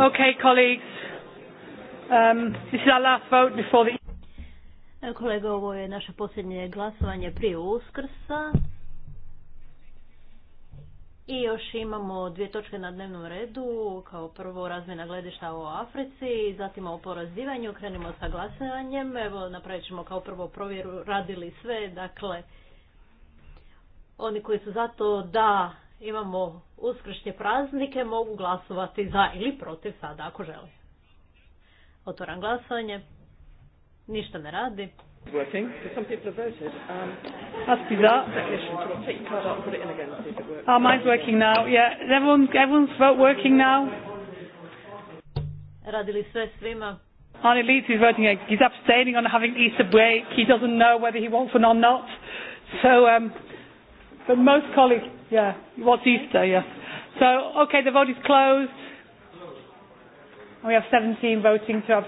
Okay, colleagues. Um, this is our last vote before the... Kolega, ovo je naše posljednje glasovanje prije Uskrsa. I još imamo dvije točke na dnevnom redu, kao prvo razmjena gledišta o Africi, zatim o porazivanju, krenimo sa glasovanjem, evo napravit ćemo kao prvo provjeru radili sve, dakle, oni koji su zato da imamo uskršnje praznike, mogu glasovati za ili protiv sada ako žele. Otvoram glasovanje. Ništa ne radi. Working. Some people have voted. Um, must be that. Take your card out and put it in again. See it works. Oh, mine's working now. Yeah, everyone's, everyone's vote working now. Radili sve svima. Arne Leeds is voting. He's abstaining on having Easter break. He doesn't know whether he wants one or not. So, um, but most colleagues Yeah, what's Easter? Yeah. So, okay, the vote is closed. We have 17 voting to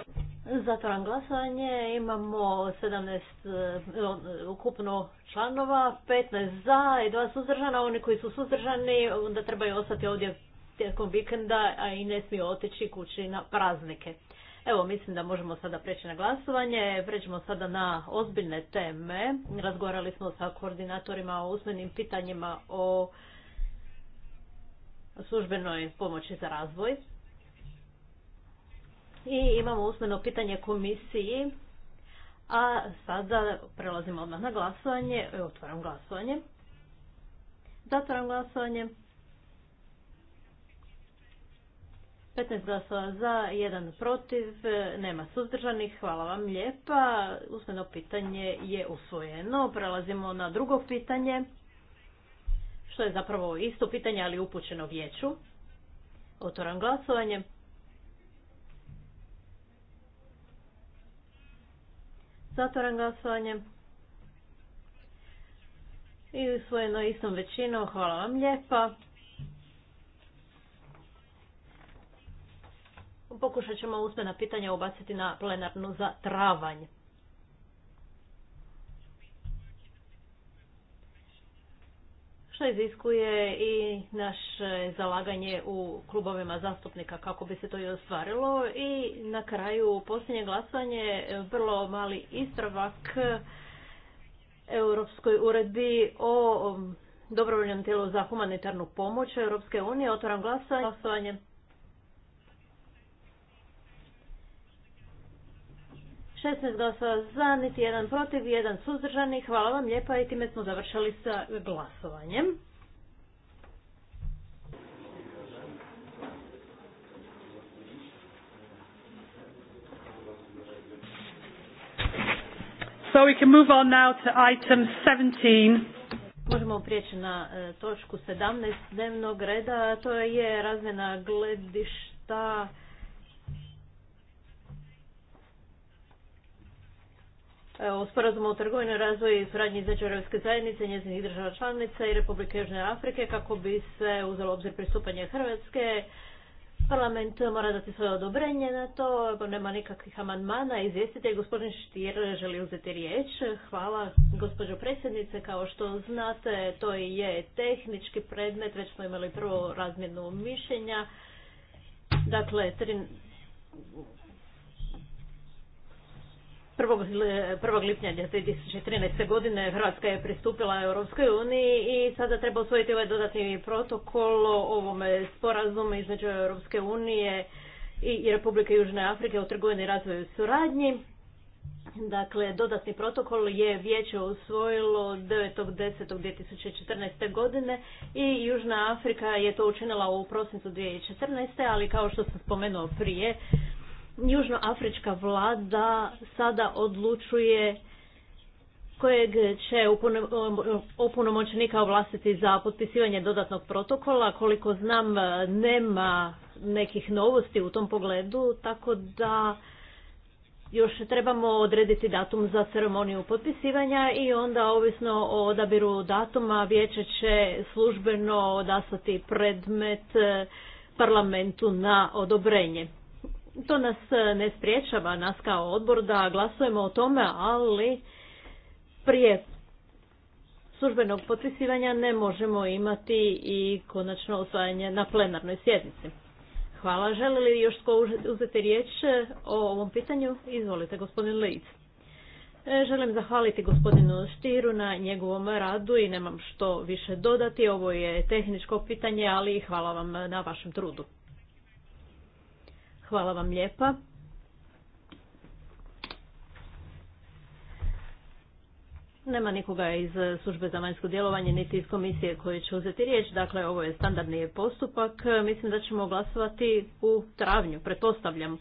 Zatvaram glasovanje, imamo 17 eh, ukupno članova, 15 za i 2 suzdržana. Oni koji su suzdržani onda trebaju ostati ovdje tijekom vikenda, a i ne smiju otići kući na praznike. Evo, mislim da možemo sada preći na glasovanje. Pređemo sada na ozbiljne teme. Razgovarali smo sa koordinatorima o usmenim pitanjima o službenoj pomoći za razvoj. I imamo usmeno pitanje komisiji. A sada prelazimo odmah na glasovanje. Otvaram glasovanje. Zatvaram glasovanje. 15 glasova za, 1 protiv, nema suzdržanih. Hvala vam lijepa. Usmeno pitanje je usvojeno. Prelazimo na drugo pitanje, što je zapravo isto pitanje, ali upućeno vijeću. Otvoram glasovanje. Zatvoram glasovanje. I usvojeno istom većinom. Hvala vam lijepa. pokušat ćemo usmena pitanja ubaciti na plenarnu za travanj. Što iziskuje i naše zalaganje u klubovima zastupnika kako bi se to i ostvarilo. I na kraju posljednje glasanje, vrlo mali istravak Europskoj uredbi o um, dobrovoljnom tijelu za humanitarnu pomoć Europske unije. Otvaram glasovanje. 16 glasova za, niti jedan protiv, jedan suzdržani. Hvala vam lijepa i time smo završili sa glasovanjem. So we can move on now to item 17. Možemo prijeći na e, točku 17 dnevnog reda, to je razmjena gledišta E, o sporazumu o trgovini, razvoju i suradnji između Europske zajednice, njezinih država članica i Republike Južne Afrike kako bi se uzelo obzir pristupanje Hrvatske. Parlament mora dati svoje odobrenje na to, nema nikakvih amandmana. Izvjestitelj gospodin Štir želi uzeti riječ. Hvala gospođo predsjednice. Kao što znate, to i je tehnički predmet, već smo imali prvo razmjenu mišljenja. Dakle, 1. lipnja 2013. godine Hrvatska je pristupila Europskoj uniji i sada treba usvojiti ovaj dodatni protokol o ovome sporazumu između Europske unije i Republike Južne Afrike o trgovini razvoju suradnji. Dakle, dodatni protokol je vijeće usvojilo 9.10.2014. godine i Južna Afrika je to učinila u prosincu 2014. ali kao što sam spomenuo prije, južnoafrička vlada sada odlučuje kojeg će opunomoćenika ovlastiti za potpisivanje dodatnog protokola. Koliko znam, nema nekih novosti u tom pogledu, tako da još trebamo odrediti datum za ceremoniju potpisivanja i onda ovisno o odabiru datuma vijeće će službeno odaslati predmet parlamentu na odobrenje to nas e, ne spriječava, nas kao odbor, da glasujemo o tome, ali prije službenog potpisivanja ne možemo imati i konačno osvajanje na plenarnoj sjednici. Hvala. Želi li još tko uzeti riječ e, o ovom pitanju? Izvolite, gospodin Lic. E, želim zahvaliti gospodinu Štiru na njegovom radu i nemam što više dodati. Ovo je tehničko pitanje, ali hvala vam na vašem trudu. Hvala vam lijepa. Nema nikoga iz službe za vanjsko djelovanje niti iz komisije koji će uzeti riječ, dakle ovo je standardni postupak. Mislim da ćemo glasovati u travnju, pretpostavljam.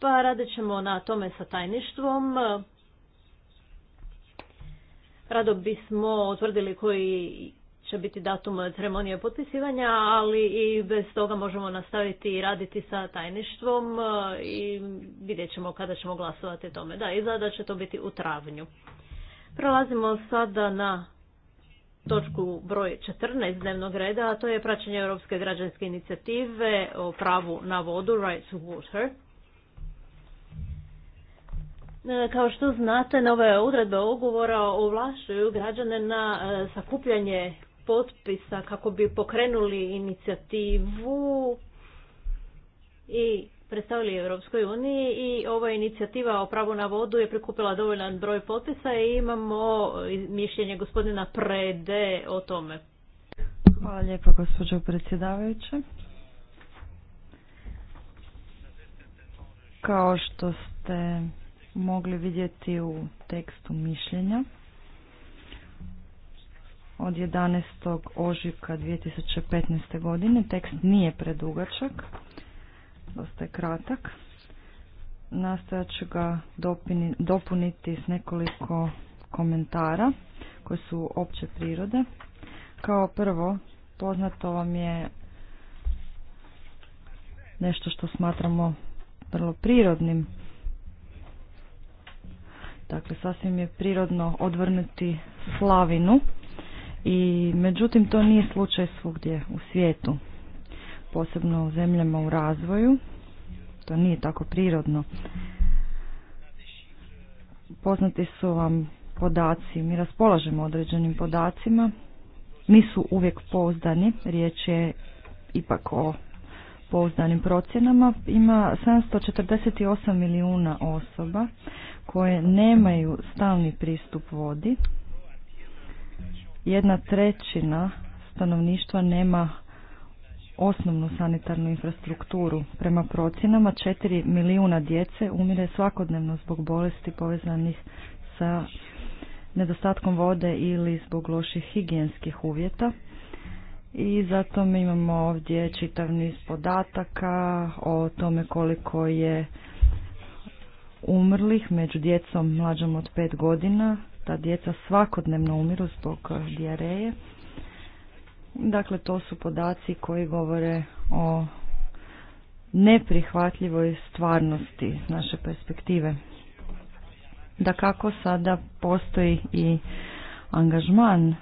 Pa radit ćemo na tome sa tajništvom. Rado bismo otvrdili koji će biti datum ceremonije potpisivanja, ali i bez toga možemo nastaviti i raditi sa tajništvom e, i vidjet ćemo kada ćemo glasovati o tome. Da, izgleda će to biti u travnju. Prelazimo sada na točku broj 14 dnevnog reda, a to je praćenje Europske građanske inicijative o pravu na vodu, Right to Water. E, kao što znate, nove odredbe ugovora ovlašuju građane na e, sakupljanje potpisa kako bi pokrenuli inicijativu i predstavili Europskoj uniji i ova inicijativa o pravu na vodu je prikupila dovoljan broj potpisa i imamo mišljenje gospodina Prede o tome. Hvala lijepo gospođo predsjedavajuće. Kao što ste mogli vidjeti u tekstu mišljenja, od 11. ožujka 2015. godine. Tekst nije predugačak, dosta je kratak. Nastojat ću ga dopuniti s nekoliko komentara koji su opće prirode. Kao prvo, poznato vam je nešto što smatramo vrlo prirodnim. Dakle, sasvim je prirodno odvrnuti slavinu i međutim to nije slučaj svugdje u svijetu, posebno u zemljama u razvoju, to nije tako prirodno. Poznati su vam podaci, mi raspolažemo određenim podacima, nisu uvijek pouzdani, riječ je ipak o pouzdanim procjenama. Ima 748 milijuna osoba koje nemaju stalni pristup vodi, jedna trećina stanovništva nema osnovnu sanitarnu infrastrukturu. Prema procjenama 4 milijuna djece umire svakodnevno zbog bolesti povezanih sa nedostatkom vode ili zbog loših higijenskih uvjeta. I zato mi imamo ovdje čitav niz podataka o tome koliko je umrlih među djecom mlađom od 5 godina da djeca svakodnevno umiru zbog eh, dijareje. Dakle, to su podaci koji govore o neprihvatljivoj stvarnosti naše perspektive. Da kako sada postoji i angažman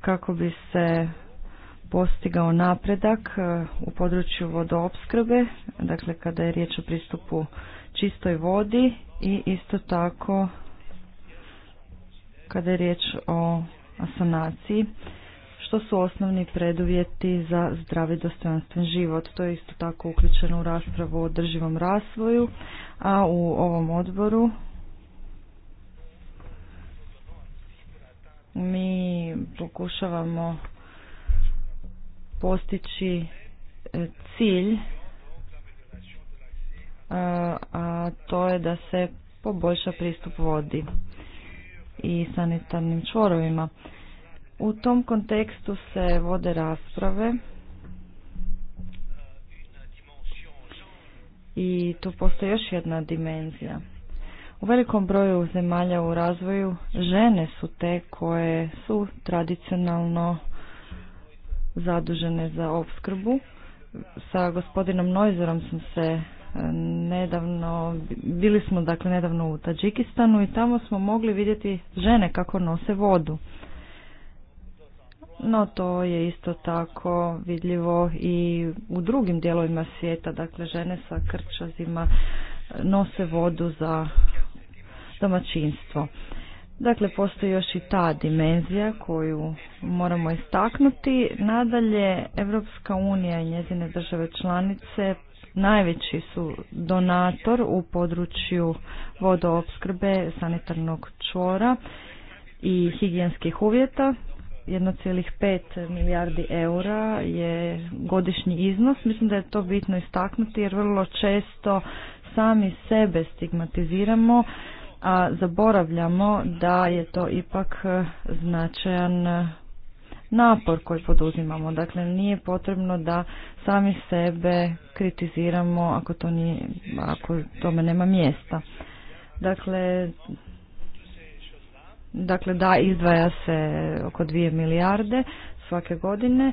kako bi se postigao napredak eh, u području vodoopskrbe, dakle kada je riječ o pristupu čistoj vodi i isto tako kada je riječ o sanaciji, što su osnovni preduvjeti za zdravi dostojanstven život. To je isto tako uključeno u raspravu o drživom razvoju, a u ovom odboru mi pokušavamo postići e, cilj e, a to je da se poboljša pristup vodi i sanitarnim čvorovima. U tom kontekstu se vode rasprave i tu postoji još jedna dimenzija. U velikom broju zemalja u razvoju žene su te koje su tradicionalno zadužene za opskrbu. Sa gospodinom Noizerom sam se nedavno, bili smo dakle nedavno u Tadžikistanu i tamo smo mogli vidjeti žene kako nose vodu. No to je isto tako vidljivo i u drugim dijelovima svijeta, dakle žene sa krčazima nose vodu za domaćinstvo. Dakle, postoji još i ta dimenzija koju moramo istaknuti. Nadalje, Evropska unija i njezine države članice najveći su donator u području vodoopskrbe, sanitarnog čvora i higijenskih uvjeta. 1,5 milijardi eura je godišnji iznos. Mislim da je to bitno istaknuti jer vrlo često sami sebe stigmatiziramo, a zaboravljamo da je to ipak značajan napor koji poduzimamo. Dakle, nije potrebno da sami sebe kritiziramo ako, to nije, ako tome nema mjesta. Dakle, dakle, da, izdvaja se oko 2 milijarde svake godine.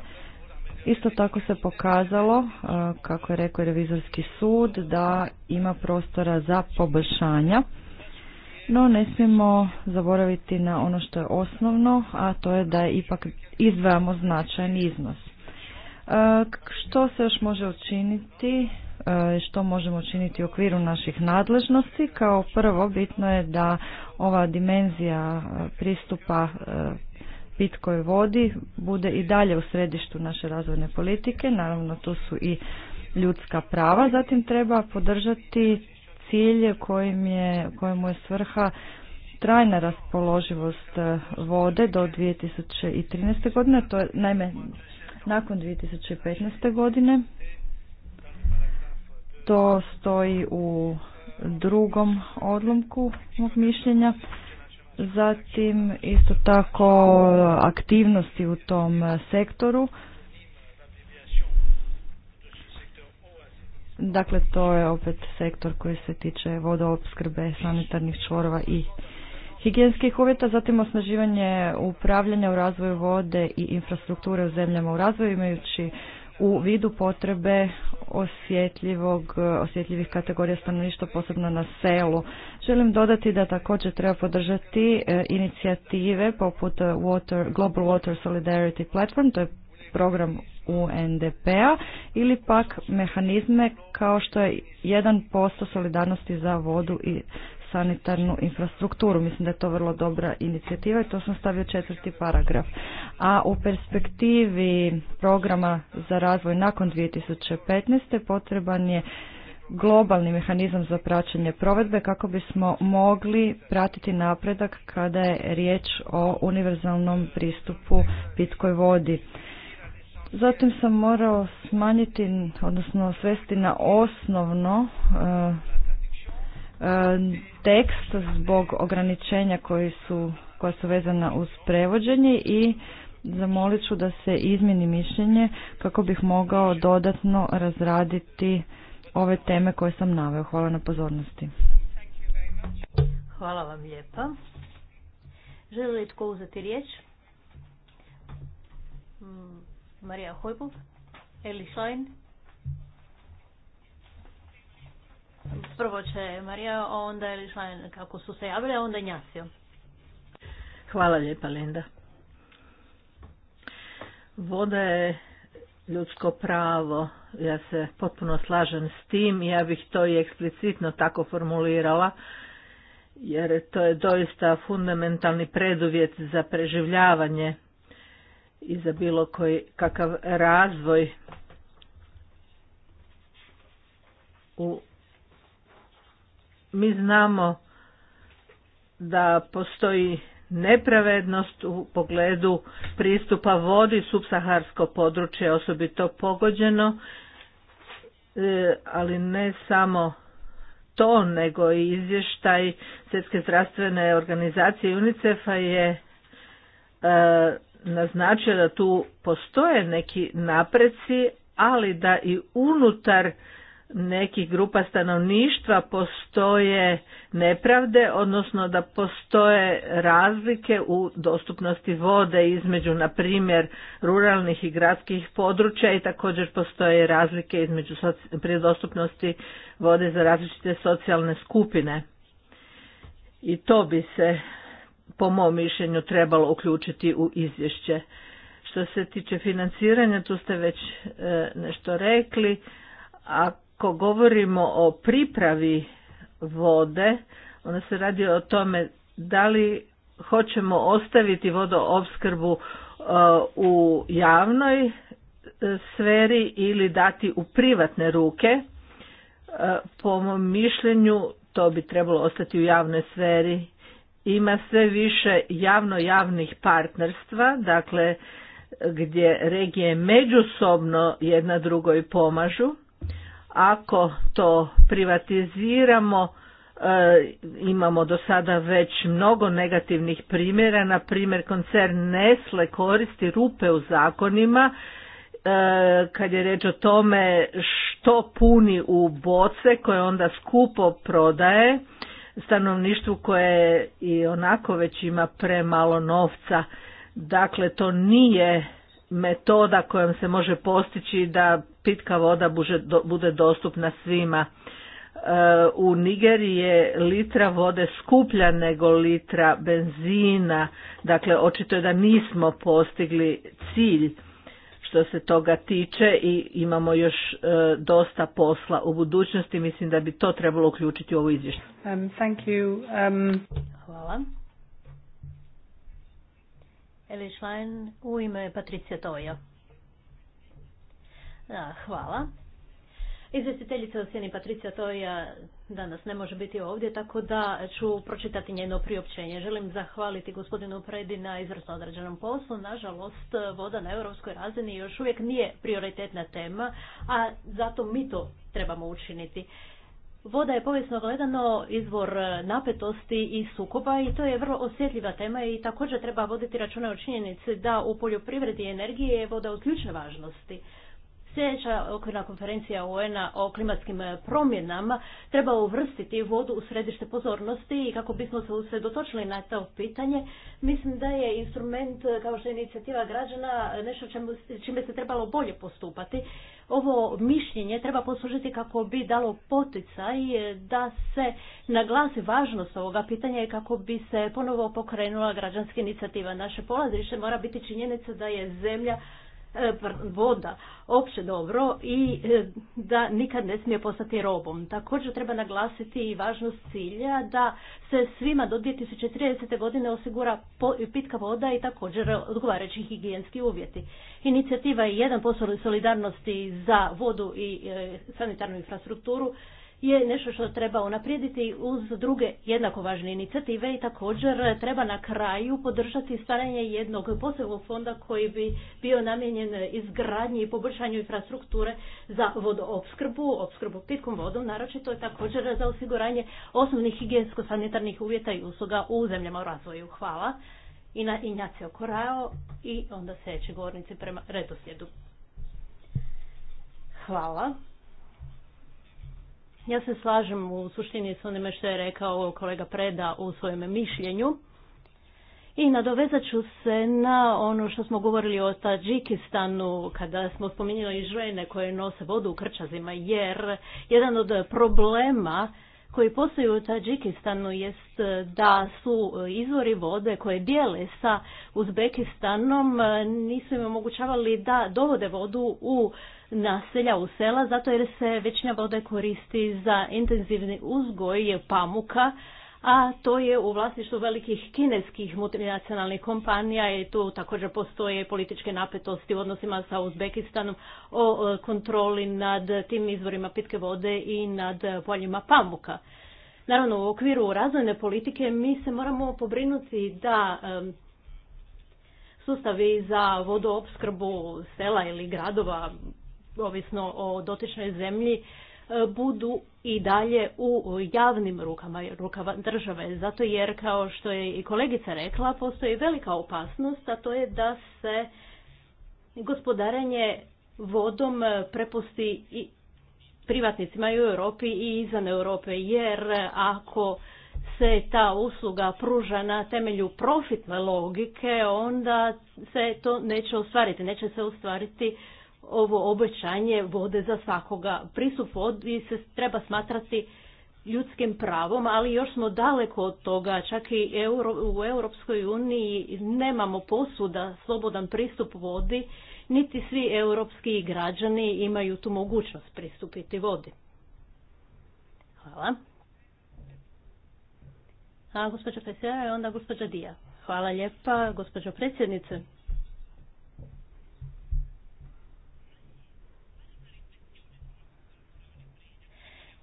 Isto tako se pokazalo, kako je rekao revizorski sud, da ima prostora za poboljšanja. No ne smijemo zaboraviti na ono što je osnovno, a to je da je ipak izdvajamo značajan iznos. E, što se još može učiniti? E, što možemo učiniti u okviru naših nadležnosti? Kao prvo, bitno je da ova dimenzija e, pristupa pitkoj vodi bude i dalje u središtu naše razvojne politike. Naravno, tu su i ljudska prava. Zatim treba podržati cilje je, kojemu je svrha trajna raspoloživost e, vode do 2013. godine, to je naime nakon 2015. godine. To stoji u drugom odlomku mog mišljenja. Zatim isto tako aktivnosti u tom e, sektoru. Dakle, to je opet sektor koji se tiče vodoopskrbe, sanitarnih čvorova i higijenskih uvjeta, zatim osnaživanje upravljanja u razvoju vode i infrastrukture u zemljama u razvoju imajući u vidu potrebe osjetljivog, osjetljivih kategorija stanovništva, posebno na selu. Želim dodati da također treba podržati e, inicijative poput Water, Global Water Solidarity Platform, to je program UNDP-a, ili pak mehanizme kao što je 1% solidarnosti za vodu i sanitarnu infrastrukturu. Mislim da je to vrlo dobra inicijativa i to sam stavio četvrti paragraf. A u perspektivi programa za razvoj nakon 2015. potreban je globalni mehanizam za praćenje provedbe kako bismo mogli pratiti napredak kada je riječ o univerzalnom pristupu pitkoj vodi. Zatim sam morao smanjiti, odnosno svesti na osnovno e, tekst zbog ograničenja koji su, koja su vezana uz prevođenje i zamolit ću da se izmjeni mišljenje kako bih mogao dodatno razraditi ove teme koje sam naveo. Hvala na pozornosti. Hvala vam lijepa. Želi li tko uzeti riječ? Mm, Marija Hojbov, Eli Schlein. Prvo će Marija, onda je kako su se javile, onda Njasio. Hvala lijepa, Linda. Voda je ljudsko pravo. Ja se potpuno slažem s tim. Ja bih to i eksplicitno tako formulirala jer to je doista fundamentalni preduvjet za preživljavanje i za bilo koji kakav razvoj u mi znamo da postoji nepravednost u pogledu pristupa vodi subsaharsko područje osobito pogođeno, e, ali ne samo to, nego i izvještaj Svjetske zdravstvene organizacije UNICEF-a je e, naznačio da tu postoje neki napreci, ali da i unutar nekih grupa stanovništva postoje nepravde, odnosno da postoje razlike u dostupnosti vode između, na primjer, ruralnih i gradskih područja i također postoje razlike između dostupnosti vode za različite socijalne skupine. I to bi se, po mom mišljenju, trebalo uključiti u izvješće. Što se tiče financiranja, tu ste već e, nešto rekli, a ako govorimo o pripravi vode, onda se radi o tome da li hoćemo ostaviti vodoopskrbu e, u javnoj e, sferi ili dati u privatne ruke. E, po mom mišljenju to bi trebalo ostati u javnoj sferi. Ima sve više javno-javnih partnerstva, dakle gdje regije međusobno jedna drugoj pomažu. Ako to privatiziramo, e, imamo do sada već mnogo negativnih primjera, na primjer koncern Nestle koristi rupe u zakonima, e, kad je reč o tome što puni u boce koje onda skupo prodaje stanovništvu koje i onako već ima premalo novca. Dakle, to nije metoda kojom se može postići da pitka voda bude dostupna svima. E, u Nigeriji je litra vode skuplja nego litra benzina, dakle očito je da nismo postigli cilj što se toga tiče i imamo još e, dosta posla u budućnosti, mislim da bi to trebalo uključiti u ovu izvješću. Um, um, Hvala. Eli u ime Patricija Toja. Da, hvala. Izvestiteljica u sjeni Patricija Toja danas ne može biti ovdje, tako da ću pročitati njeno priopćenje. Želim zahvaliti gospodinu Predi na izvrsno odrađenom poslu. Nažalost, voda na europskoj razini još uvijek nije prioritetna tema, a zato mi to trebamo učiniti. Voda je povijesno gledano izvor e, napetosti i sukoba i to je vrlo osjetljiva tema i također treba voditi računa o činjenici da u poljoprivredi i energiji je voda od ključne važnosti sljedeća okvirna konferencija un o klimatskim e, promjenama treba uvrstiti vodu u središte pozornosti i kako bismo se usredotočili na to pitanje, mislim da je instrument e, kao što je inicijativa građana e, nešto čemu, čime se trebalo bolje postupati. Ovo mišljenje treba poslužiti kako bi dalo poticaj da se naglasi važnost ovoga pitanja i kako bi se ponovo pokrenula građanska inicijativa. Naše polazište mora biti činjenica da je zemlja E, voda opće dobro i e, da nikad ne smije postati robom. Također treba naglasiti i važnost cilja da se svima do 2030. godine osigura pitka voda i također odgovarajući higijenski uvjeti. Inicijativa je jedan posao solidarnosti za vodu i e, sanitarnu infrastrukturu je nešto što treba unaprijediti uz druge jednako važne inicijative i također treba na kraju podržati stvaranje jednog posebnog fonda koji bi bio namijenjen izgradnji i poboljšanju infrastrukture za vodoopskrbu, opskrbu pitkom vodom, naročito je također za osiguranje osnovnih higijensko-sanitarnih uvjeta i usluga u zemljama u razvoju. Hvala. I na oko Korao i onda sljedeći govornici prema redoslijedu. Hvala. Ja se slažem u suštini s onime što je rekao kolega Preda u svojem mišljenju. I nadovezat ću se na ono što smo govorili o Tadžikistanu kada smo spominjali žene koje nose vodu u krčazima jer jedan od problema koji postoji u Tadžikistanu jest da su izvori vode koje dijele sa Uzbekistanom nisu im omogućavali da dovode vodu u naselja u sela zato jer se većina vode koristi za intenzivni uzgoj pamuka, a to je u vlasništvu velikih kineskih multinacionalnih kompanija i tu također postoje političke napetosti u odnosima sa Uzbekistanom o e, kontroli nad tim izvorima pitke vode i nad poljima pamuka. Naravno, u okviru razvojne politike mi se moramo pobrinuti da e, sustavi za vodoopskrbu sela ili gradova ovisno o dotičnoj zemlji, e, budu i dalje u javnim rukama, rukama države. Zato jer, kao što je i kolegica rekla, postoji velika opasnost, a to je da se gospodarenje vodom prepusti i privatnicima i u Europi i izvan Europe, jer ako se ta usluga pruža na temelju profitne logike, onda se to neće ostvariti, neće se ostvariti ovo obećanje vode za svakoga. Pristup vodi se treba smatrati ljudskim pravom, ali još smo daleko od toga. Čak i Euro, u Europskoj uniji nemamo posuda slobodan pristup vodi, niti svi europski građani imaju tu mogućnost pristupiti vodi. Hvala. A gospođa Fesera i onda gospođa Dija. Hvala lijepa, gospođo predsjednice.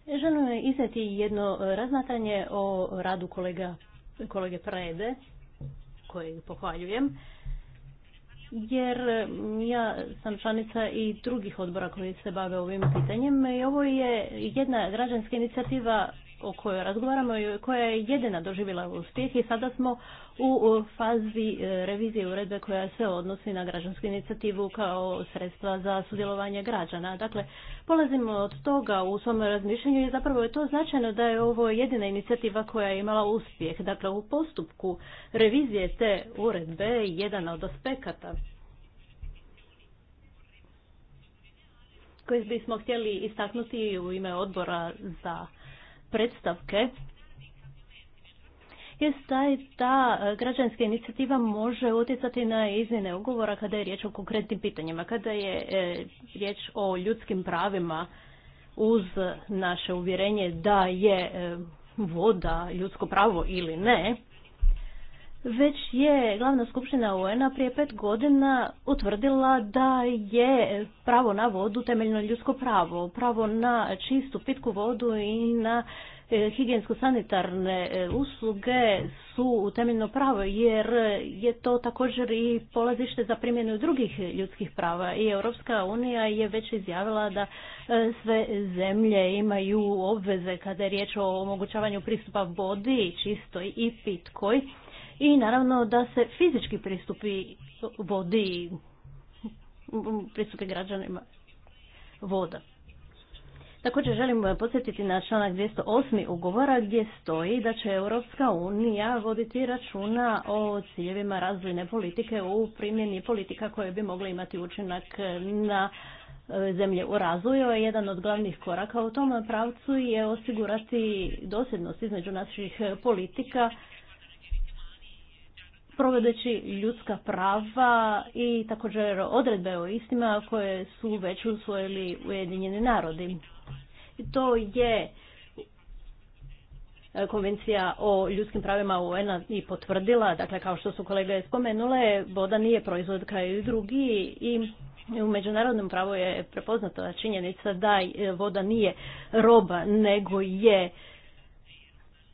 Želim izneti jedno e, razmatranje o radu kolega, kolege Prede, koji pohvaljujem, jer ja sam članica i drugih odbora koji se bave ovim pitanjem i ovo je jedna građanska inicijativa o kojoj razgovaramo i koja je jedina doživjela uspjeh i sada smo u fazi e, revizije uredbe koja se odnosi na građansku inicijativu kao sredstva za sudjelovanje građana. Dakle, polazimo od toga u svom razmišljenju i zapravo je to značajno da je ovo jedina inicijativa koja je imala uspjeh. Dakle, u postupku revizije te uredbe jedan od aspekata koji bismo htjeli istaknuti u ime odbora za predstavke jest taj da e, građanska inicijativa može utjecati na izmjene ugovora kada je riječ o konkretnim pitanjima, kada je e, riječ o ljudskim pravima uz naše uvjerenje da je e, voda ljudsko pravo ili ne, već je glavna skupština UN-a prije pet godina utvrdila da je pravo na vodu temeljno ljudsko pravo, pravo na čistu pitku vodu i na e, higijensko-sanitarne e, usluge su temeljno pravo jer je to također i polazište za primjenu drugih ljudskih prava i Europska unija je već izjavila da e, sve zemlje imaju obveze kada je riječ o omogućavanju pristupa vodi čistoj i pitkoj i naravno da se fizički pristupi vodi pristupi građanima voda. Također želim podsjetiti na članak 208. ugovora gdje stoji da će Europska unija voditi računa o ciljevima razvojne politike u primjeni politika koje bi mogle imati učinak na e, zemlje u razvoju. Jedan od glavnih koraka u tom pravcu je osigurati dosljednost između naših politika provodeći ljudska prava i također odredbe o istima koje su već usvojili Ujedinjeni narodi. I to je konvencija o ljudskim pravima un i potvrdila, dakle kao što su kolege spomenule, voda nije proizvod kao i drugi i u međunarodnom pravu je prepoznata činjenica da voda nije roba nego je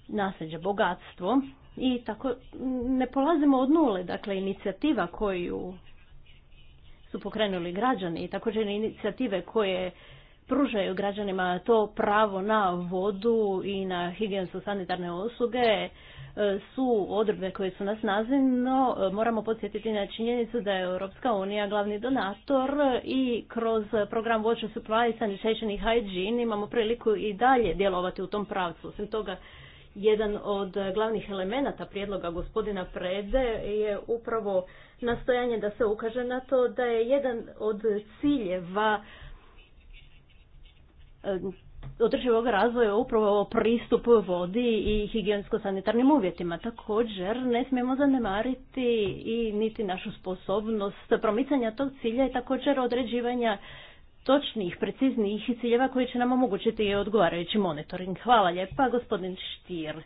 nasljeđe bogatstvo i tako ne polazimo od nule, dakle inicijativa koju su pokrenuli građani i također inicijative koje pružaju građanima to pravo na vodu i na higijensko-sanitarne usluge e, su odredbe koje su nas nazivno. E, moramo podsjetiti na činjenicu da je Europska unija glavni donator i kroz program Water Supply Sanitation i Hygiene imamo priliku i dalje djelovati u tom pravcu. Osim toga, jedan od glavnih elemenata prijedloga gospodina Prede je upravo nastojanje da se ukaže na to da je jedan od ciljeva održivog razvoja upravo pristup vodi i higijensko-sanitarnim uvjetima. Također ne smijemo zanemariti i niti našu sposobnost promicanja tog cilja i također određivanja točnih, preciznijih ciljeva koji će nam omogućiti odgovarajući monitoring. Hvala lijepa, gospodin Štir.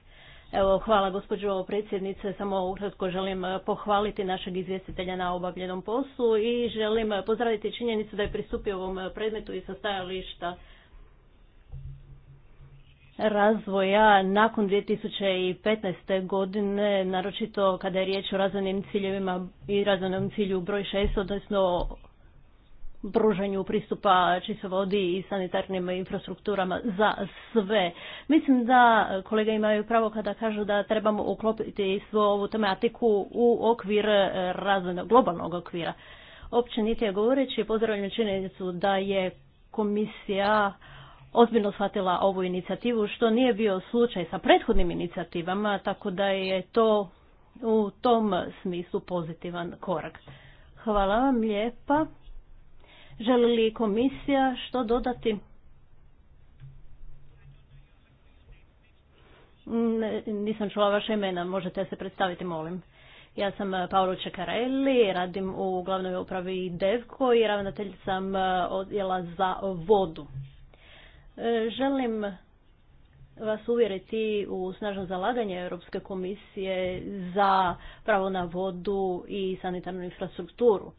Evo, hvala gospođo predsjednice, samo ukratko želim eh, pohvaliti našeg izvjestitelja na obavljenom poslu i želim eh, pozdraviti činjenicu da je pristupio ovom eh, predmetu i sa stajališta razvoja nakon 2015. godine, naročito kada je riječ o razvojnim ciljevima i razvojnom cilju broj 6, odnosno pružanju pristupa vodi i sanitarnim infrastrukturama za sve. Mislim da kolege imaju pravo kada kažu da trebamo uklopiti svu ovu tematiku u okvir razvojnog globalnog okvira. Općenitije govoreći pozdravljam činjenicu da je komisija ozbiljno shvatila ovu inicijativu, što nije bio slučaj sa prethodnim inicijativama, tako da je to u tom smislu pozitivan korak. Hvala vam lijepa. Želi li komisija što dodati? Nisam čula vaše imena, možete se predstaviti, molim. Ja sam eh, Paolo Čekarelli, radim u glavnoj upravi DEVKO i ravnatelj sam eh, odjela za vodu. Eh, želim vas uvjeriti u snažno zalaganje Europske komisije za pravo na vodu i sanitarnu infrastrukturu.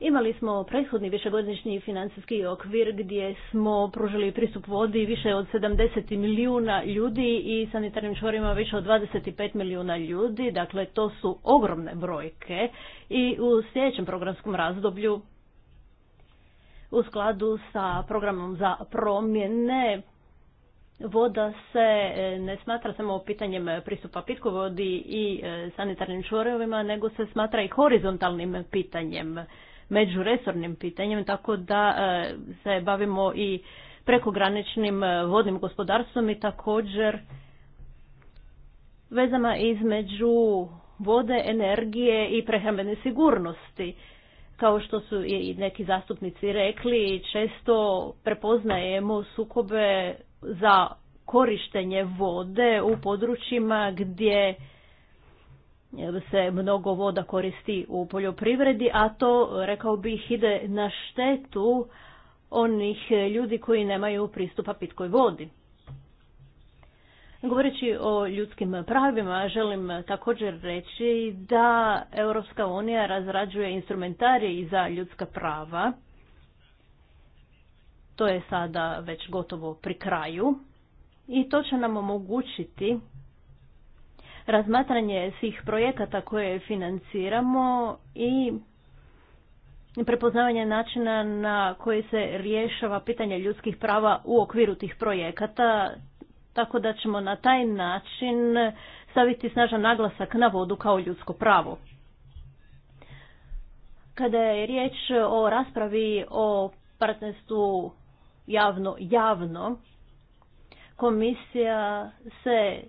Imali smo prethodni višegodišnji financijski okvir gdje smo pružili pristup vodi više od 70 milijuna ljudi i sanitarnim čvorima više od 25 milijuna ljudi. Dakle, to su ogromne brojke i u sljedećem programskom razdoblju u skladu sa programom za promjene voda se e, ne smatra samo pitanjem pristupa pitkovodi i e, sanitarnim čvorovima, nego se smatra i horizontalnim pitanjem međuresornim pitanjem, tako da e, se bavimo i prekograničnim e, vodnim gospodarstvom i također vezama između vode, energije i prehrambene sigurnosti. Kao što su i neki zastupnici rekli, često prepoznajemo sukobe za korištenje vode u područjima gdje se mnogo voda koristi u poljoprivredi, a to, rekao bih, ide na štetu onih ljudi koji nemaju pristupa pitkoj vodi. Govoreći o ljudskim pravima, želim također reći da Europska unija razrađuje i za ljudska prava. To je sada već gotovo pri kraju i to će nam omogućiti razmatranje svih projekata koje financiramo i prepoznavanje načina na koji se rješava pitanje ljudskih prava u okviru tih projekata, tako da ćemo na taj način staviti snažan naglasak na vodu kao ljudsko pravo. Kada je riječ o raspravi o partnerstvu javno-javno, komisija se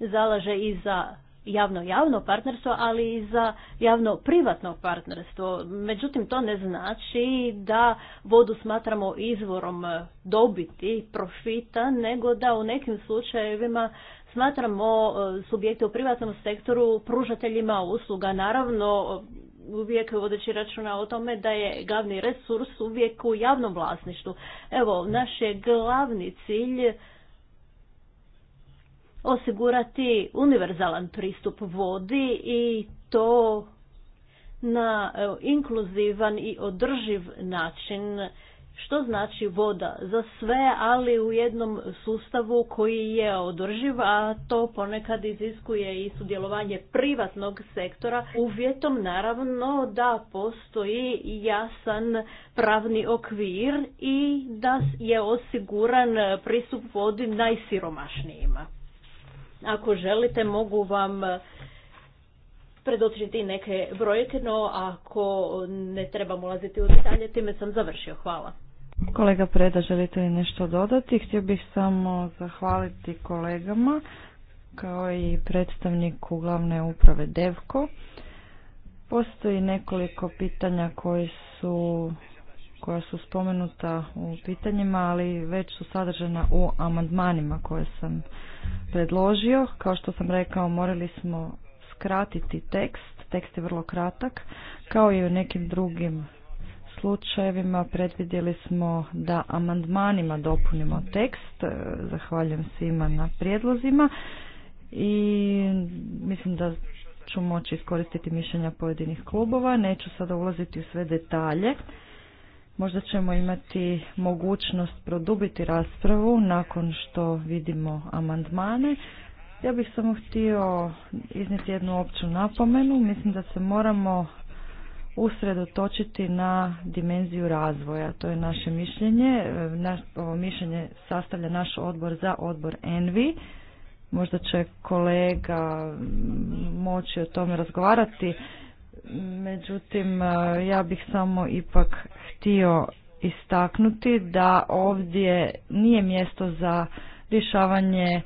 zalaže i za javno-javno partnerstvo, ali i za javno-privatno partnerstvo. Međutim, to ne znači da vodu smatramo izvorom dobiti, profita, nego da u nekim slučajevima smatramo e, subjekte u privatnom sektoru pružateljima usluga. Naravno, uvijek vodeći računa o tome da je glavni resurs uvijek u javnom vlasništvu. Evo, naš je glavni cilj osigurati univerzalan pristup vodi i to na e, inkluzivan i održiv način što znači voda za sve, ali u jednom sustavu koji je održiv, a to ponekad iziskuje i sudjelovanje privatnog sektora, uvjetom naravno da postoji jasan pravni okvir i da je osiguran pristup vodi najsiromašnijima. Ako želite mogu vam eh, predočiti neke brojke, no ako ne trebam ulaziti u detalje, time sam završio. Hvala. Kolega Preda, želite li nešto dodati? Htio bih samo zahvaliti kolegama kao i predstavniku glavne uprave Devko. Postoji nekoliko pitanja koji su koja su spomenuta u pitanjima, ali već su sadržana u amandmanima koje sam predložio. Kao što sam rekao, morali smo skratiti tekst. Tekst je vrlo kratak. Kao i u nekim drugim slučajevima predvidjeli smo da amandmanima dopunimo tekst. Zahvaljujem svima na prijedlozima i mislim da ću moći iskoristiti mišljenja pojedinih klubova. Neću sada ulaziti u sve detalje. Možda ćemo imati mogućnost produbiti raspravu nakon što vidimo amandmane. Ja bih samo htio iznijeti jednu opću napomenu. Mislim da se moramo usredotočiti na dimenziju razvoja. To je naše mišljenje. Naš, ovo mišljenje sastavlja naš odbor za odbor ENVI. Možda će kolega moći o tome razgovarati međutim e, ja bih samo ipak htio istaknuti da ovdje nije mjesto za rješavanje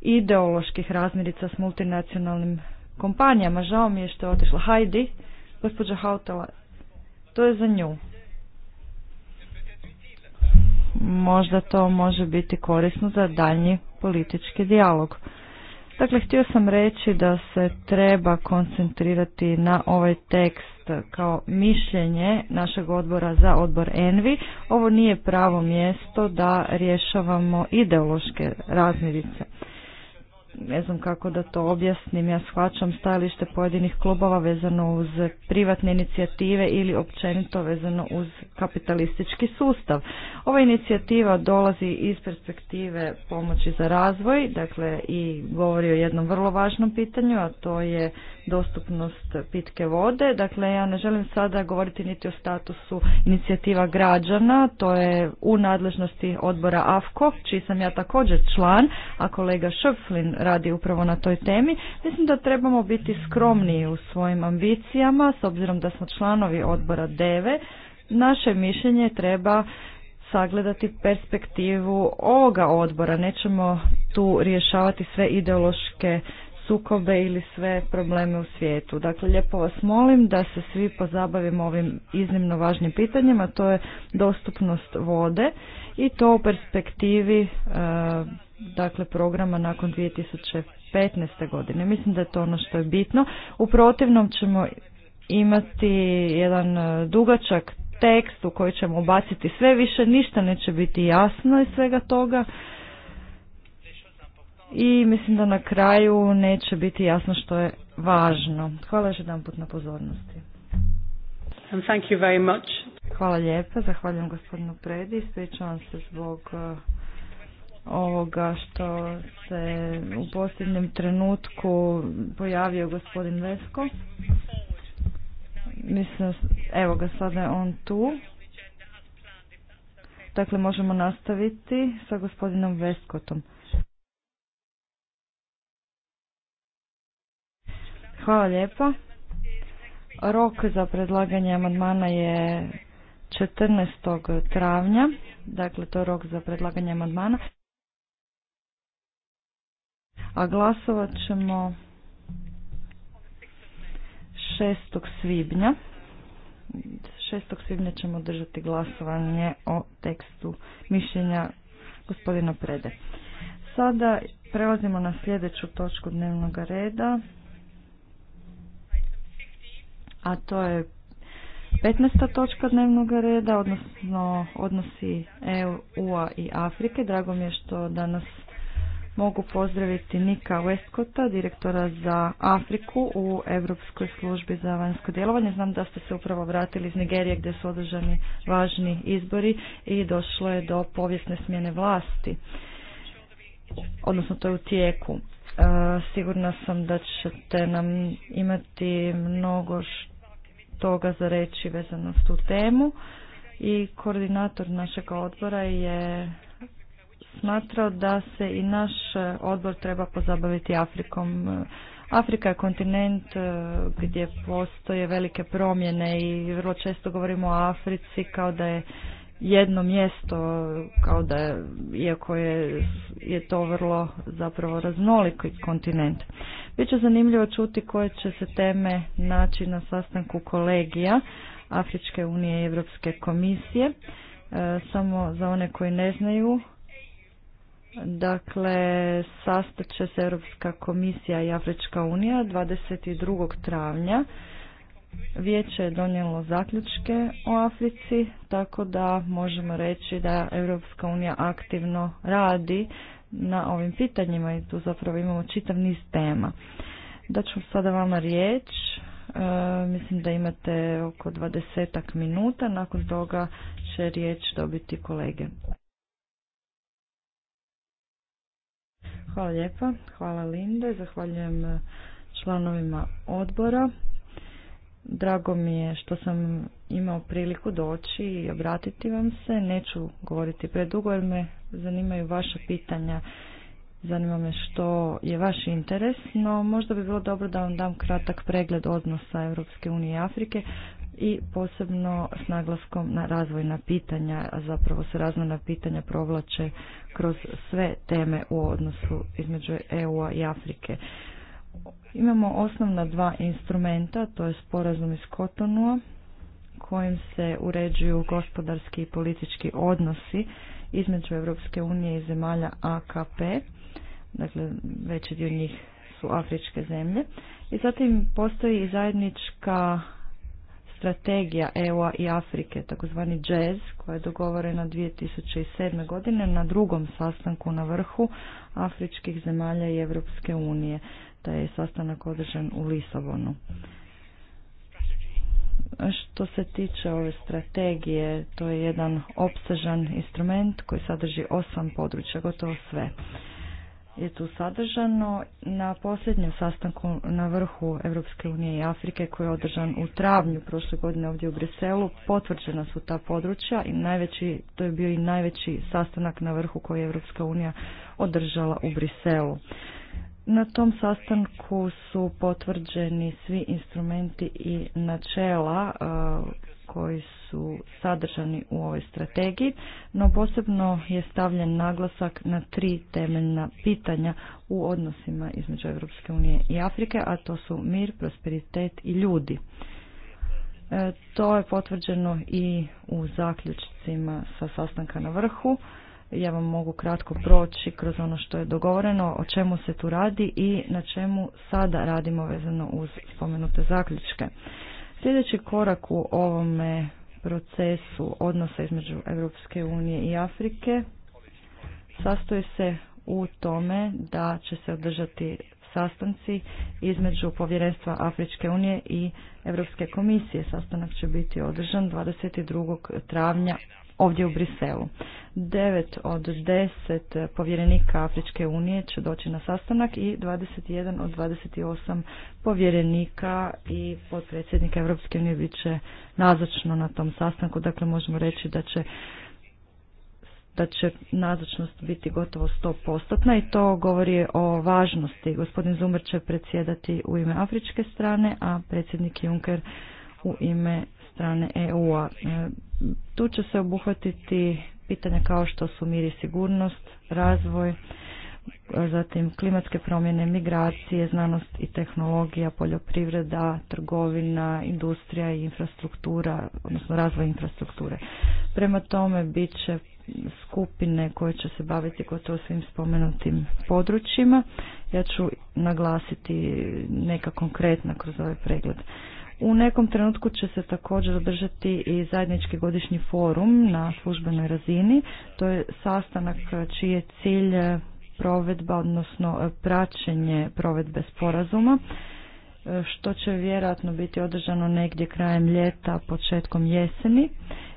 ideoloških razmirica s multinacionalnim kompanijama. Žao mi je što je otišla. Hajdi, gospođa Hautala, to je za nju. Možda to može biti korisno za daljnji politički dijalog. Dakle, htio sam reći da se treba koncentrirati na ovaj tekst kao mišljenje našeg odbora za odbor Envi. Ovo nije pravo mjesto da rješavamo ideološke razmirice ne znam kako da to objasnim, ja shvaćam stajalište pojedinih klubova vezano uz privatne inicijative ili općenito vezano uz kapitalistički sustav. Ova inicijativa dolazi iz perspektive pomoći za razvoj, dakle i govori o jednom vrlo važnom pitanju, a to je dostupnost pitke vode. Dakle, ja ne želim sada govoriti niti o statusu inicijativa građana, to je u nadležnosti odbora AFKO, čiji sam ja također član, a kolega Šöpflin radi upravo na toj temi. Mislim da trebamo biti skromniji u svojim ambicijama, s obzirom da smo članovi odbora DEVE, e. naše mišljenje treba sagledati perspektivu ovoga odbora. Nećemo tu rješavati sve ideološke sukobe ili sve probleme u svijetu. Dakle, lijepo vas molim da se svi pozabavimo ovim iznimno važnim pitanjima, to je dostupnost vode i to u perspektivi e, dakle, programa nakon 2015. godine. Mislim da je to ono što je bitno. U protivnom ćemo imati jedan e, dugačak tekst u koji ćemo ubaciti sve više, ništa neće biti jasno iz svega toga i mislim da na kraju neće biti jasno što je važno. Hvala još jedan put na pozornosti. And thank you very much. Hvala lijepa, zahvaljujem gospodinu Predi, ispričavam se zbog eh, ovoga što se u posljednjem trenutku pojavio gospodin Vesko. Mislim, evo ga, sada je on tu. Dakle, možemo nastaviti sa gospodinom Veskotom. Hvala lijepa. Rok za predlaganje amandmana je 14. travnja, dakle to je rok za predlaganje amandmana. A glasovat ćemo 6. svibnja. 6. svibnja ćemo držati glasovanje o tekstu mišljenja gospodina Prede. Sada prelazimo na sljedeću točku dnevnog reda a to je 15. točka dnevnog reda, odnosno odnosi EU-a i Afrike. Drago mi je što danas mogu pozdraviti Nika Westcota, direktora za Afriku u Europskoj službi za vanjsko djelovanje. Znam da ste se upravo vratili iz Nigerije gdje su održani važni izbori i došlo je do povijesne smjene vlasti. Odnosno to je u tijeku. E, sigurna sam da ćete nam imati mnogo što toga za reći vezano s tu temu i koordinator našeg odbora je smatrao da se i naš odbor treba pozabaviti Afrikom. Afrika je kontinent e, gdje postoje velike promjene i vrlo često govorimo o Africi kao da je jedno mjesto, kao da je, iako je, je to vrlo zapravo raznolik kontinent. Biće zanimljivo čuti koje će se teme naći na sastanku kolegija Afričke unije i Europske komisije. E, samo za one koji ne znaju, dakle, sastat će se Europska komisija i Afrička unija 22. travnja Vijeće je donijelo zaključke o Africi, tako da možemo reći da Europska unija aktivno radi na ovim pitanjima i tu zapravo imamo čitav niz tema. Da ću sada vama riječ, e, mislim da imate oko dvadesetak minuta, nakon toga će riječ dobiti kolege. Hvala lijepa, hvala Linde, zahvaljujem članovima odbora Drago mi je što sam imao priliku doći i obratiti vam se. Neću govoriti predugo jer me zanimaju vaša pitanja. Zanima me što je vaš interes, no možda bi bilo dobro da vam dam kratak pregled odnosa Europske unije i Afrike i posebno s naglaskom na razvojna pitanja, a zapravo se razvojna pitanja provlače kroz sve teme u odnosu između EU-a i Afrike. Imamo osnovna dva instrumenta, to je sporazum iz Kotonua kojim se uređuju gospodarski i politički odnosi između Europske unije i zemalja AKP, dakle veći dio njih su afričke zemlje. I zatim postoji i zajednička strategija EU-a i Afrike, takozvani jazz, koja je dogovorena 2007. godine na drugom sastanku na vrhu afričkih zemalja i Europske unije. Taj je sastanak održan u Lisabonu. Što se tiče ove strategije, to je jedan opsežan instrument koji sadrži osam područja, gotovo sve je tu sadržano na posljednjem sastanku na vrhu Europske unije i Afrike koji je održan u travnju prošle godine ovdje u Briselu. Potvrđena su ta područja i najveći, to je bio i najveći sastanak na vrhu koji je Europska unija održala u Briselu. Na tom sastanku su potvrđeni svi instrumenti i načela e, koji su sadržani u ovoj strategiji, no posebno je stavljen naglasak na tri temeljna pitanja u odnosima između Europske unije i Afrike, a to su mir, prosperitet i ljudi. E, to je potvrđeno i u zaključcima sa sastanka na vrhu ja vam mogu kratko proći kroz ono što je dogovoreno, o čemu se tu radi i na čemu sada radimo vezano uz spomenute zaključke. Sljedeći korak u ovome procesu odnosa između Europske unije i Afrike sastoji se u tome da će se održati sastanci između Povjerenstva Afričke unije i Europske komisije. Sastanak će biti održan 22. travnja ovdje u Briselu. Devet od deset povjerenika Afričke unije će doći na sastanak i 21 od 28 povjerenika i potpredsjednika Europske unije bit će nazočno na tom sastanku. Dakle, možemo reći da će da će nazočnost biti gotovo 100% i to govori o važnosti. Gospodin Zumer će predsjedati u ime afričke strane, a predsjednik Juncker u ime strane EU-a. E, tu će se obuhvatiti pitanja kao što su mir i sigurnost, razvoj, zatim klimatske promjene, migracije, znanost i tehnologija, poljoprivreda, trgovina, industrija i infrastruktura, odnosno razvoj infrastrukture. Prema tome bit će skupine koje će se baviti gotovo svim spomenutim područjima. Ja ću naglasiti neka konkretna kroz ovaj pregled. U nekom trenutku će se također održati i zajednički godišnji forum na službenoj razini. To je sastanak čiji je cilj provedba, odnosno praćenje provedbe sporazuma, što će vjerojatno biti održano negdje krajem ljeta, početkom jeseni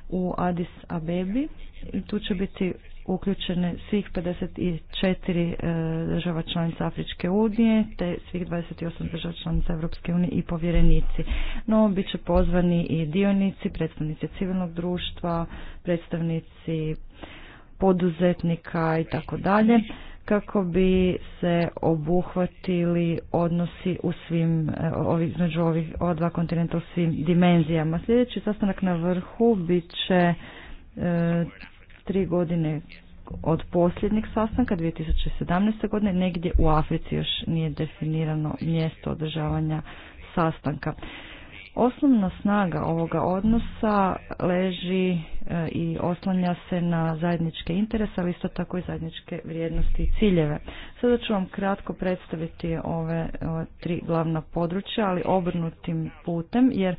u Addis Abebi. I tu će biti uključene svih 54 e, država članica Afričke unije te svih 28 država članica Europske unije i povjerenici. No, bit će pozvani i dionici, predstavnici civilnog društva, predstavnici poduzetnika i tako dalje kako bi se obuhvatili odnosi u svim, e, između ovih ova dva kontinenta u svim dimenzijama. Sljedeći sastanak na vrhu bit će e, tri godine od posljednjeg sastanka 2017. godine negdje u Africi još nije definirano mjesto održavanja sastanka. Osnovna snaga ovoga odnosa leži e, i oslanja se na zajedničke interese, ali isto tako i zajedničke vrijednosti i ciljeve. Sada ću vam kratko predstaviti ove tri glavna područja, ali obrnutim putem, jer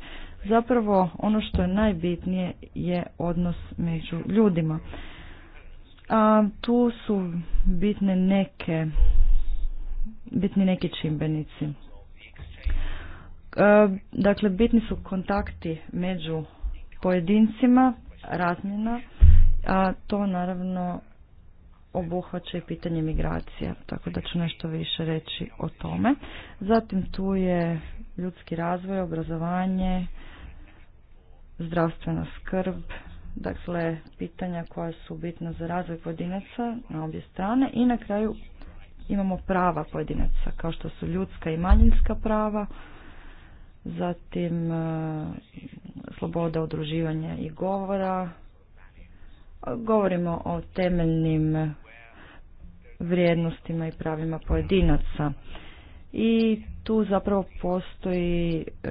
Zapravo ono što je najbitnije je odnos među ljudima. A tu su bitne neke bitni neki čimbenici. E, dakle, bitni su kontakti među pojedincima, razmjena, a to naravno obuhvaća i pitanje migracija, tako da ću nešto više reći o tome. Zatim tu je ljudski razvoj, obrazovanje, zdravstvena skrb, dakle pitanja koja su bitna za razvoj pojedinaca na obje strane i na kraju imamo prava pojedinaca kao što su ljudska i manjinska prava, zatim e, sloboda udruživanja i govora. Govorimo o temeljnim vrijednostima i pravima pojedinaca i tu zapravo postoji e,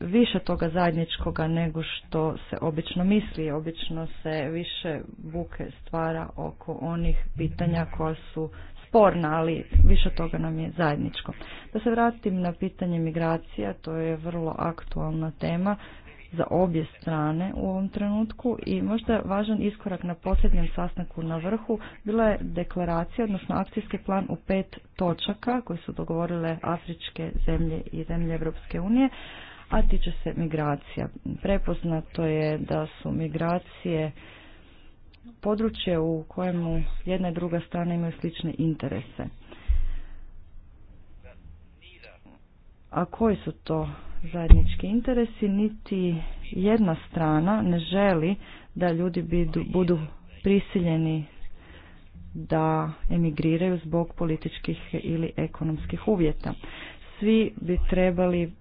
više toga zajedničkoga nego što se obično misli. Obično se više buke stvara oko onih pitanja koja su sporna, ali više toga nam je zajedničko. Da se vratim na pitanje migracija, to je vrlo aktualna tema za obje strane u ovom trenutku i možda važan iskorak na posljednjem sastanku na vrhu bila je deklaracija, odnosno akcijski plan u pet točaka koje su dogovorile afričke zemlje i zemlje Europske unije, a tiče se migracija. Prepoznato je da su migracije područje u kojemu jedna i druga strana imaju slične interese. A koji su to zajednički interesi, niti jedna strana ne želi da ljudi budu prisiljeni da emigriraju zbog političkih ili ekonomskih uvjeta. Svi bi trebali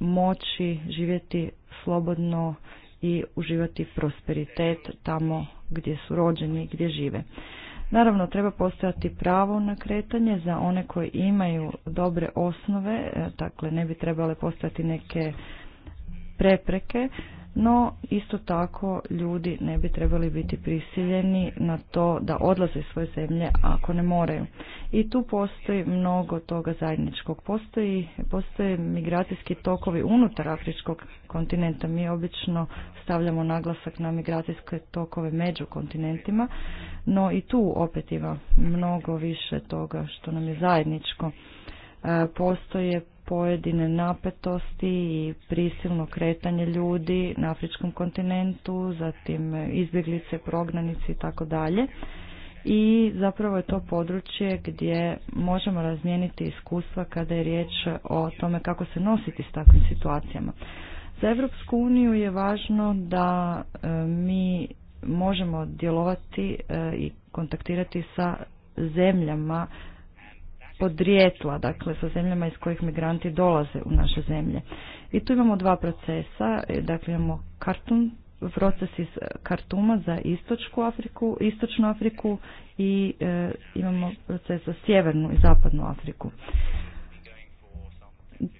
moći živjeti slobodno i uživati prosperitet tamo gdje su rođeni, gdje žive. Naravno, treba postojati pravo na kretanje za one koji imaju dobre osnove, e, dakle ne bi trebale postojati neke prepreke no isto tako ljudi ne bi trebali biti prisiljeni na to da odlaze iz svoje zemlje ako ne moraju. I tu postoji mnogo toga zajedničkog. Postoji, postoje migracijski tokovi unutar afričkog kontinenta. Mi obično stavljamo naglasak na migracijske tokove među kontinentima, no i tu opet ima mnogo više toga što nam je zajedničko. E, postoje pojedine napetosti i prisilno kretanje ljudi na afričkom kontinentu, zatim izbjeglice, prognanici i tako dalje. I zapravo je to područje gdje možemo razmijeniti iskustva kada je riječ o tome kako se nositi s takvim situacijama. Za Europsku uniju je važno da e, mi možemo djelovati e, i kontaktirati sa zemljama podrijetla, dakle sa zemljama iz kojih migranti dolaze u naše zemlje. I tu imamo dva procesa, e, dakle imamo kartun, proces iz e, Kartuma za istočku Afriku, istočnu Afriku i e, imamo proces za sjevernu i zapadnu Afriku.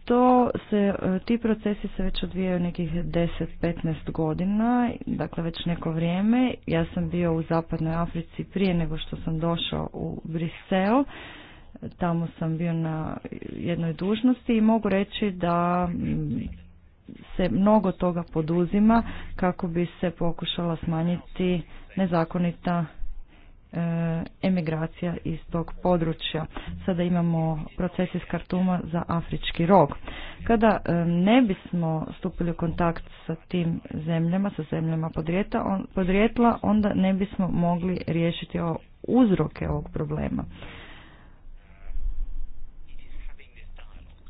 To se, ti procesi se već odvijaju nekih 10-15 godina, dakle već neko vrijeme. Ja sam bio u zapadnoj Africi prije nego što sam došao u Brisel tamo sam bio na jednoj dužnosti i mogu reći da mm, se mnogo toga poduzima kako bi se pokušala smanjiti nezakonita e, emigracija iz tog područja. Sada imamo proces iz kartuma za afrički rog. Kada e, ne bismo stupili u kontakt sa tim zemljama, sa zemljama podrijetla, onda ne bismo mogli riješiti uzroke ovog problema.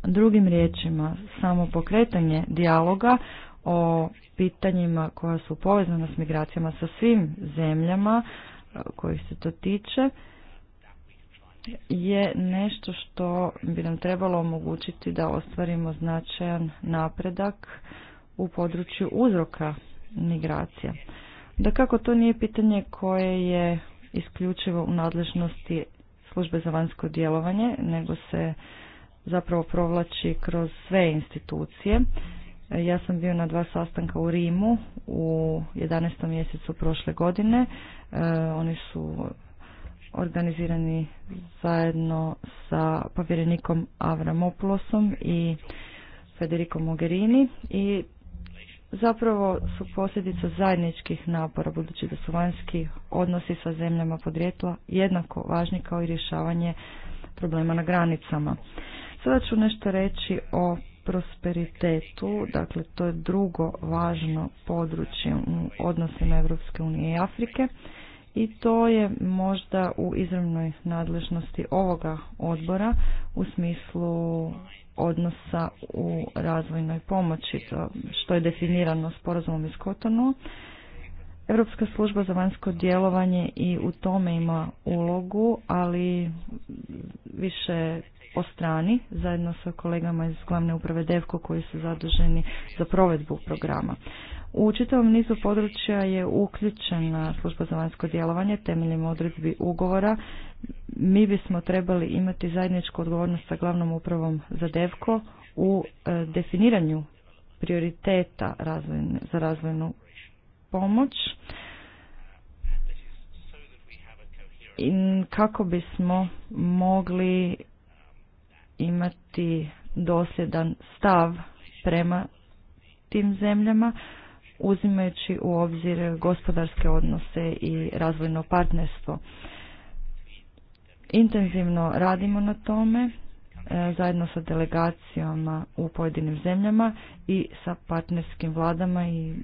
Drugim riječima, samo pokretanje dijaloga o pitanjima koja su povezana s migracijama sa svim zemljama e, kojih se to tiče je nešto što bi nam trebalo omogućiti da ostvarimo značajan napredak u području uzroka migracija. Da kako to nije pitanje koje je isključivo u nadležnosti službe za vanjsko djelovanje, nego se zapravo provlači kroz sve institucije. Ja sam bio na dva sastanka u Rimu u 11. mjesecu prošle godine. E, oni su organizirani zajedno sa povjerenikom Avramopulosom i Federico Mogherini i zapravo su posljedica zajedničkih napora budući da su vanjski odnosi sa zemljama podrijetla jednako važni kao i rješavanje problema na granicama. Sada ću nešto reći o prosperitetu, dakle to je drugo važno područje u odnosima Evropske unije i Afrike i to je možda u izravnoj nadležnosti ovoga odbora u smislu odnosa u razvojnoj pomoći, što je definirano sporazumom iz Kotonu. Europska služba za vanjsko djelovanje i u tome ima ulogu, ali više po strani zajedno sa kolegama iz glavne uprave DEVKO koji su zaduženi za provedbu programa. U čitavom nizu područja je uključena služba za vanjsko djelovanje temeljem odredbi ugovora. Mi bismo trebali imati zajedničku odgovornost sa glavnom upravom za DEVKO u e, definiranju prioriteta za razvojnu pomoć kako bismo mogli imati dosljedan stav prema tim zemljama uzimajući u obzir gospodarske odnose i razvojno partnerstvo. Intenzivno radimo na tome e, zajedno sa delegacijama u pojedinim zemljama i sa partnerskim vladama i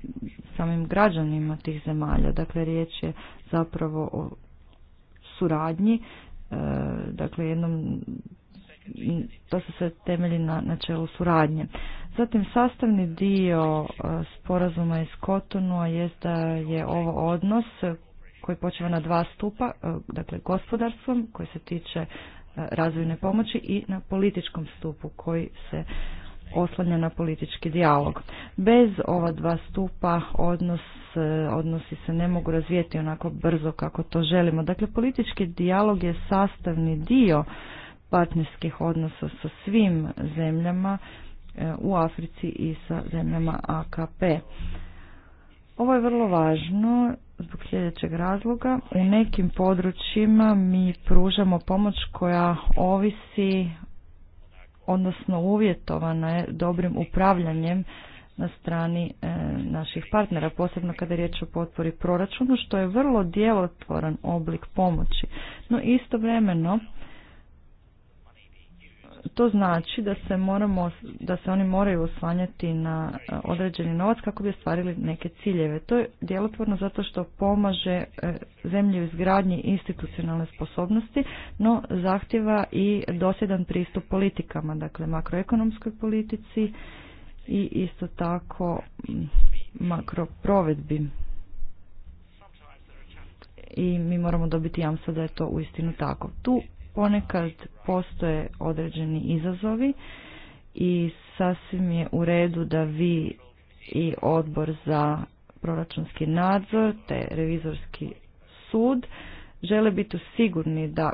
samim građanima tih zemalja. Dakle, riječ je zapravo o suradnji, e, dakle jednom to se sve temelji na načelu suradnje. Zatim sastavni dio e, sporazuma iz Kotonu je da je ovo odnos koji počeva na dva stupa, e, dakle gospodarstvom koji se tiče e, razvojne pomoći i na političkom stupu koji se oslanja na politički dijalog. Bez ova dva stupa odnos, odnosi se ne mogu razvijeti onako brzo kako to želimo. Dakle, politički dijalog je sastavni dio partnerskih odnosa sa svim zemljama e, u Africi i sa zemljama AKP. Ovo je vrlo važno zbog sljedećeg razloga. U nekim područjima mi pružamo pomoć koja ovisi, odnosno uvjetovana je dobrim upravljanjem na strani e, naših partnera, posebno kada je riječ o potpori proračunu, što je vrlo djelotvoran oblik pomoći. No istovremeno to znači da se, moramo, da se oni moraju oslanjati na e, određeni novac kako bi ostvarili neke ciljeve. To je djelotvorno zato što pomaže e, zemlji u izgradnji institucionalne sposobnosti, no zahtjeva i dosjedan pristup politikama, dakle makroekonomskoj politici i isto tako makroprovedbi. I mi moramo dobiti jamstvo da je to uistinu tako. Tu ponekad postoje određeni izazovi i sasvim je u redu da vi i odbor za proračunski nadzor te revizorski sud žele biti sigurni da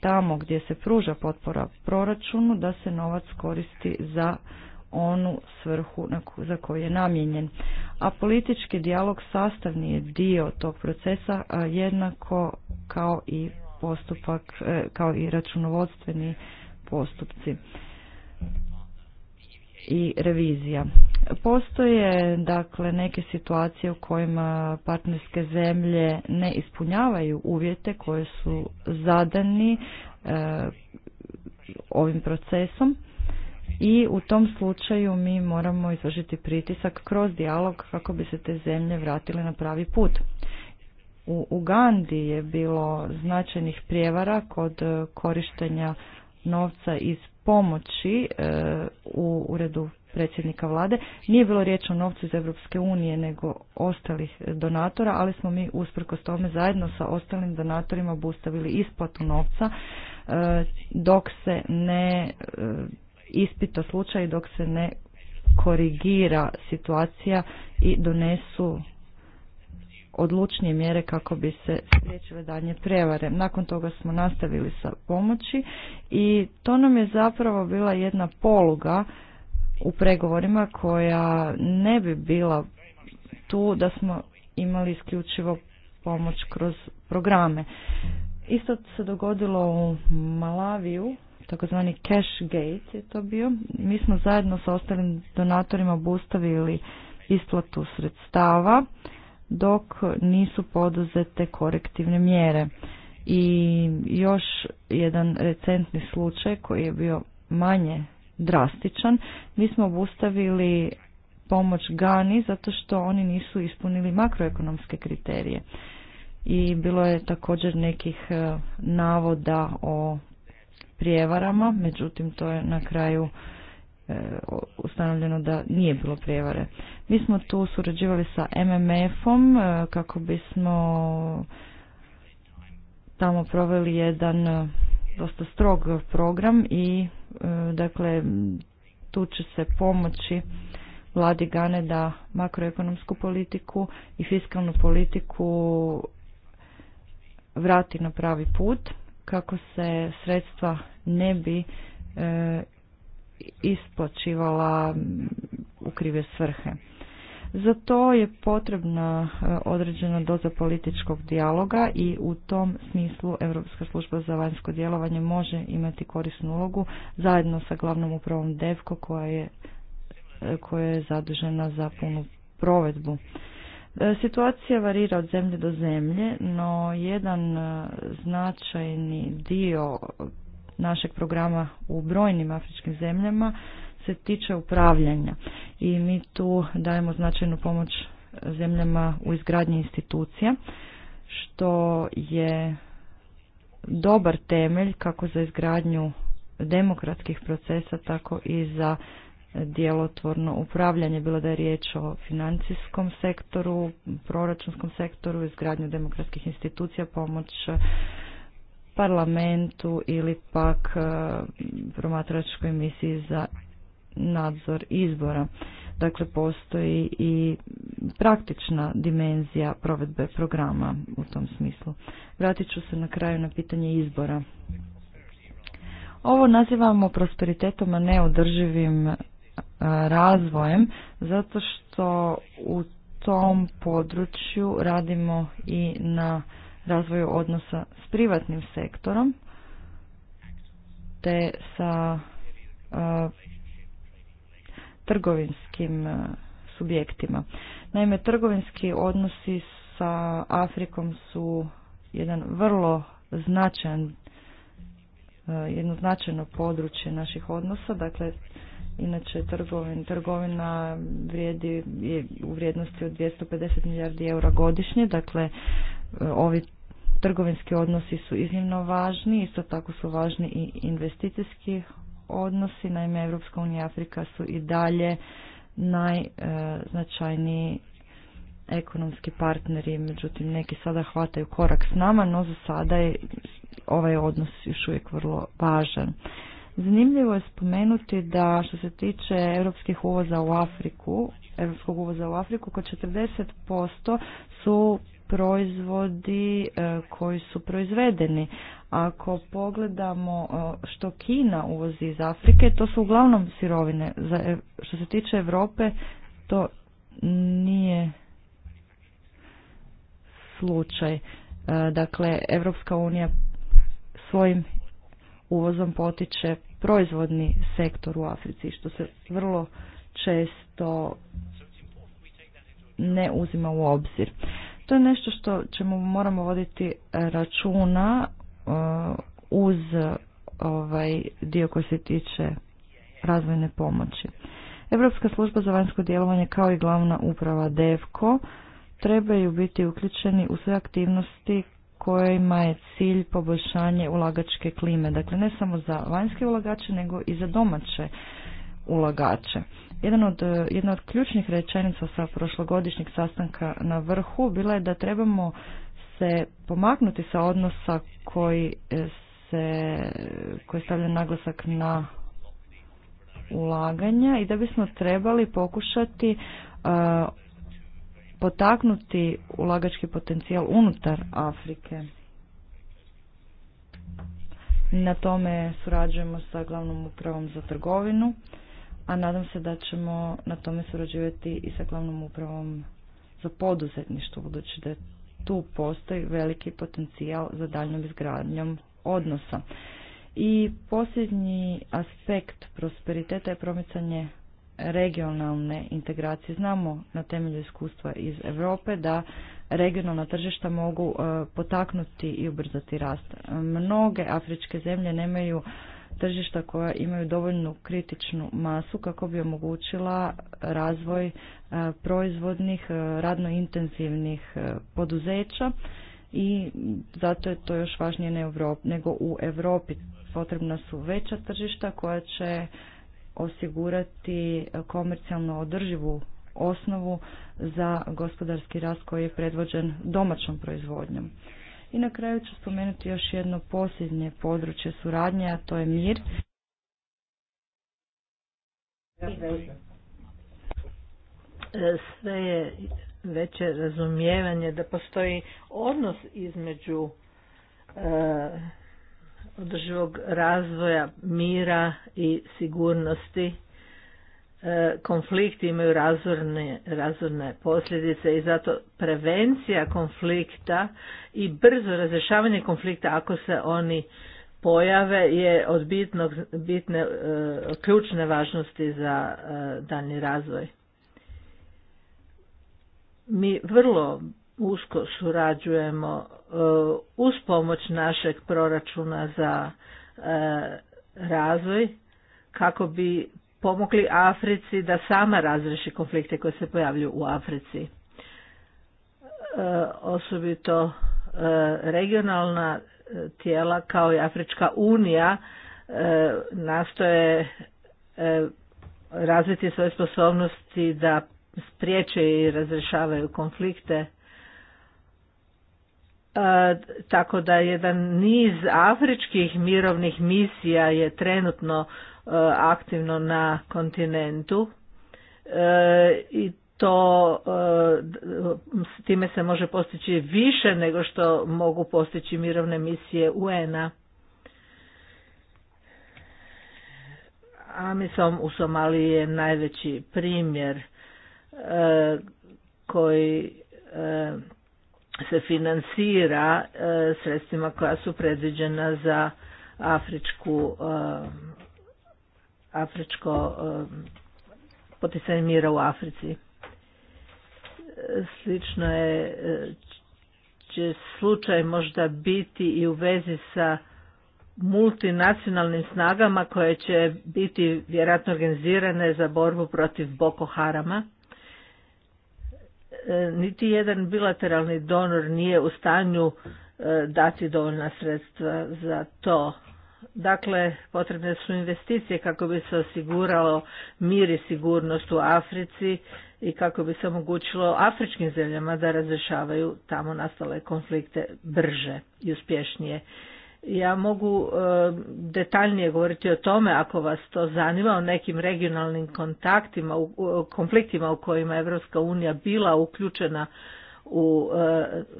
tamo gdje se pruža potpora proračunu da se novac koristi za onu svrhu za koju je namijenjen. A politički dijalog sastavni je dio tog procesa jednako kao i postupak e, kao i računovodstveni postupci i revizija. Postoje dakle neke situacije u kojima partnerske zemlje ne ispunjavaju uvjete koje su zadani e, ovim procesom i u tom slučaju mi moramo izvršiti pritisak kroz dijalog kako bi se te zemlje vratile na pravi put. U Ugandi je bilo značajnih prijevara kod e, korištenja novca iz pomoći e, u uredu predsjednika vlade. Nije bilo riječ o novcu iz Europske unije nego ostalih donatora, ali smo mi usprkos tome zajedno sa ostalim donatorima obustavili isplatu novca e, dok se ne ispita slučaj, dok se ne korigira situacija i donesu odlučnije mjere kako bi se spriječile danje prevare. Nakon toga smo nastavili sa pomoći i to nam je zapravo bila jedna poluga u pregovorima koja ne bi bila tu da smo imali isključivo pomoć kroz programe. Isto se dogodilo u Malaviju, takozvani cash gate je to bio. Mi smo zajedno sa ostalim donatorima obustavili isplatu sredstava dok nisu poduzete korektivne mjere. I još jedan recentni slučaj koji je bio manje drastičan, mi smo obustavili pomoć Gani zato što oni nisu ispunili makroekonomske kriterije. I bilo je također nekih e, navoda o prijevarama, međutim to je na kraju E, ustanovljeno da nije bilo prijevare. Mi smo tu surađivali sa MMF-om e, kako bismo tamo proveli jedan e, dosta strog program i dakle tu će se pomoći vladi Gane da makroekonomsku politiku i fiskalnu politiku vrati na pravi put kako se sredstva ne bi isplaćivala u krive svrhe. Za to je potrebna e, određena doza političkog dijaloga i u tom smislu Europska služba za vanjsko djelovanje može imati korisnu ulogu zajedno sa glavnom upravom DEVKO koja je, e, koja je zadužena za punu provedbu. E, situacija varira od zemlje do zemlje, no jedan značajni dio našeg programa u brojnim afričkim zemljama se tiče upravljanja i mi tu dajemo značajnu pomoć zemljama u izgradnji institucija što je dobar temelj kako za izgradnju demokratskih procesa tako i za djelotvorno upravljanje, bilo da je riječ o financijskom sektoru, proračunskom sektoru, izgradnju demokratskih institucija, pomoć parlamentu ili pak e, promatračkoj misiji za nadzor izbora. Dakle, postoji i praktična dimenzija provedbe programa u tom smislu. Vratit ću se na kraju na pitanje izbora. Ovo nazivamo prosperitetom, a ne e, razvojem, zato što u tom području radimo i na razvoju odnosa s privatnim sektorom te sa trgovinskim subjektima. Naime, trgovinski odnosi sa Afrikom su jedan vrlo značajan jedno značajno područje naših odnosa, dakle inače trgovin, trgovina vrijedi u vrijednosti od 250 milijardi eura godišnje, dakle ovi Trgovinski odnosi su iznimno važni, isto tako su važni i investicijski odnosi, naime EU unija i Afrika su i dalje najznačajniji ekonomski partneri, međutim neki sada hvataju korak s nama, no za sada je ovaj odnos još uvijek vrlo važan. Zanimljivo je spomenuti da što se tiče europskih uvoza u Afriku, europskog uvoza u Afriku, oko 40% su proizvodi e, koji su proizvedeni. Ako pogledamo e, što Kina uvozi iz Afrike, to su uglavnom sirovine. E, što se tiče Europe, to nije slučaj. Dakle, Europska unija svojim uvozom potiče proizvodni sektor u Africi, što se vrlo često ne uzima u obzir. To je nešto što ćemo moramo voditi e, računa e, uz ovaj dio koji se tiče razvojne pomoći. Europska služba za vanjsko djelovanje kao i glavna uprava DEVKO trebaju biti uključeni u sve aktivnosti kojima je cilj poboljšanje ulagačke klime. Dakle, ne samo za vanjske ulagače, nego i za domaće ulagače. Jedan od, e, jedna od ključnih rečenica sa prošlogodišnjeg sastanka na vrhu bila je da trebamo se pomaknuti sa odnosa koji e, se koji stavlja naglasak na ulaganja i da bismo trebali pokušati e, potaknuti ulagački potencijal unutar Afrike. Na tome surađujemo sa glavnom upravom za trgovinu a nadam se da ćemo na tome surađivati i sa glavnom upravom za poduzetništvo, budući da tu postoji veliki potencijal za daljnom izgradnjom odnosa. I posljednji aspekt prosperiteta je promicanje regionalne integracije. Znamo na temelju iskustva iz Europe da regionalna tržišta mogu eh, potaknuti i ubrzati rast. Mnoge afričke zemlje nemaju tržišta koja imaju dovoljnu kritičnu masu kako bi omogućila razvoj e, proizvodnih, e, radno intenzivnih e, poduzeća i zato je to još važnije nego u Europi. Potrebna su veća tržišta koja će osigurati komercijalno održivu osnovu za gospodarski rast koji je predvođen domaćom proizvodnjom. I na kraju ću spomenuti još jedno posljednje područje suradnje, a to je mir. Sve je veće razumijevanje da postoji odnos između e, održivog razvoja mira i sigurnosti E, konflikti imaju razorne, razorne posljedice i zato prevencija konflikta i brzo razrešavanje konflikta ako se oni pojave je od bitne, e, ključne važnosti za e, daljnji razvoj. Mi vrlo usko surađujemo uz pomoć našeg proračuna za razvoj kako bi pomogli Africi da sama razreši konflikte koje se pojavljuju u Africi. E, osobito e, regionalna e, tijela kao i Afrička unija nastoje razviti svoje sposobnosti da spriječe i razrešavaju konflikte tako da jedan niz afričkih mirovnih misija je trenutno Eh, aktivno na kontinentu eh, i to s eh, time se može postići više nego što mogu postići mirovne misije UN-a. Amisom u Somaliji je najveći primjer koji se financira sredstvima koja su predviđena za afričku afričko um, poticanje mira u Africi. E, slično je e, će slučaj možda biti i u vezi sa multinacionalnim snagama koje će biti vjerojatno organizirane za borbu protiv Boko Harama. E, niti jedan bilateralni donor nije u stanju dati dovoljna sredstva za to. Dakle, potrebne su investicije kako bi se osiguralo mir i sigurnost u Africi i kako bi se omogućilo afričkim zemljama da razrešavaju tamo nastale konflikte brže i uspješnije. Ja mogu e, detaljnije govoriti o tome ako vas to zanima, o nekim regionalnim kontaktima, konfliktima u kojima Evropska unija bila uključena u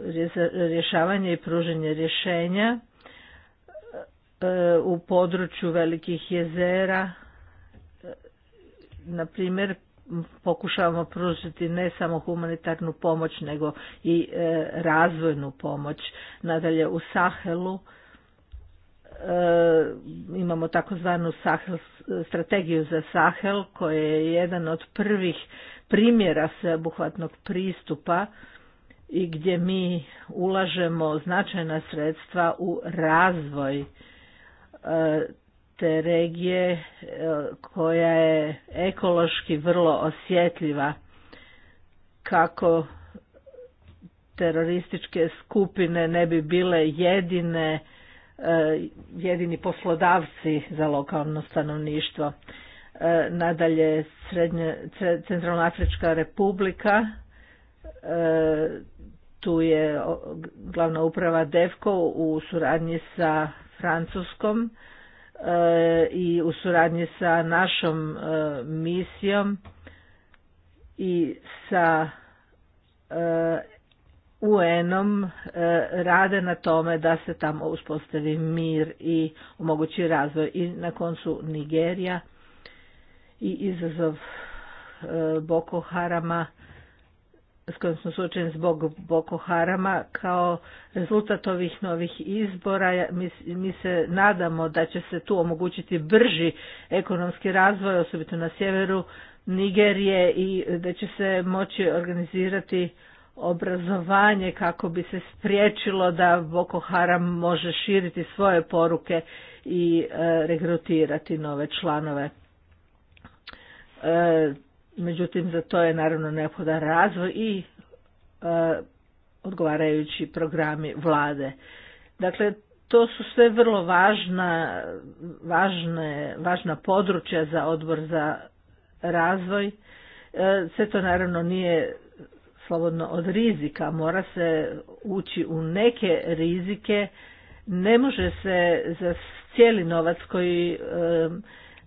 e, rješavanje i pruženje rješenja E, u području velikih jezera e, na primjer pokušavamo pružiti ne samo humanitarnu pomoć nego i e, razvojnu pomoć nadalje u Sahelu imamo takozvanu strategiju za Sahel koja je jedan od prvih primjera sveobuhvatnog pristupa i gdje mi ulažemo značajna sredstva u razvoj te regije e, koja je ekološki vrlo osjetljiva kako terorističke skupine ne bi bile jedine e, jedini poslodavci za lokalno stanovništvo. E, nadalje Srednje, Centralnoafrička republika, tu je glavna uprava DEVKO u suradnji sa Francuskom e, i u suradnji sa našom e, misijom i sa e, UN-om rade na tome da se tamo uspostavi mir i omogući razvoj i na koncu Nigerija i izazov Boko Harama s kojim smo suočeni zbog Boko Harama, kao rezultat ovih novih izbora mi, mi se nadamo da će se tu omogućiti brži ekonomski razvoj, osobito na sjeveru Nigerije i da će se moći organizirati obrazovanje kako bi se spriječilo da Boko Haram može širiti svoje poruke i e, rekrutirati nove članove. E, međutim za to je naravno neophodan razvoj i e, odgovarajući programi vlade. Dakle, to su sve vrlo važna, važne, važna područja za odbor za razvoj. E, sve to naravno nije slobodno od rizika, mora se ući u neke rizike, ne može se za cijeli novac koji e,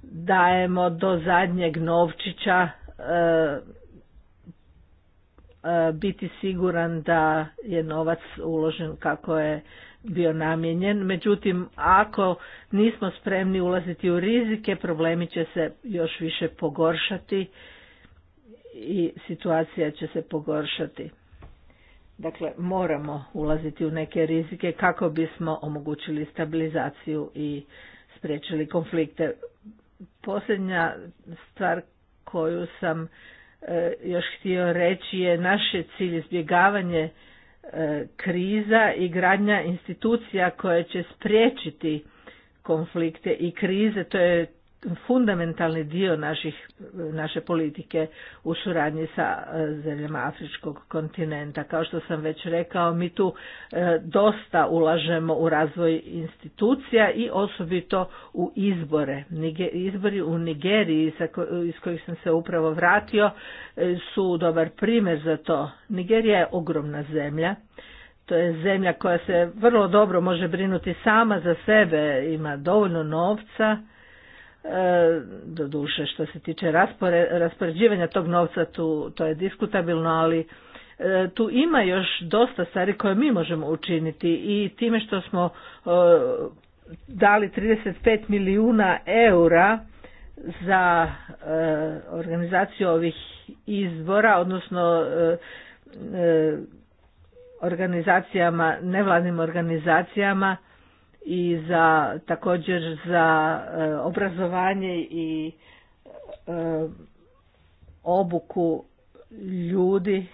dajemo do zadnjeg novčića E, e, biti siguran da je novac uložen kako je bio namijenjen. Međutim, ako nismo spremni ulaziti u rizike, problemi će se još više pogoršati i situacija će se pogoršati. Dakle, moramo ulaziti u neke rizike kako bismo omogućili stabilizaciju i spriječili konflikte. Posljednja stvar koju sam e, još htio reći je naše cilj izbjegavanje e, kriza i gradnja institucija koje će spriječiti konflikte i krize. To je fundamentalni dio naših, naše politike u suradnji sa e, zemljama Afričkog kontinenta. Kao što sam već rekao, mi tu e, dosta ulažemo u razvoj institucija i osobito u izbore. Izbori u Nigeriji iz kojih sam se upravo vratio e, su dobar primjer za to. Nigerija je ogromna zemlja. To je zemlja koja se vrlo dobro može brinuti sama za sebe, ima dovoljno novca E, doduše što se tiče raspore, raspoređivanja tog novca tu, to je diskutabilno, ali e, tu ima još dosta stvari koje mi možemo učiniti i time što smo e, dali 35 milijuna eura za organizaciju ovih izbora, odnosno organizacijama, nevladnim organizacijama, i za također za e, obrazovanje i e, obuku ljudi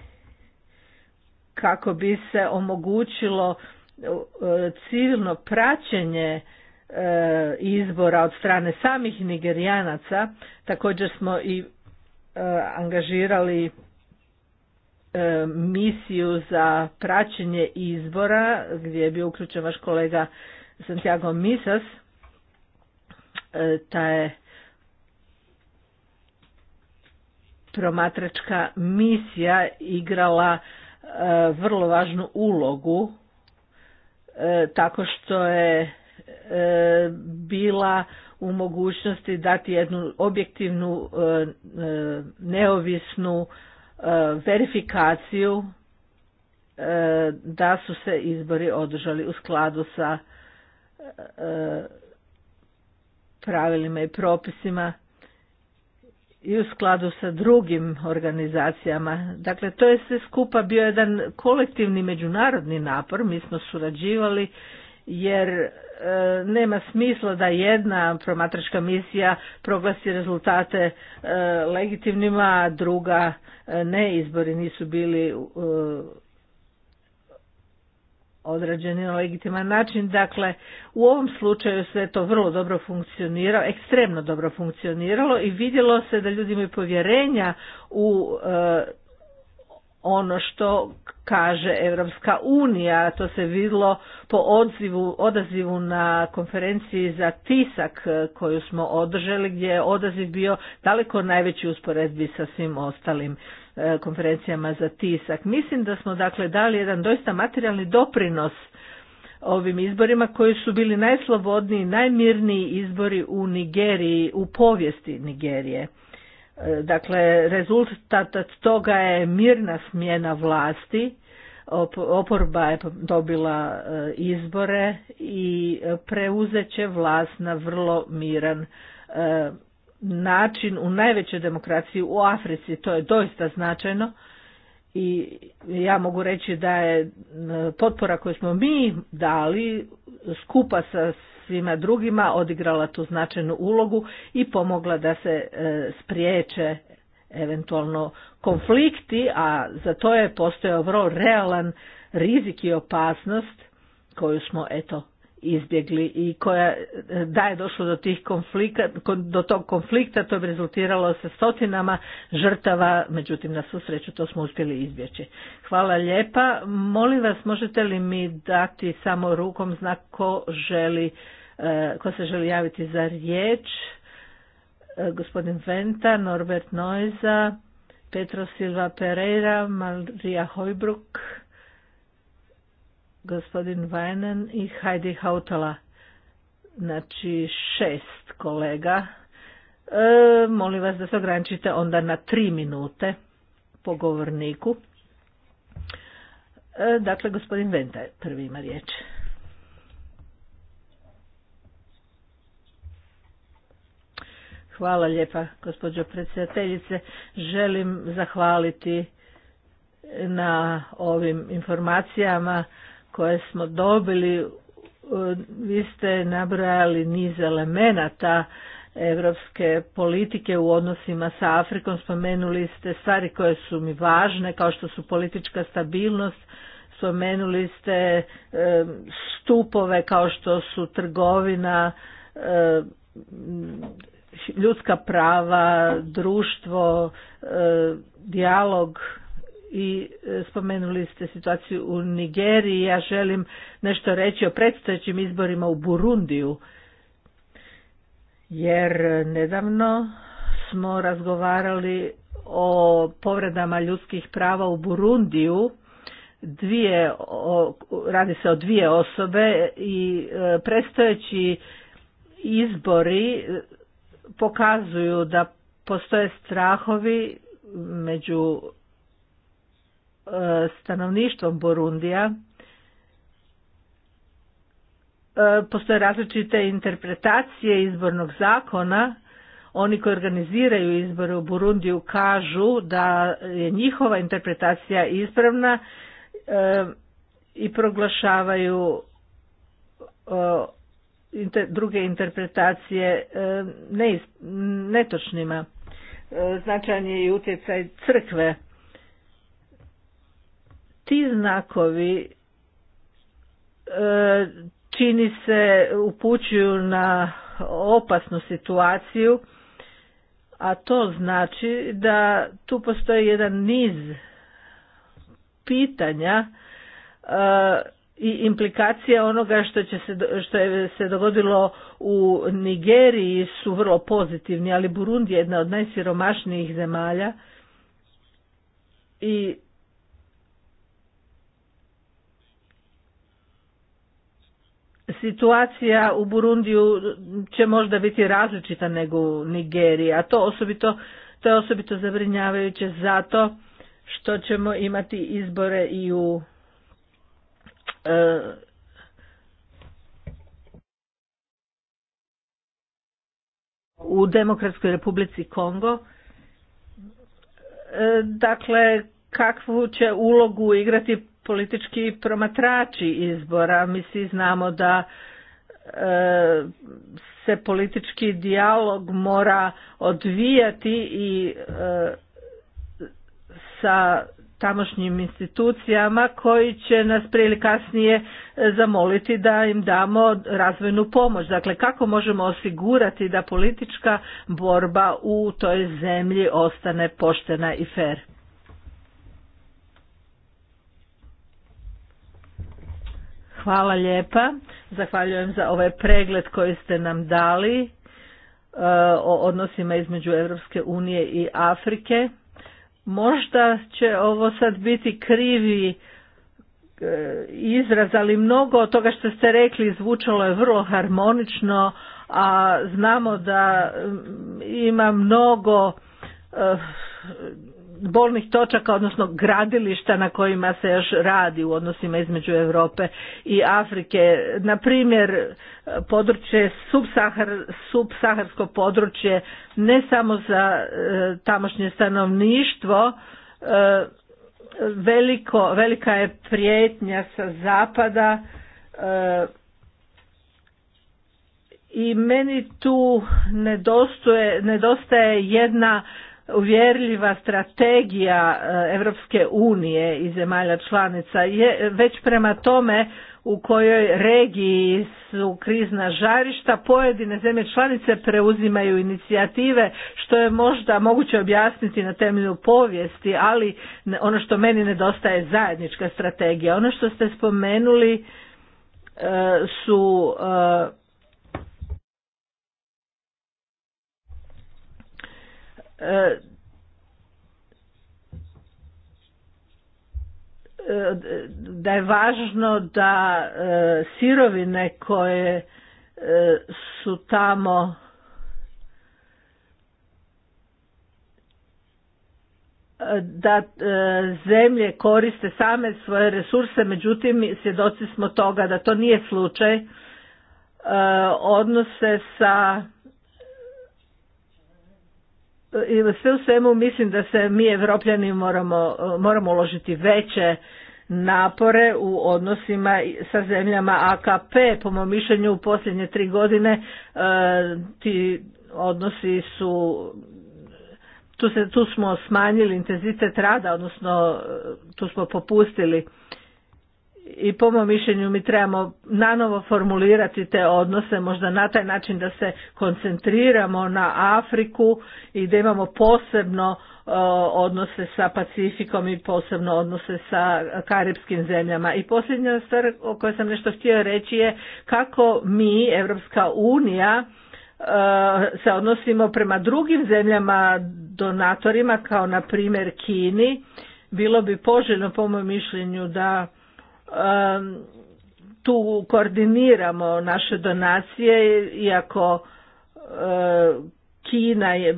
kako bi se omogućilo e, civilno praćenje izbora od strane samih Nigerijanaca. Također smo i angažirali misiju za praćenje izbora gdje je bio uključen vaš kolega Santiago Misas, e, ta je promatračka misija igrala e, vrlo važnu ulogu e, tako što je bila u mogućnosti dati jednu objektivnu, neovisnu verifikaciju da su se izbori održali u skladu sa pravilima i propisima i u skladu sa drugim organizacijama. Dakle, to je sve skupa bio jedan kolektivni međunarodni napor, mi smo surađivali jer e, nema smisla da jedna promatračka misija proglasi rezultate e, legitimnima, a druga e, ne, izbori nisu bili e, određeni na legitiman način. Dakle, u ovom slučaju sve to vrlo dobro funkcioniralo, ekstremno dobro funkcioniralo i vidjelo se da ljudi imaju povjerenja u e, ono što kaže Evropska unija, to se vidjelo po odzivu, odazivu na konferenciji za tisak e, koju smo održali gdje je odaziv bio daleko najveći usporedbi sa svim ostalim E, konferencijama za tisak. Mislim da smo dakle dali jedan doista materijalni doprinos ovim izborima koji su bili najslobodniji, najmirniji izbori u Nigeriji, u povijesti Nigerije. E, dakle, rezultat toga je mirna smjena vlasti, oporba je dobila e, izbore i preuzeće vlast na vrlo miran način u najvećoj demokraciji u Africi, to je doista značajno i ja mogu reći da je e, potpora koju smo mi dali skupa sa svima drugima odigrala tu značajnu ulogu i pomogla da se e, spriječe eventualno konflikti, a za to je postojao vrlo realan rizik i opasnost koju smo eto izbjegli i koja e, da je došlo do tih konflikta, do tog konflikta, to bi rezultiralo sa stotinama žrtava, međutim na svu sreću to smo uspjeli izbjeći. Hvala lijepa. Molim vas, možete li mi dati samo rukom znak ko želi, e, ko se želi javiti za riječ? E, gospodin Venta, Norbert Noiza, Petro Silva Pereira, Marija Hojbruk gospodin Vajnen i Heidi Hautala. Znači šest kolega. E, molim vas da se ograničite onda na tri minute po govorniku. E, dakle, gospodin Venta je prvi ima riječ. Hvala lijepa, gospođo predsjedateljice. Želim zahvaliti na ovim informacijama koje smo dobili, e, vi ste nabrojali niz elemenata evropske politike u odnosima sa Afrikom, spomenuli ste stvari koje su mi važne, kao što su politička stabilnost, spomenuli ste e, stupove kao što su trgovina, e, ljudska prava, društvo, dijalog i e, spomenuli ste situaciju u Nigeriji. Ja želim nešto reći o predstojećim izborima u Burundiju, jer nedavno smo razgovarali o povredama ljudskih prava u Burundiju. Dvije, radi se o dvije osobe i e, predstojeći izbori pokazuju da postoje strahovi među stanovništvom Burundija. E, postoje različite interpretacije izbornog zakona. Oni koji organiziraju izbore u Burundiju kažu da je njihova interpretacija ispravna e, i proglašavaju e, druge interpretacije netočnima. Značajan je i utjecaj crkve ti znakovi e, čini se upućuju na opasnu situaciju a to znači da tu postoji jedan niz pitanja e, i implikacija onoga što će se što je se dogodilo u Nigeriji su vrlo pozitivni, ali Burundi je jedna od najsiromašnijih zemalja i situacija u Burundiju će možda biti različita nego u Nigeriji, a to osobito to je osobito zabrinjavajuće zato što ćemo imati izbore i u e, u Demokratskoj Republici Kongo. E, dakle, kakvu će ulogu igrati politički promatrači izbora. Mi svi znamo da e, se politički dijalog mora odvijati i e, sa tamošnjim institucijama koji će nas prije ili kasnije e, zamoliti da im damo razvojnu pomoć. Dakle, kako možemo osigurati da politička borba u toj zemlji ostane poštena i fer? Hvala lijepa. Zahvaljujem za ovaj pregled koji ste nam dali e, o odnosima između Europske unije i Afrike. Možda će ovo sad biti krivi e, izraz, ali mnogo od toga što ste rekli zvučalo je vrlo harmonično, a znamo da ima mnogo e, bolnih točaka, odnosno gradilišta na kojima se još radi u odnosima između Europe i Afrike. Na primjer, područje subsahar, subsaharsko područje ne samo za e, tamošnje stanovništvo, e, veliko, velika je prijetnja sa zapada e, i meni tu nedostaje, nedostaje jedna uvjerljiva strategija Europske unije i zemalja članica je već prema tome u kojoj regiji su krizna žarišta, pojedine zemlje članice preuzimaju inicijative što je možda moguće objasniti na temelju povijesti, ali ono što meni nedostaje zajednička strategija. Ono što ste spomenuli e, su e, E, e, da je važno da e, sirovine koje su tamo da zemlje koriste same svoje resurse, međutim svjedoci smo toga da to nije slučaj. Odnose sa i sve u svemu mislim da se mi evropljani moramo, moramo uložiti veće napore u odnosima sa zemljama AKP. Po mom mišljenju u posljednje tri godine e, ti odnosi su tu, se, tu smo smanjili intenzitet rada, odnosno e, tu smo popustili i po mom mišljenju mi trebamo nanovo formulirati te odnose možda na taj način da se koncentriramo na Afriku i da imamo posebno e, odnose sa Pacifikom i posebno odnose sa karibskim zemljama. I posljednja stvar o kojoj sam nešto htio reći je kako mi, Europska unija, e, se odnosimo prema drugim zemljama donatorima kao na primjer Kini. Bilo bi poželjno po mom mišljenju da tu koordiniramo naše donacije, iako e, Kina je,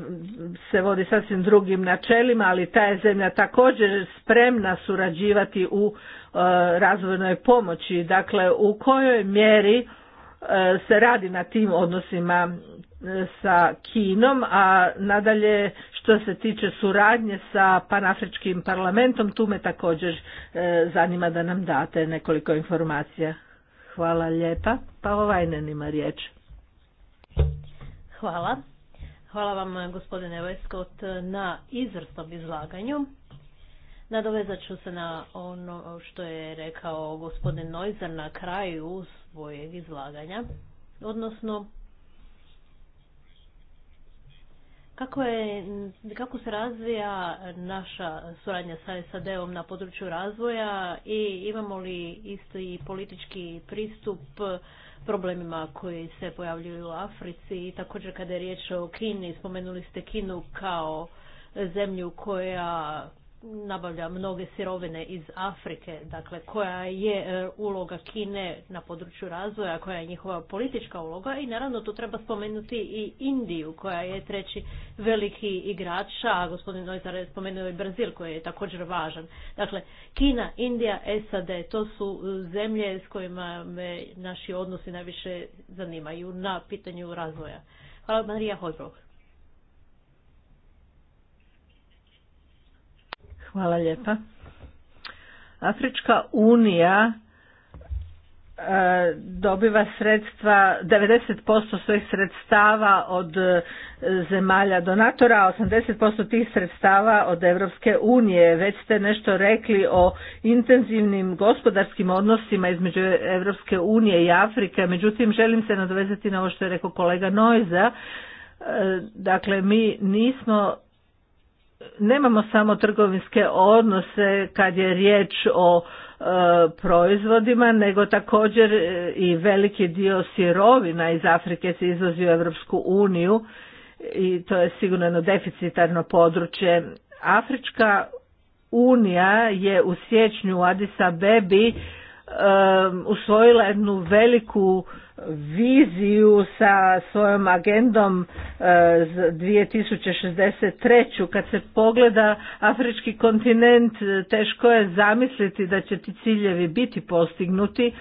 se vodi sasvim drugim načelima, ali ta je zemlja također spremna surađivati u e, razvojnoj pomoći. Dakle, u kojoj mjeri e, se radi na tim odnosima sa Kinom, a nadalje što se tiče suradnje sa Panafričkim parlamentom, tu me također e, zanima da nam date nekoliko informacija. Hvala lijepa. Pa ovaj nima riječ. Hvala. Hvala vam gospodine Veskot na izvrsnom izlaganju. Nadovezat ću se na ono što je rekao gospodin Nojzer na kraju svojeg izlaganja, odnosno Kako, je, kako se razvija naša suradnja sa SAD-om na području razvoja i imamo li i politički pristup problemima koji se pojavljuju u Africi i također kada je riječ o Kini, spomenuli ste Kinu kao zemlju koja nabavlja mnoge sirovine iz Afrike, dakle koja je e, uloga Kine na području razvoja, koja je njihova politička uloga i naravno tu treba spomenuti i Indiju koja je treći veliki igrač, a gospodin Noitar je spomenuo i Brazil koji je također važan. Dakle, Kina, Indija, SAD, to su e, zemlje s kojima me naši odnosi najviše zanimaju na pitanju razvoja. Hvala Marija Hojbrog. Hvala lijepa. Afrička unija e, dobiva sredstva 90% svojih sredstava od e, zemalja donatora, a 80% tih sredstava od Europske unije. Već ste nešto rekli o intenzivnim gospodarskim odnosima između Europske unije i Afrike, međutim želim se nadovezati na ovo što je rekao kolega Noiza. E, dakle, mi nismo nemamo samo trgovinske odnose kad je riječ o e, proizvodima, nego također e, i veliki dio sirovina iz Afrike se izvozi u Europsku uniju i to je sigurno jedno deficitarno područje. Afrička unija je u siječnju u Addis Abebi e, usvojila jednu veliku viziju sa svojom agendom e, za 2063. Kad se pogleda afrički kontinent, e, teško je zamisliti da će ti ciljevi biti postignuti e,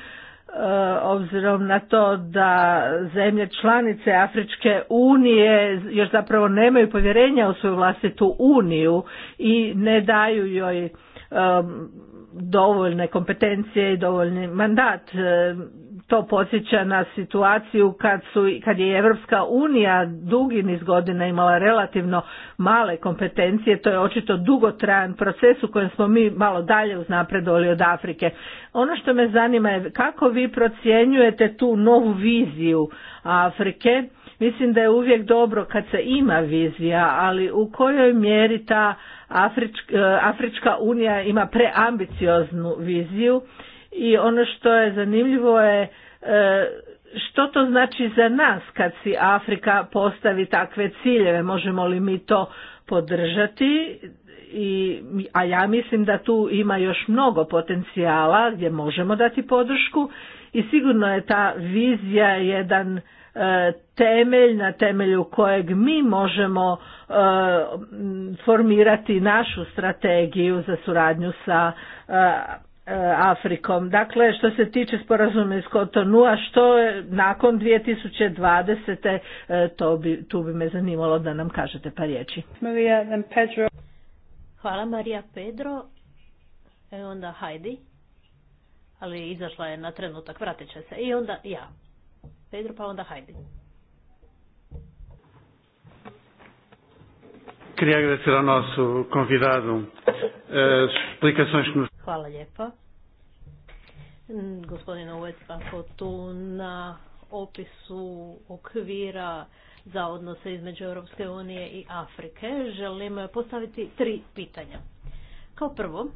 obzirom na to da zemlje članice Afričke unije još zapravo nemaju povjerenja u svoju vlastitu uniju i ne daju joj dovoljne kompetencije i dovoljni mandat to podsjeća na situaciju kad, su, kad je Evropska unija dugi niz godina imala relativno male kompetencije, to je očito dugotrajan proces u kojem smo mi malo dalje uznapredovali od Afrike. Ono što me zanima je kako vi procjenjujete tu novu viziju Afrike, Mislim da je uvijek dobro kad se ima vizija, ali u kojoj mjeri ta Afrička, e, Afrička unija ima preambicioznu viziju i ono što je zanimljivo je e, što to znači za nas kad si Afrika postavi takve ciljeve, možemo li mi to podržati, I, a ja mislim da tu ima još mnogo potencijala gdje možemo dati podršku i sigurno je ta vizija jedan e, temelj na temelju kojeg mi možemo e, formirati našu strategiju za suradnju sa E, Afrikom. Dakle, što se tiče sporazuma iz Kotonua, što je nakon 2020. E, to bi, tu bi me zanimalo da nam kažete par riječi. Maria, Pedro. Hvala Marija Pedro. E onda Heidi. Ali izašla je na trenutak, vratit će se. I onda ja. Pedro pa onda Heidi. Queria agradecer ao nosso convidado eh, explicações que Hvala lijepa. Gospodina ako tu na opisu okvira za odnose između Europske unije i Afrike želim postaviti tri pitanja. Kao prvo,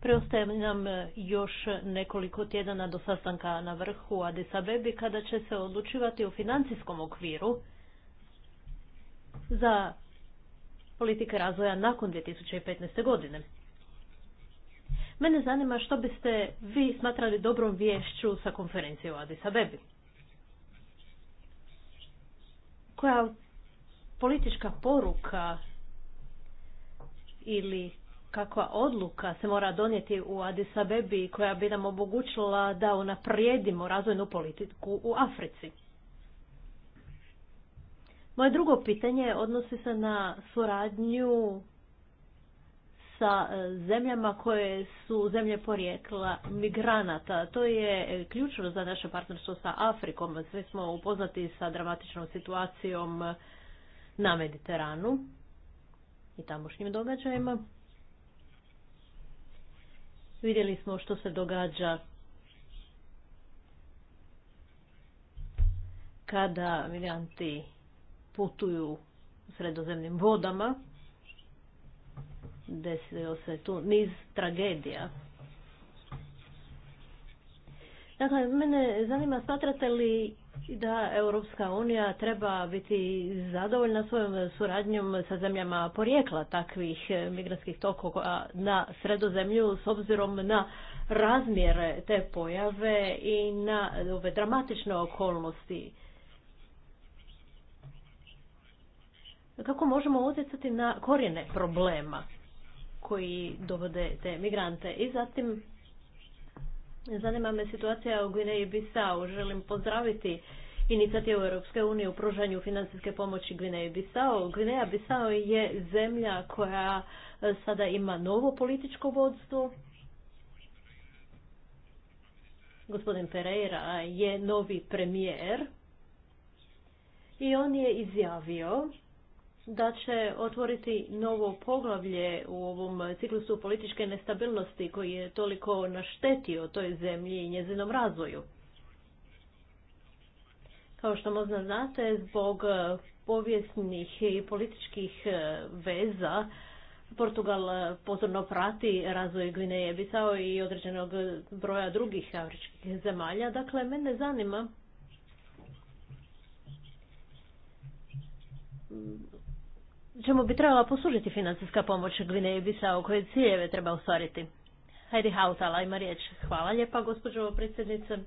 preostaje nam još nekoliko tjedana do sastanka na vrhu Addis Abebi kada će se odlučivati o financijskom okviru za politike razvoja nakon 2015. godine. Mene zanima što biste vi smatrali dobrom vješću sa konferencije u Addis Abebi. Koja politička poruka ili kakva odluka se mora donijeti u Addis Abebi koja bi nam omogućila da unaprijedimo razvojnu politiku u Africi? Moje drugo pitanje odnosi se na suradnju sa e, zemljama koje su zemlje porijekla migranata. To je e, ključno za naše partnerstvo sa Afrikom. Svi smo upoznati sa dramatičnom situacijom e, na Mediteranu i tamošnjim događajima. Vidjeli smo što se događa kada migranti putuju sredozemnim vodama. Desio se tu niz tragedija. Dakle, mene zanima, smatrate li da Europska unija treba biti zadovoljna svojom suradnjom sa zemljama porijekla takvih migrantskih tokova na sredozemlju s obzirom na razmjere te pojave i na ove dramatične okolnosti kako možemo utjecati na korijene problema koji dovode te migrante. I zatim zanima me situacija u Gvineji bissau Želim pozdraviti inicijativu Europske unije u pružanju financijske pomoći Gvineji bissau Gvineja bissau je zemlja koja e, sada ima novo političko vodstvo. Gospodin Pereira je novi premijer i on je izjavio da će otvoriti novo poglavlje u ovom ciklusu političke nestabilnosti koji je toliko naštetio toj zemlji i njezinom razvoju. Kao što možda znate, zbog povijesnih i političkih veza Portugal pozorno prati razvoj Gvineje i određenog broja drugih afričkih zemalja. Dakle, mene zanima čemu bi trebala poslužiti financijska pomoć Gvineji Bisao koje ciljeve treba ostvariti. Heidi Hautala ima riječ. Hvala lijepa gospođo predsjednice.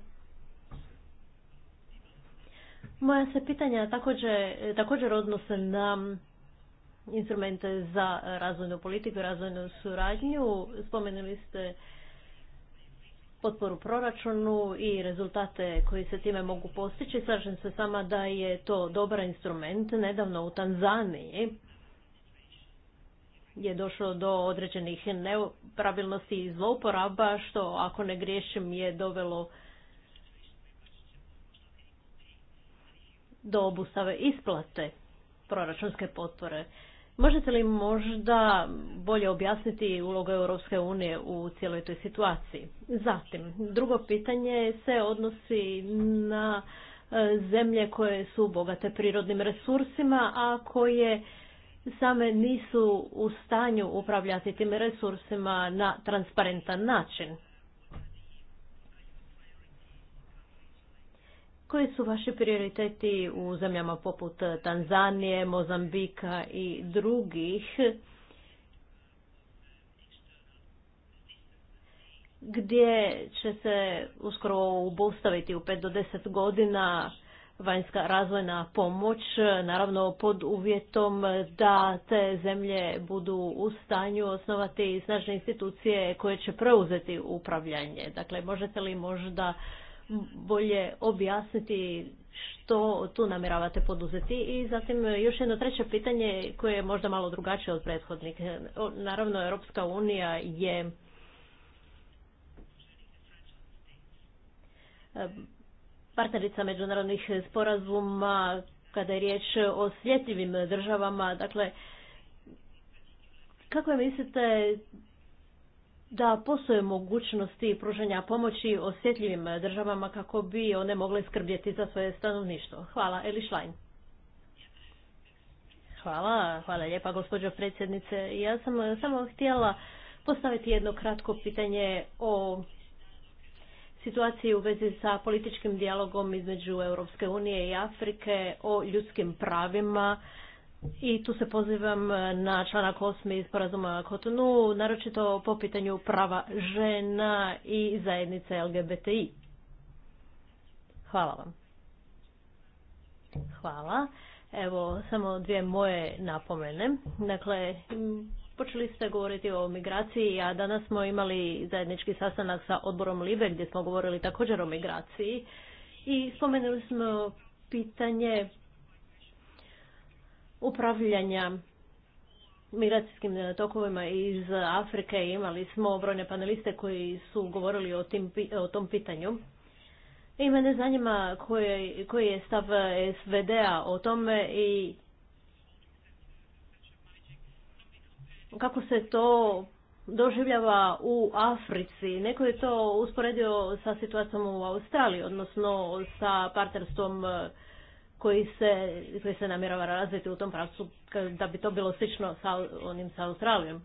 Moja se pitanja također, također odnose na instrumente za razvojnu politiku i razvojnu suradnju. Spomenuli ste potporu proračunu i rezultate koji se time mogu postići. Slažem se sama da je to dobar instrument. Nedavno u Tanzaniji je došlo do određenih nepravilnosti i zlouporaba, što ako ne griješim je dovelo do obustave isplate proračunske potpore. Možete li možda bolje objasniti ulogu Europske unije u cijeloj toj situaciji? Zatim, drugo pitanje se odnosi na e, zemlje koje su bogate prirodnim resursima, a koje same nisu u stanju upravljati tim resursima na transparentan način. Koji su vaši prioriteti u zemljama poput Tanzanije, Mozambika i drugih? gdje će se uskoro obustaviti u 5 do 10 godina vanjska razvojna pomoć, naravno pod uvjetom da te zemlje budu u stanju osnovati snažne institucije koje će preuzeti upravljanje. Dakle, možete li možda bolje objasniti što tu namjeravate poduzeti. I zatim još jedno treće pitanje koje je možda malo drugačije od prethodnih. Naravno, Europska unija je partnerica međunarodnih sporazuma kada je riječ o osjetljivim državama. Dakle, kako je mislite da postoje mogućnosti pružanja pomoći osjetljivim državama kako bi one mogle skrbjeti za svoje stanovništvo? Hvala, Eli Hvala, hvala lijepa gospođo predsjednice. Ja sam samo htjela postaviti jedno kratko pitanje o situaciji u vezi sa političkim dijalogom između Europske unije i Afrike o ljudskim pravima i tu se pozivam na članak 8. iz porazuma Kotonu, naročito po pitanju prava žena i zajednice LGBTI. Hvala vam. Hvala. Evo, samo dvije moje napomene. Dakle, Počeli ste govoriti o migraciji, a danas smo imali zajednički sastanak sa odborom LIBE gdje smo govorili također o migraciji i spomenuli smo pitanje upravljanja migracijskim tokovima iz Afrike. Imali smo brojne paneliste koji su govorili o, tim, o tom pitanju. I mene zanima koji je stav SVD-a o tome i kako se to doživljava u Africi. Neko je to usporedio sa situacijom u Australiji, odnosno sa partnerstvom e, koji se, koji se namjerava razviti u tom pravcu da bi to bilo slično sa onim sa Australijom.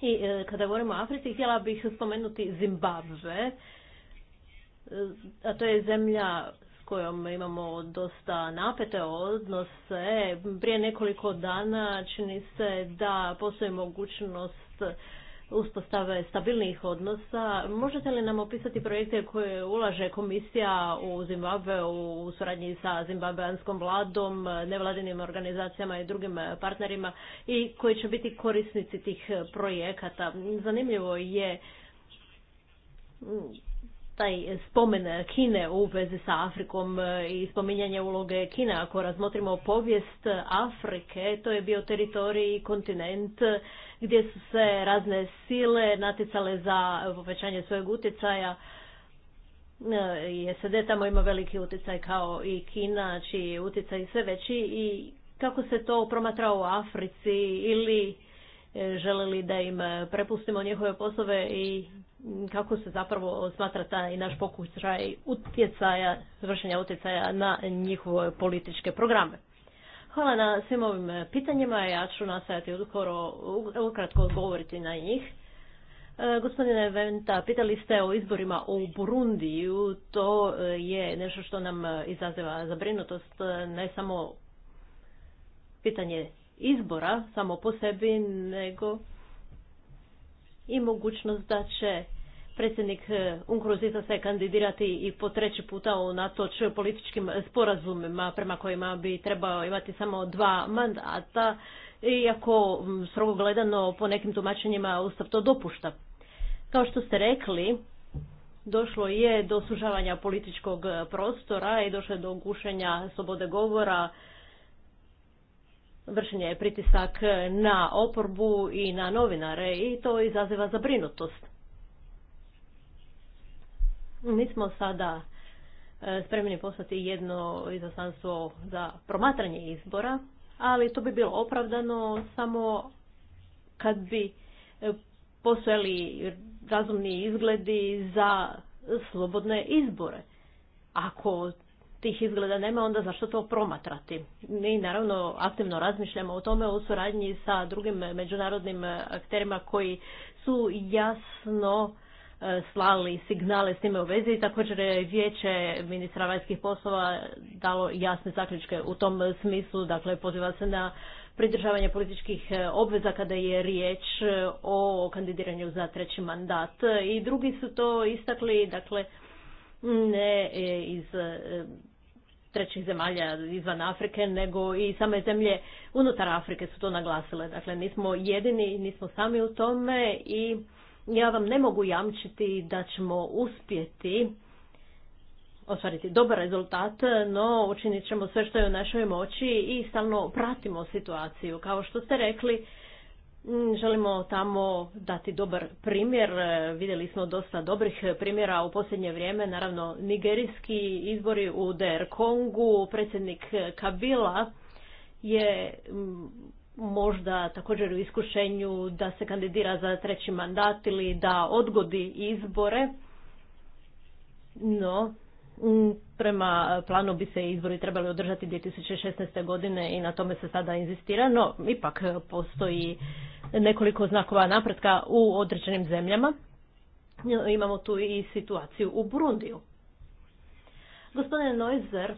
I e, kada govorimo o Africi, htjela bih spomenuti Zimbabve, e, a to je zemlja kojom imamo dosta napete odnose. Prije nekoliko dana čini se da postoji mogućnost uspostave stabilnih odnosa. Možete li nam opisati projekte koje ulaže komisija u Zimbabve u suradnji sa zimbabeanskom vladom, nevladinim organizacijama i drugim partnerima i koji će biti korisnici tih projekata? Zanimljivo je taj spomen Kine u vezi sa Afrikom e, i spominjanje uloge Kina. Ako razmotrimo povijest Afrike, to je bio teritorij i kontinent e, gdje su se razne sile naticale za povećanje svojeg utjecaja. E, SED tamo ima veliki utjecaj kao i Kina, čiji je utjecaj sve veći i kako se to promatra u Africi ili E, želeli da im e, prepustimo njihove poslove i kako se zapravo smatra taj naš pokušaj utjecaja, vršenja utjecaja na njihove političke programe. Hvala na svim ovim pitanjima, ja ću nastaviti odkoro, ukratko odgovoriti na njih. E, gospodine Venta, pitali ste o izborima u Burundiju, to je nešto što nam izaziva zabrinutost, ne samo pitanje izbora samo po sebi, nego i mogućnost da će predsjednik e, Unkruzita se kandidirati i po treći puta u političkim sporazumima prema kojima bi trebao imati samo dva mandata, iako strogo gledano po nekim tumačenjima Ustav to dopušta. Kao što ste rekli, došlo je do sužavanja političkog prostora i došlo je do gušenja slobode govora, vršenje je pritisak na oporbu i na novinare i to izaziva zabrinutost. Mi smo sada e, spremni poslati jedno izaslanstvo za promatranje izbora, ali to bi bilo opravdano samo kad bi e, postojali razumni izgledi za slobodne izbore. Ako tih izgleda nema, onda zašto to promatrati? Mi naravno aktivno razmišljamo o tome u suradnji sa drugim međunarodnim akterima koji su jasno e, slali signale s time u vezi i također je vijeće ministra vanjskih poslova dalo jasne zaključke u tom smislu, dakle poziva se na pridržavanje političkih e, obveza kada je riječ e, o kandidiranju za treći mandat i drugi su to istakli, dakle ne iz trećih zemalja izvan Afrike, nego i same zemlje unutar Afrike su to naglasile. Dakle, nismo jedini, nismo sami u tome i ja vam ne mogu jamčiti da ćemo uspjeti ostvariti dobar rezultat, no učinit ćemo sve što je u našoj moći i stalno pratimo situaciju. Kao što ste rekli, Mm, želimo tamo dati dobar primjer. E, vidjeli smo dosta dobrih primjera u posljednje vrijeme. Naravno, nigerijski izbori u DR Kongu, predsjednik Kabila je mm, možda također u iskušenju da se kandidira za treći mandat ili da odgodi izbore. No, Mm, prema planu bi se izbori trebali održati 2016. godine i na tome se sada inzistira, no ipak postoji nekoliko znakova napretka u određenim zemljama. Imamo tu i situaciju u Burundiju. Gospodine Neuser,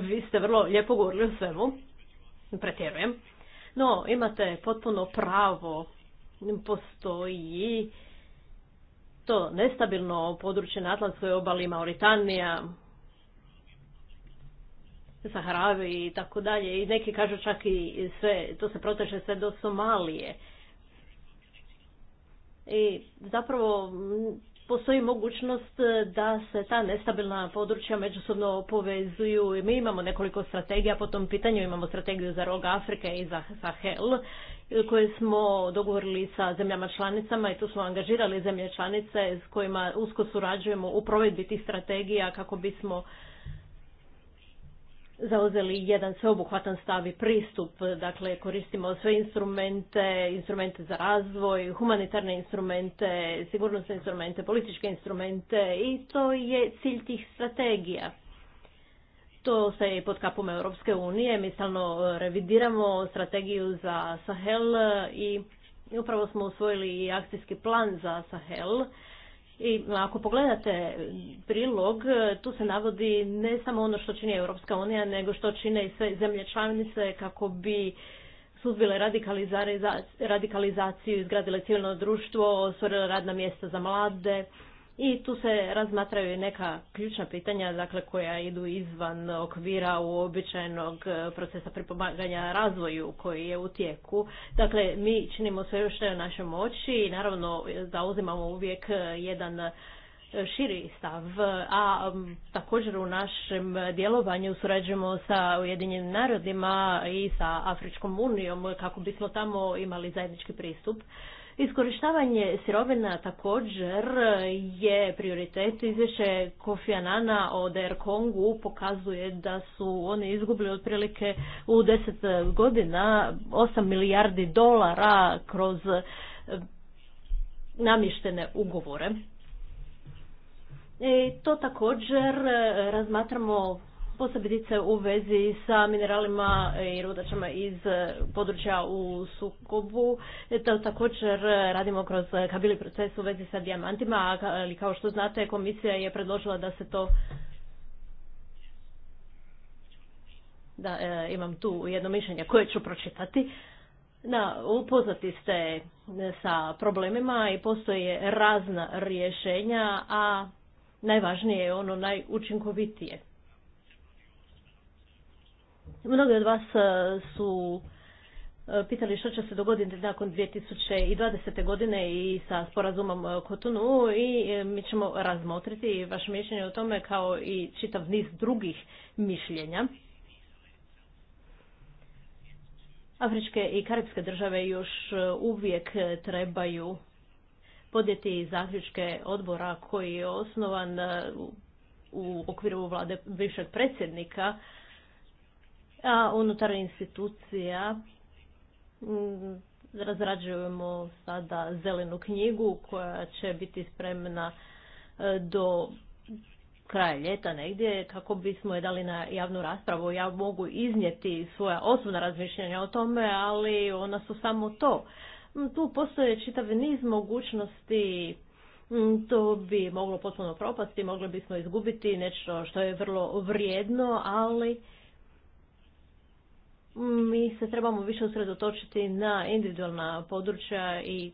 vi ste vrlo lijepo govorili o svemu, pretjerujem, no imate potpuno pravo, postoji to nestabilno područje na Atlantskoj obali Mauritanija, Saharavi i tako dalje. I neki kažu čak i sve, to se proteže sve do Somalije. I zapravo postoji mogućnost da se ta nestabilna područja međusobno povezuju i mi imamo nekoliko strategija po tom pitanju, imamo strategiju za rog Afrike i za Sahel koje smo dogovorili sa zemljama članicama i tu smo angažirali zemlje članice s kojima usko surađujemo u provedbi tih strategija kako bismo zauzeli jedan sveobuhvatan stav i pristup. Dakle, koristimo sve instrumente, instrumente za razvoj, humanitarne instrumente, sigurnosne instrumente, političke instrumente i to je cilj tih strategija. To se i pod kapom Europske unije. Mi stalno e, revidiramo strategiju za Sahel e, i upravo smo usvojili i akcijski plan za Sahel. I ako pogledate prilog, e, tu se navodi ne samo ono što čini Europska unija, nego što čine i sve zemlje članice kako bi suzbile radikalizaciju, izgradile civilno društvo, osvorile radna mjesta za mlade, i tu se razmatraju neka ključna pitanja dakle, koja idu izvan okvira uobičajenog e, procesa pripomaganja razvoju koji je u tijeku. Dakle, mi činimo sve što je u našoj moći i naravno zauzimamo uvijek jedan širi stav, a također u našem djelovanju surađujemo sa Ujedinjenim narodima i sa Afričkom unijom kako bismo tamo imali zajednički pristup. Iskorištavanje sirovina također je prioritet. Izvješće Kofijanana od od Kongu pokazuje da su oni izgubili otprilike u deset godina 8 milijardi dolara kroz eh, namještene ugovore. I to također eh, razmatramo posebice u vezi sa mineralima i rudačama iz e, područja u sukobu. E, to također radimo kroz kabili proces u vezi sa dijamantima, ali kao što znate komisija je predložila da se to da e, imam tu jedno mišljenje koje ću pročitati. Na, upoznati ste sa problemima i postoje razna rješenja, a najvažnije je ono najučinkovitije. Mnogi od vas e, su e, pitali što će se dogoditi nakon 2020. godine i sa sporazumom e, Kotonu i mi ćemo razmotriti vaše mišljenje o tome kao i čitav niz drugih mišljenja. Afričke i karibske države još uvijek trebaju podjeti zaključke odbora koji je osnovan u okviru vlade višeg predsjednika a unutar institucija mm, razrađujemo sada zelenu knjigu koja će biti spremna e, do kraja ljeta negdje kako bismo je dali na javnu raspravu. Ja mogu iznijeti svoja osobna razmišljanja o tome, ali ona su samo to. Mm, tu postoje čitav niz mogućnosti mm, to bi moglo potpuno propasti, mogli bismo izgubiti nešto što je vrlo vrijedno, ali mi se trebamo više usredotočiti na individualna područja i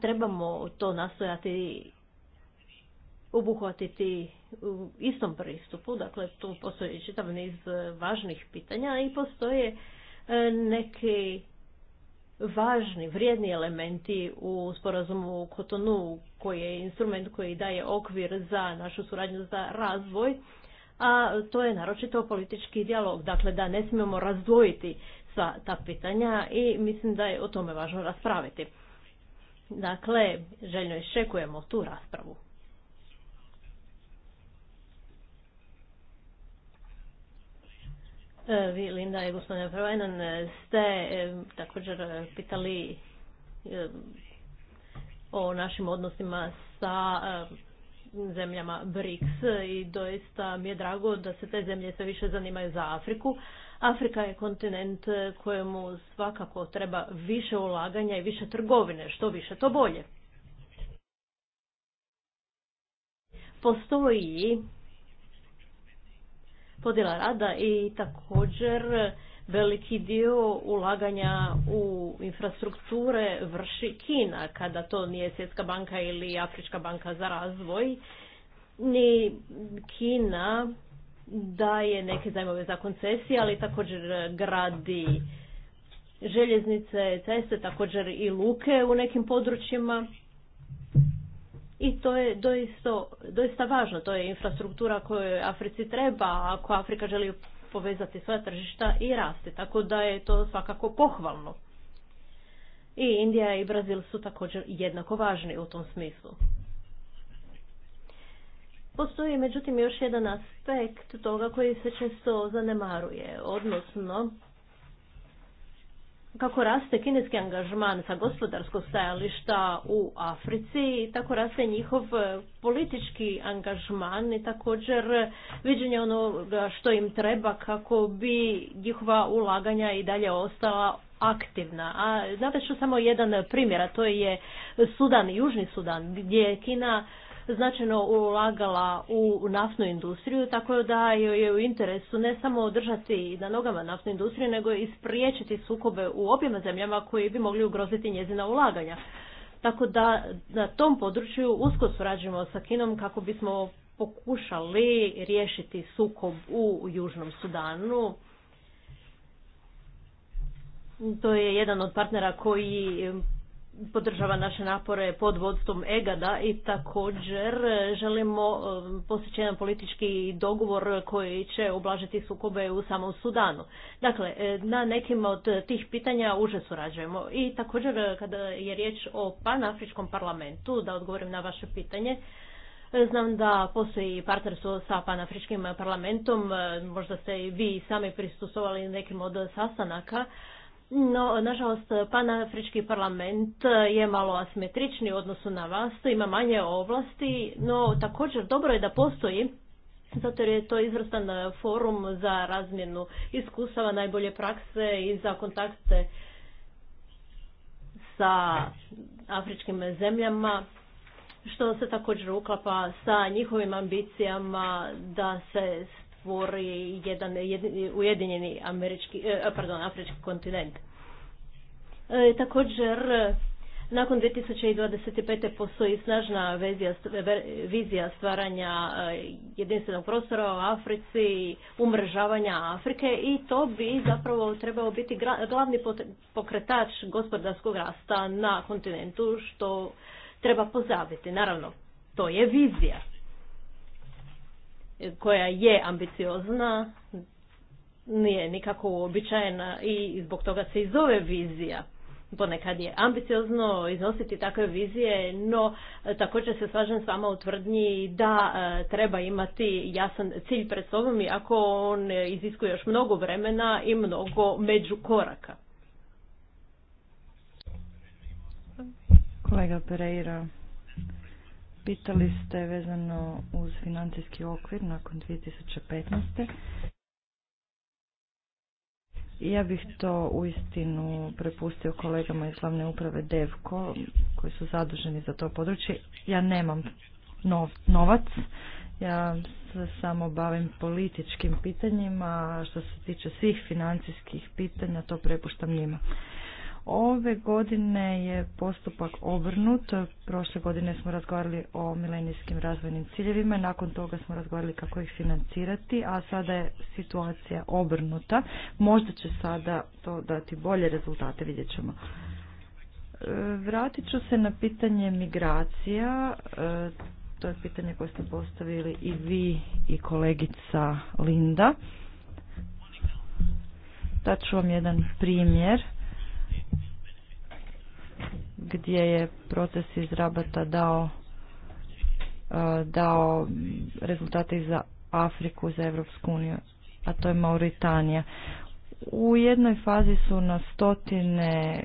trebamo to nastojati obuhvatiti u istom pristupu. Dakle, tu postoji čitav niz važnih pitanja i postoje e, neki važni, vrijedni elementi u sporazumu Kotonu, koji je instrument koji daje okvir za našu suradnju za razvoj a to je naročito politički dijalog, dakle da ne smijemo razdvojiti sva ta pitanja i mislim da je o tome važno raspraviti. Dakle, željno iščekujemo tu raspravu. E, vi, Linda i gospodine Prvajnan, ste e, također pitali e, o našim odnosima sa zemljama BRICS i doista mi je drago da se te zemlje sve više zanimaju za Afriku. Afrika je kontinent kojemu svakako treba više ulaganja i više trgovine, što više to bolje. Postoji podjela rada i također veliki dio ulaganja u infrastrukture vrši Kina, kada to nije Svjetska banka ili Afrička banka za razvoj, ni Kina daje neke zajmove za koncesije, ali također gradi željeznice, ceste, također i luke u nekim područjima. I to je doista, doista važno, to je infrastruktura koju Africi treba, ako Afrika želi povezati sva tržišta i rasti, tako da je to svakako pohvalno. I Indija i Brazil su također jednako važni u tom smislu. Postoji međutim još jedan aspekt toga koji se često zanemaruje, odnosno kako raste kineski angažman sa gospodarskog stajališta u Africi, tako raste njihov e, politički angažman i također viđenje onoga što im treba kako bi njihova ulaganja i dalje ostala aktivna. A znate što samo jedan primjer, a to je Sudan, Južni Sudan, gdje Kina značajno ulagala u naftnu industriju, tako da joj je u interesu ne samo održati na nogama naftnu industriju, nego i spriječiti sukobe u objema zemljama koji bi mogli ugroziti njezina ulaganja. Tako da na tom području usko surađujemo sa Kinom kako bismo pokušali riješiti sukob u Južnom Sudanu. To je jedan od partnera koji podržava naše napore pod vodstvom EGADA i također e, želimo e, postići jedan politički dogovor koji će ublažiti sukobe u samom Sudanu. Dakle, e, na nekim od tih pitanja uže surađujemo. I također kada je riječ o panafričkom parlamentu, da odgovorim na vaše pitanje, Znam da postoji partnerstvo sa Panafričkim parlamentom, možda ste i vi sami prisustovali nekim od sastanaka. No, nažalost, panafrički parlament je malo asmetrični u odnosu na vas, ima manje ovlasti, no također dobro je da postoji, zato jer je to izvrstan forum za razmjenu iskustava, najbolje prakse i za kontakte sa afričkim zemljama, što se također uklapa sa njihovim ambicijama da se stvori jedan ujedinjeni američki, e, pardon, afrički kontinent. E, također, nakon 2025. postoji snažna vizija stvaranja e, jedinstvenog prostora u Africi, umržavanja Afrike i to bi zapravo trebao biti glavni pokretač gospodarskog rasta na kontinentu što treba pozabiti. Naravno, to je vizija koja je ambiciozna, nije nikako uobičajena i zbog toga se i zove vizija. Ponekad je ambiciozno iznositi takve vizije, no e, također se slažem s vama u tvrdnji da e, treba imati jasan cilj pred sobom i ako on iziskuje još mnogo vremena i mnogo koraka. Kolega Pereira, Pitali ste vezano uz financijski okvir nakon 2015. Ja bih to uistinu prepustio kolegama iz glavne uprave DEVKO koji su zaduženi za to područje. Ja nemam novac, ja se samo bavim političkim pitanjima, a što se tiče svih financijskih pitanja to prepuštam njima. Ove godine je postupak obrnut. Prošle godine smo razgovarali o milenijskim razvojnim ciljevima nakon toga smo razgovarali kako ih financirati, a sada je situacija obrnuta. Možda će sada to dati bolje rezultate, vidjet ćemo. E, vratit ću se na pitanje migracija. E, to je pitanje koje ste postavili i vi i kolegica Linda. Daću vam jedan primjer gdje je proces iz Rabata dao, e, dao rezultate za Afriku, za Evropsku uniju, a to je Mauritanija. U jednoj fazi su na stotine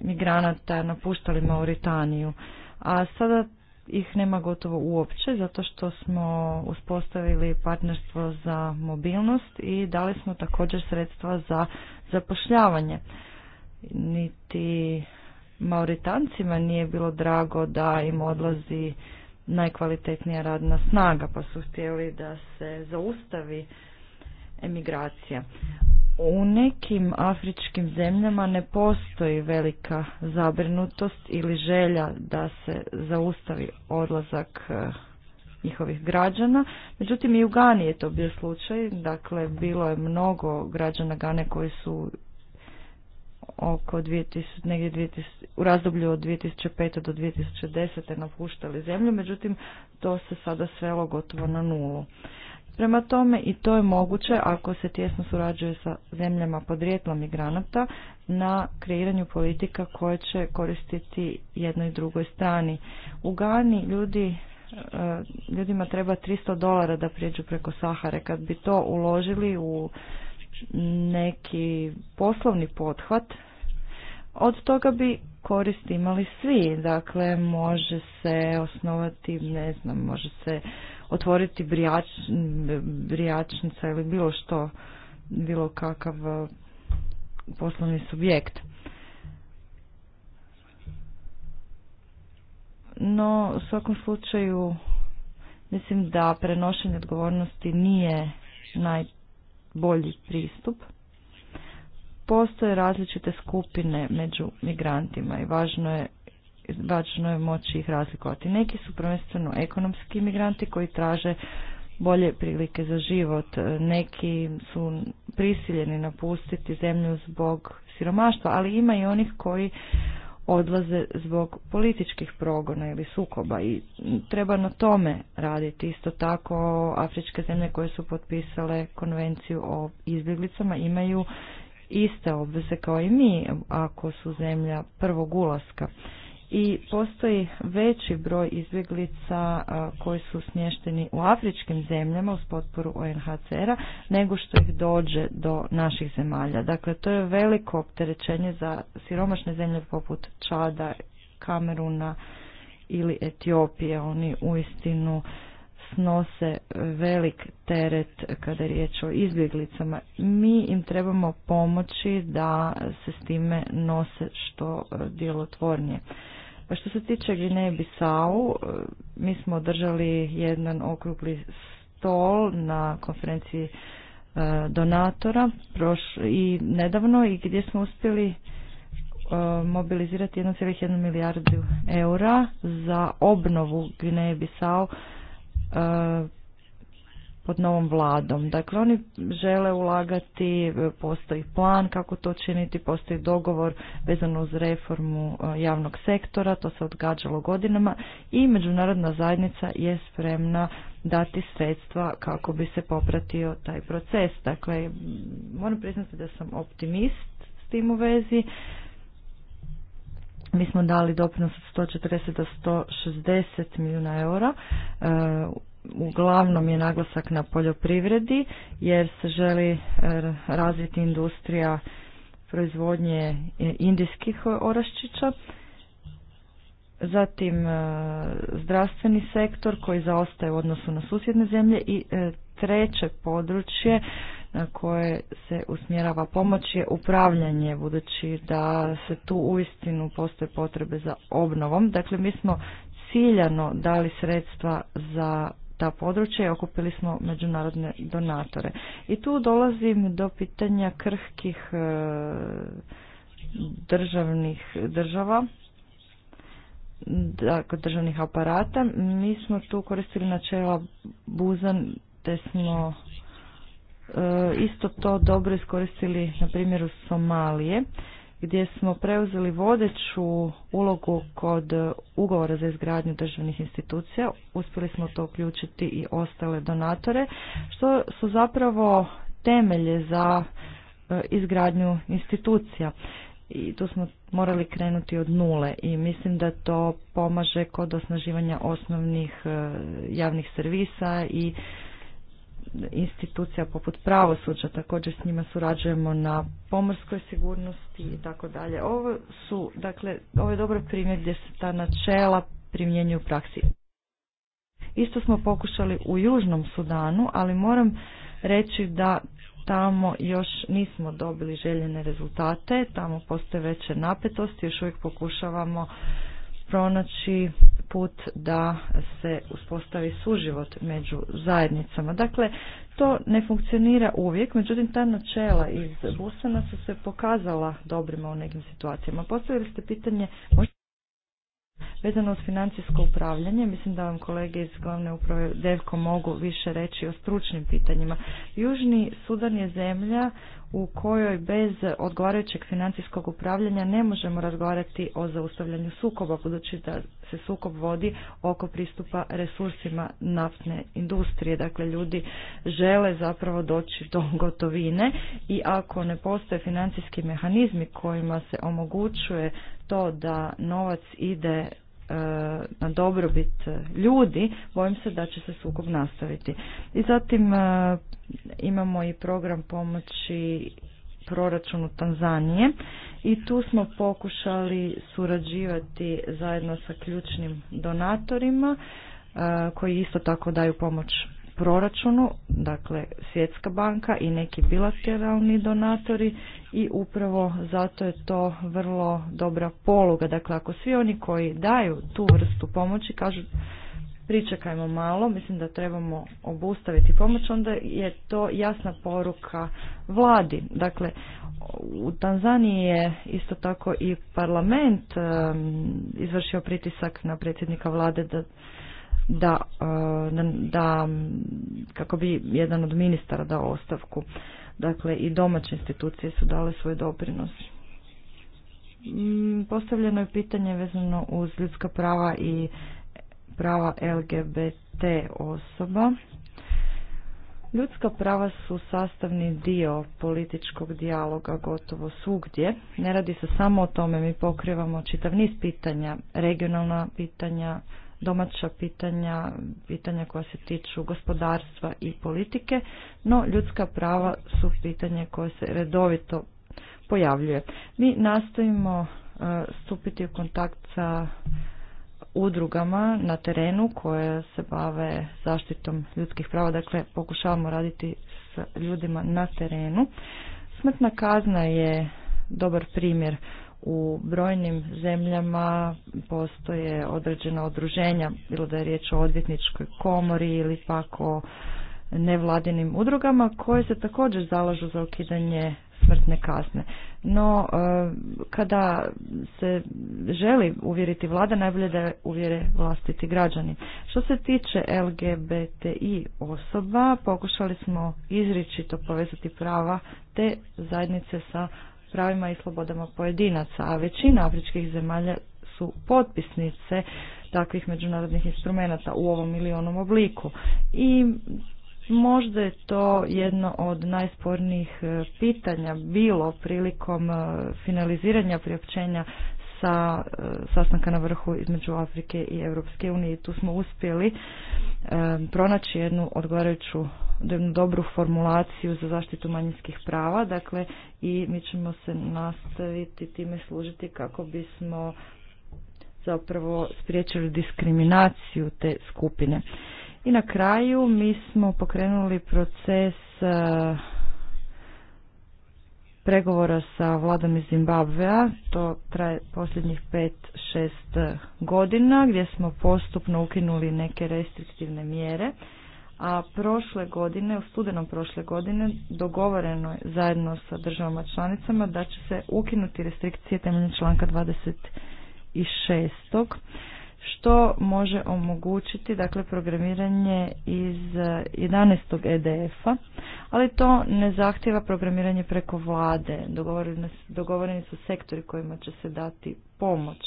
migranata napuštali Mauritaniju, a sada ih nema gotovo uopće zato što smo uspostavili partnerstvo za mobilnost i dali smo također sredstva za zapošljavanje. Niti Mauritancima nije bilo drago da im odlazi najkvalitetnija radna snaga, pa su htjeli da se zaustavi emigracija. U nekim afričkim zemljama ne postoji velika zabrinutost ili želja da se zaustavi odlazak e, njihovih građana. Međutim, i u Gani je to bio slučaj, dakle, bilo je mnogo građana Gane koji su oko 2000, negdje 2000, u razdoblju od 2005. do 2010. napuštali zemlju, međutim to se sada svelo gotovo na nulu. Prema tome i to je moguće ako se tjesno surađuje sa zemljama i migranata na kreiranju politika koje će koristiti jednoj i drugoj strani. U Gani ljudi, e, ljudima treba 300 dolara da prijeđu preko Sahare. Kad bi to uložili u neki poslovni pothvat, od toga bi korist imali svi. Dakle, može se osnovati, ne znam, može se otvoriti brijač, brijačnica ili bilo što, bilo kakav e, poslovni subjekt. No, u svakom slučaju, mislim da prenošenje odgovornosti nije naj bolji pristup. Postoje različite skupine među migrantima i važno je važno je moći ih razlikovati. Neki su prvenstveno ekonomski migranti koji traže bolje prilike za život. Neki su prisiljeni napustiti zemlju zbog siromaštva, ali ima i onih koji odlaze zbog političkih progona ili sukoba i treba na tome raditi. Isto tako afričke zemlje koje su potpisale konvenciju o izbjeglicama imaju iste obveze kao i mi ako su zemlja prvog ulaska i postoji veći broj izbjeglica koji su smješteni u afričkim zemljama uz potporu UNHCR-a nego što ih dođe do naših zemalja. Dakle, to je veliko opterećenje za siromašne zemlje poput Čada, Kameruna ili Etiopije. Oni uistinu nose velik teret kada je riječ o izbjeglicama. Mi im trebamo pomoći da se s time nose što e, djelotvornije. Pa što se tiče Gineje e, mi smo održali jedan okrugli stol na konferenciji e, donatora i nedavno i gdje smo uspjeli mobilizirati 1,1 milijardu eura za obnovu Gineje Bisau Eh, pod novom vladom. Dakle, oni žele ulagati, eh, postoji plan kako to činiti, postoji dogovor vezano uz reformu eh, javnog sektora, to se odgađalo godinama i međunarodna zajednica je spremna dati sredstva kako bi se popratio taj proces. Dakle, moram priznati da sam optimist s tim u vezi. Mi smo dali doprinos od 140 do 160 milijuna eura. E, uglavnom je naglasak na poljoprivredi jer se želi e, razviti industrija proizvodnje indijskih oraščića. Zatim e, zdravstveni sektor koji zaostaje u odnosu na susjedne zemlje i treće područje na koje se usmjerava pomoć je upravljanje, budući da se tu uistinu postoje potrebe za obnovom. Dakle, mi smo ciljano dali sredstva za ta područja i okupili smo međunarodne donatore. I tu dolazim do pitanja krhkih e, državnih država, dakle državnih aparata. Mi smo tu koristili načela Buzan te smo E, isto to dobro iskoristili na primjeru Somalije gdje smo preuzeli vodeću ulogu kod ugovora za izgradnju državnih institucija. Uspjeli smo to uključiti i ostale donatore, što su zapravo temelje za e, izgradnju institucija. I tu smo morali krenuti od nule i mislim da to pomaže kod osnaživanja osnovnih e, javnih servisa i institucija poput pravosuđa, također s njima surađujemo na pomorskoj sigurnosti i tako dalje. Ovo su, dakle, ovo je dobar primjer gdje se ta načela primjenjuju u praksi. Isto smo pokušali u Južnom Sudanu, ali moram reći da tamo još nismo dobili željene rezultate, tamo postoje veće napetosti, još uvijek pokušavamo pronaći put da se uspostavi suživot među zajednicama. Dakle, to ne funkcionira uvijek, međutim ta načela iz Busana su se pokazala dobrima u nekim situacijama. Postavili ste pitanje vezano uz financijsko upravljanje. Mislim da vam kolege iz glavne uprave Devko mogu više reći o stručnim pitanjima. Južni Sudan je zemlja u kojoj bez odgovarajućeg financijskog upravljanja ne možemo razgovarati o zaustavljanju sukoba, budući da se sukob vodi oko pristupa resursima naftne industrije. Dakle, ljudi žele zapravo doći do gotovine i ako ne postoje financijski mehanizmi kojima se omogućuje to da novac ide E, na dobrobit e, ljudi, bojim se da će se sukob nastaviti. I zatim e, imamo i program pomoći proračunu Tanzanije i tu smo pokušali surađivati zajedno sa ključnim donatorima koji isto tako daju pomoć proračunu, dakle Svjetska banka i neki bilateralni donatori i upravo zato je to vrlo dobra poluga. Dakle, ako svi oni koji daju tu vrstu pomoći kažu pričekajmo malo, mislim da trebamo obustaviti pomoć, onda je to jasna poruka vladi. Dakle, u Tanzaniji je isto tako i parlament izvršio pritisak na predsjednika vlade da da, e, da kako bi jedan od ministara dao ostavku. Dakle, i domaće institucije su dale svoj doprinos. Mm, postavljeno je pitanje vezano uz ljudska prava i prava LGBT osoba. Ljudska prava su sastavni dio političkog dijaloga gotovo svugdje. Ne radi se samo o tome, mi pokrivamo čitav niz pitanja, regionalna pitanja, domaća pitanja, pitanja koja se tiču gospodarstva i politike, no ljudska prava su pitanje koje se redovito pojavljuje. Mi nastojimo e, stupiti u kontakt sa udrugama na terenu koje se bave zaštitom ljudskih prava, dakle pokušavamo raditi s ljudima na terenu. Smrtna kazna je dobar primjer u brojnim zemljama postoje određena odruženja, bilo da je riječ o odvjetničkoj komori ili pak o nevladinim udrugama koje se također zalažu za ukidanje smrtne kazne. No, e, kada se želi uvjeriti vlada, najbolje da uvjere vlastiti građani. Što se tiče LGBTI osoba, pokušali smo izričito povezati prava te zajednice sa pravima i slobodama pojedinaca, a većina afričkih zemalja su potpisnice takvih međunarodnih instrumenata u ovom ili onom obliku. I možda je to jedno od najspornijih e, pitanja bilo prilikom e, finaliziranja priopćenja sa eh, sastanka na vrhu između Afrike i Europske unije. Tu smo uspjeli eh, pronaći jednu odgovarajuću jednu dobru formulaciju za zaštitu manjinskih prava, dakle i mi ćemo se nastaviti time služiti kako bismo zapravo spriječili diskriminaciju te skupine. I na kraju mi smo pokrenuli proces eh, pregovora sa vladom iz Zimbabvea, to traje posljednjih pet, šest eh, godina, gdje smo postupno ukinuli neke restriktivne mjere, a prošle godine, u studenom prošle godine, dogovoreno je zajedno sa državama članicama da će se ukinuti restrikcije temeljem članka 26 što može omogućiti dakle programiranje iz 11. Eh, EDF-a, ali to ne zahtjeva programiranje preko vlade. Dogovoreni, su sektori kojima će se dati pomoć.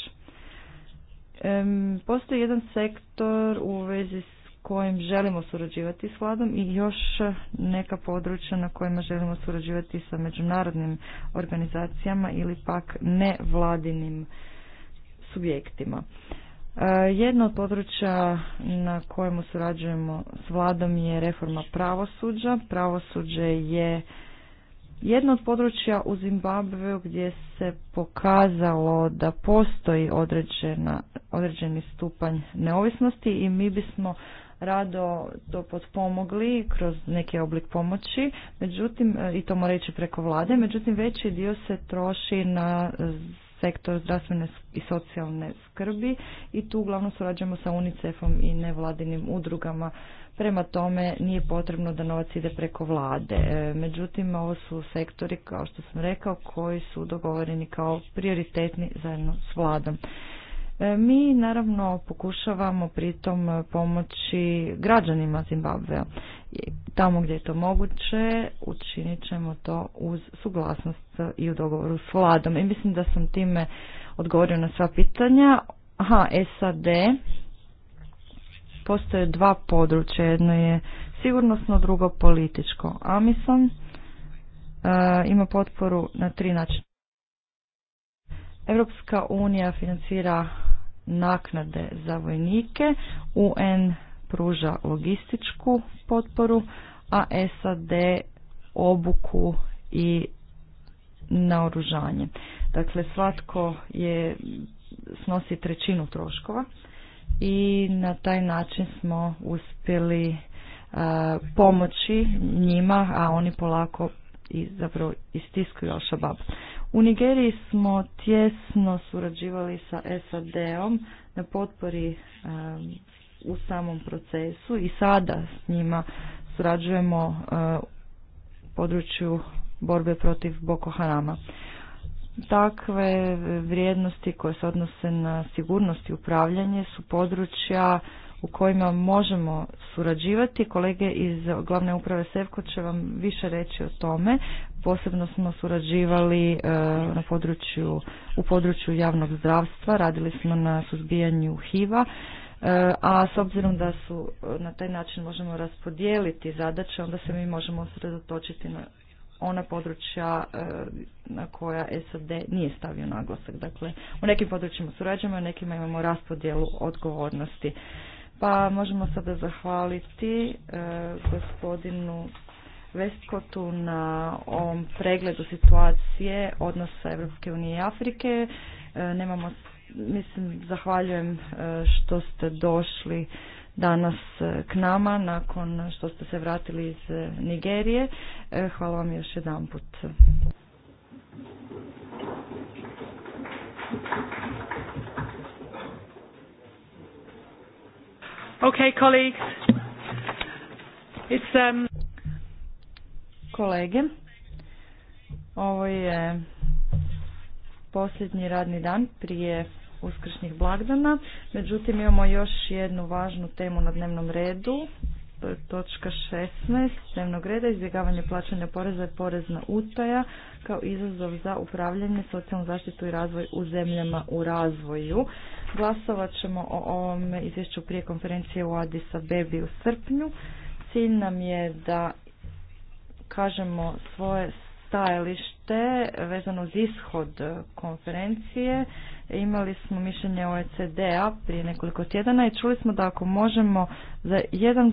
postoji jedan sektor u vezi s kojim želimo surađivati s vladom i još neka područja na kojima želimo surađivati sa međunarodnim organizacijama ili pak nevladinim subjektima. Jedno od područja na kojemu surađujemo s vladom je reforma pravosuđa. Pravosuđe je jedno od područja u Zimbabveu gdje se pokazalo da postoji određena, određeni stupanj neovisnosti i mi bismo rado to potpomogli kroz neki oblik pomoći, međutim, e, i to mora preko vlade, međutim veći dio se troši na sektor zdravstvene i socijalne skrbi i tu uglavnom surađujemo sa UNICEF-om i nevladinim udrugama. Prema tome nije potrebno da novac ide preko vlade. E, međutim, ovo su sektori, kao što sam rekao, koji su dogovoreni kao prioritetni zajedno s vladom. E, mi naravno pokušavamo pritom e, pomoći građanima Zimbabvea. Tamo gdje je to moguće učinit ćemo to uz suglasnost i u dogovoru s vladom. I mislim da sam time odgovorio na sva pitanja. Aha, SAD. Postoje dva područja. Jedno je sigurnosno, drugo političko. Amison mislim e, ima potporu na tri načina. Evropska unija financira naknade za vojnike, UN pruža logističku potporu, a SAD obuku i naoružanje. Dakle, svatko je, snosi trećinu troškova i na taj način smo uspjeli e, pomoći njima, a oni polako i zapravo istiskuju Al-Shabaab. U Nigeriji smo tjesno surađivali sa SAD-om na potpori u samom procesu i sada s njima surađujemo u području borbe protiv Boko Harama. Takve vrijednosti koje se odnose na sigurnost i upravljanje su područja u kojima možemo surađivati. Kolege iz glavne uprave Sevko će vam više reći o tome. Posebno smo surađivali e, na području, u području javnog zdravstva, radili smo na suzbijanju HIV-a, e, a s obzirom da su e, na taj način možemo raspodijeliti zadaće, onda se mi možemo sredotočiti na ona područja na koja SAD nije stavio naglasak. Dakle, u nekim područjima surađujemo, u nekima imamo raspodjelu odgovornosti. Pa možemo sada zahvaliti gospodinu Vestkotu na ovom pregledu situacije odnosa Evropske unije i Afrike. E, nemamo, mislim, zahvaljujem e, što ste došli danas e, k nama nakon što ste se vratili iz Nigerije. Hvala vam još jedan put. Okay, colleagues. It's um kolege. Ovo je posljednji radni dan prije uskršnjih blagdana. Međutim, imamo još jednu važnu temu na dnevnom redu. To je točka 16 dnevnog reda, izbjegavanje plaćanja poreza i porezna utaja kao izazov za upravljanje, socijalnu zaštitu i razvoj u zemljama u razvoju. Glasovat ćemo o ovom izvješću prije konferencije u Addis Abebi u srpnju. Cilj nam je da kažemo svoje stajalište vezano uz ishod konferencije. Imali smo mišljenje OECD-a prije nekoliko tjedana i čuli smo da ako možemo za 1%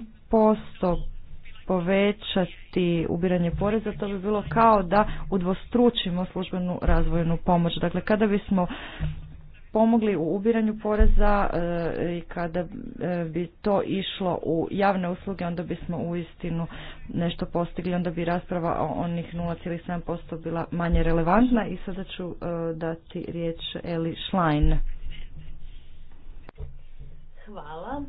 povećati ubiranje poreza, to bi bilo kao da udvostručimo službenu razvojnu pomoć. Dakle, kada bismo pomogli u ubiranju poreza e, i kada e, bi to išlo u javne usluge, onda bismo uistinu nešto postigli, onda bi rasprava o onih 0,7% bila manje relevantna i sada ću e, dati riječ Eli Schlein. Hvala.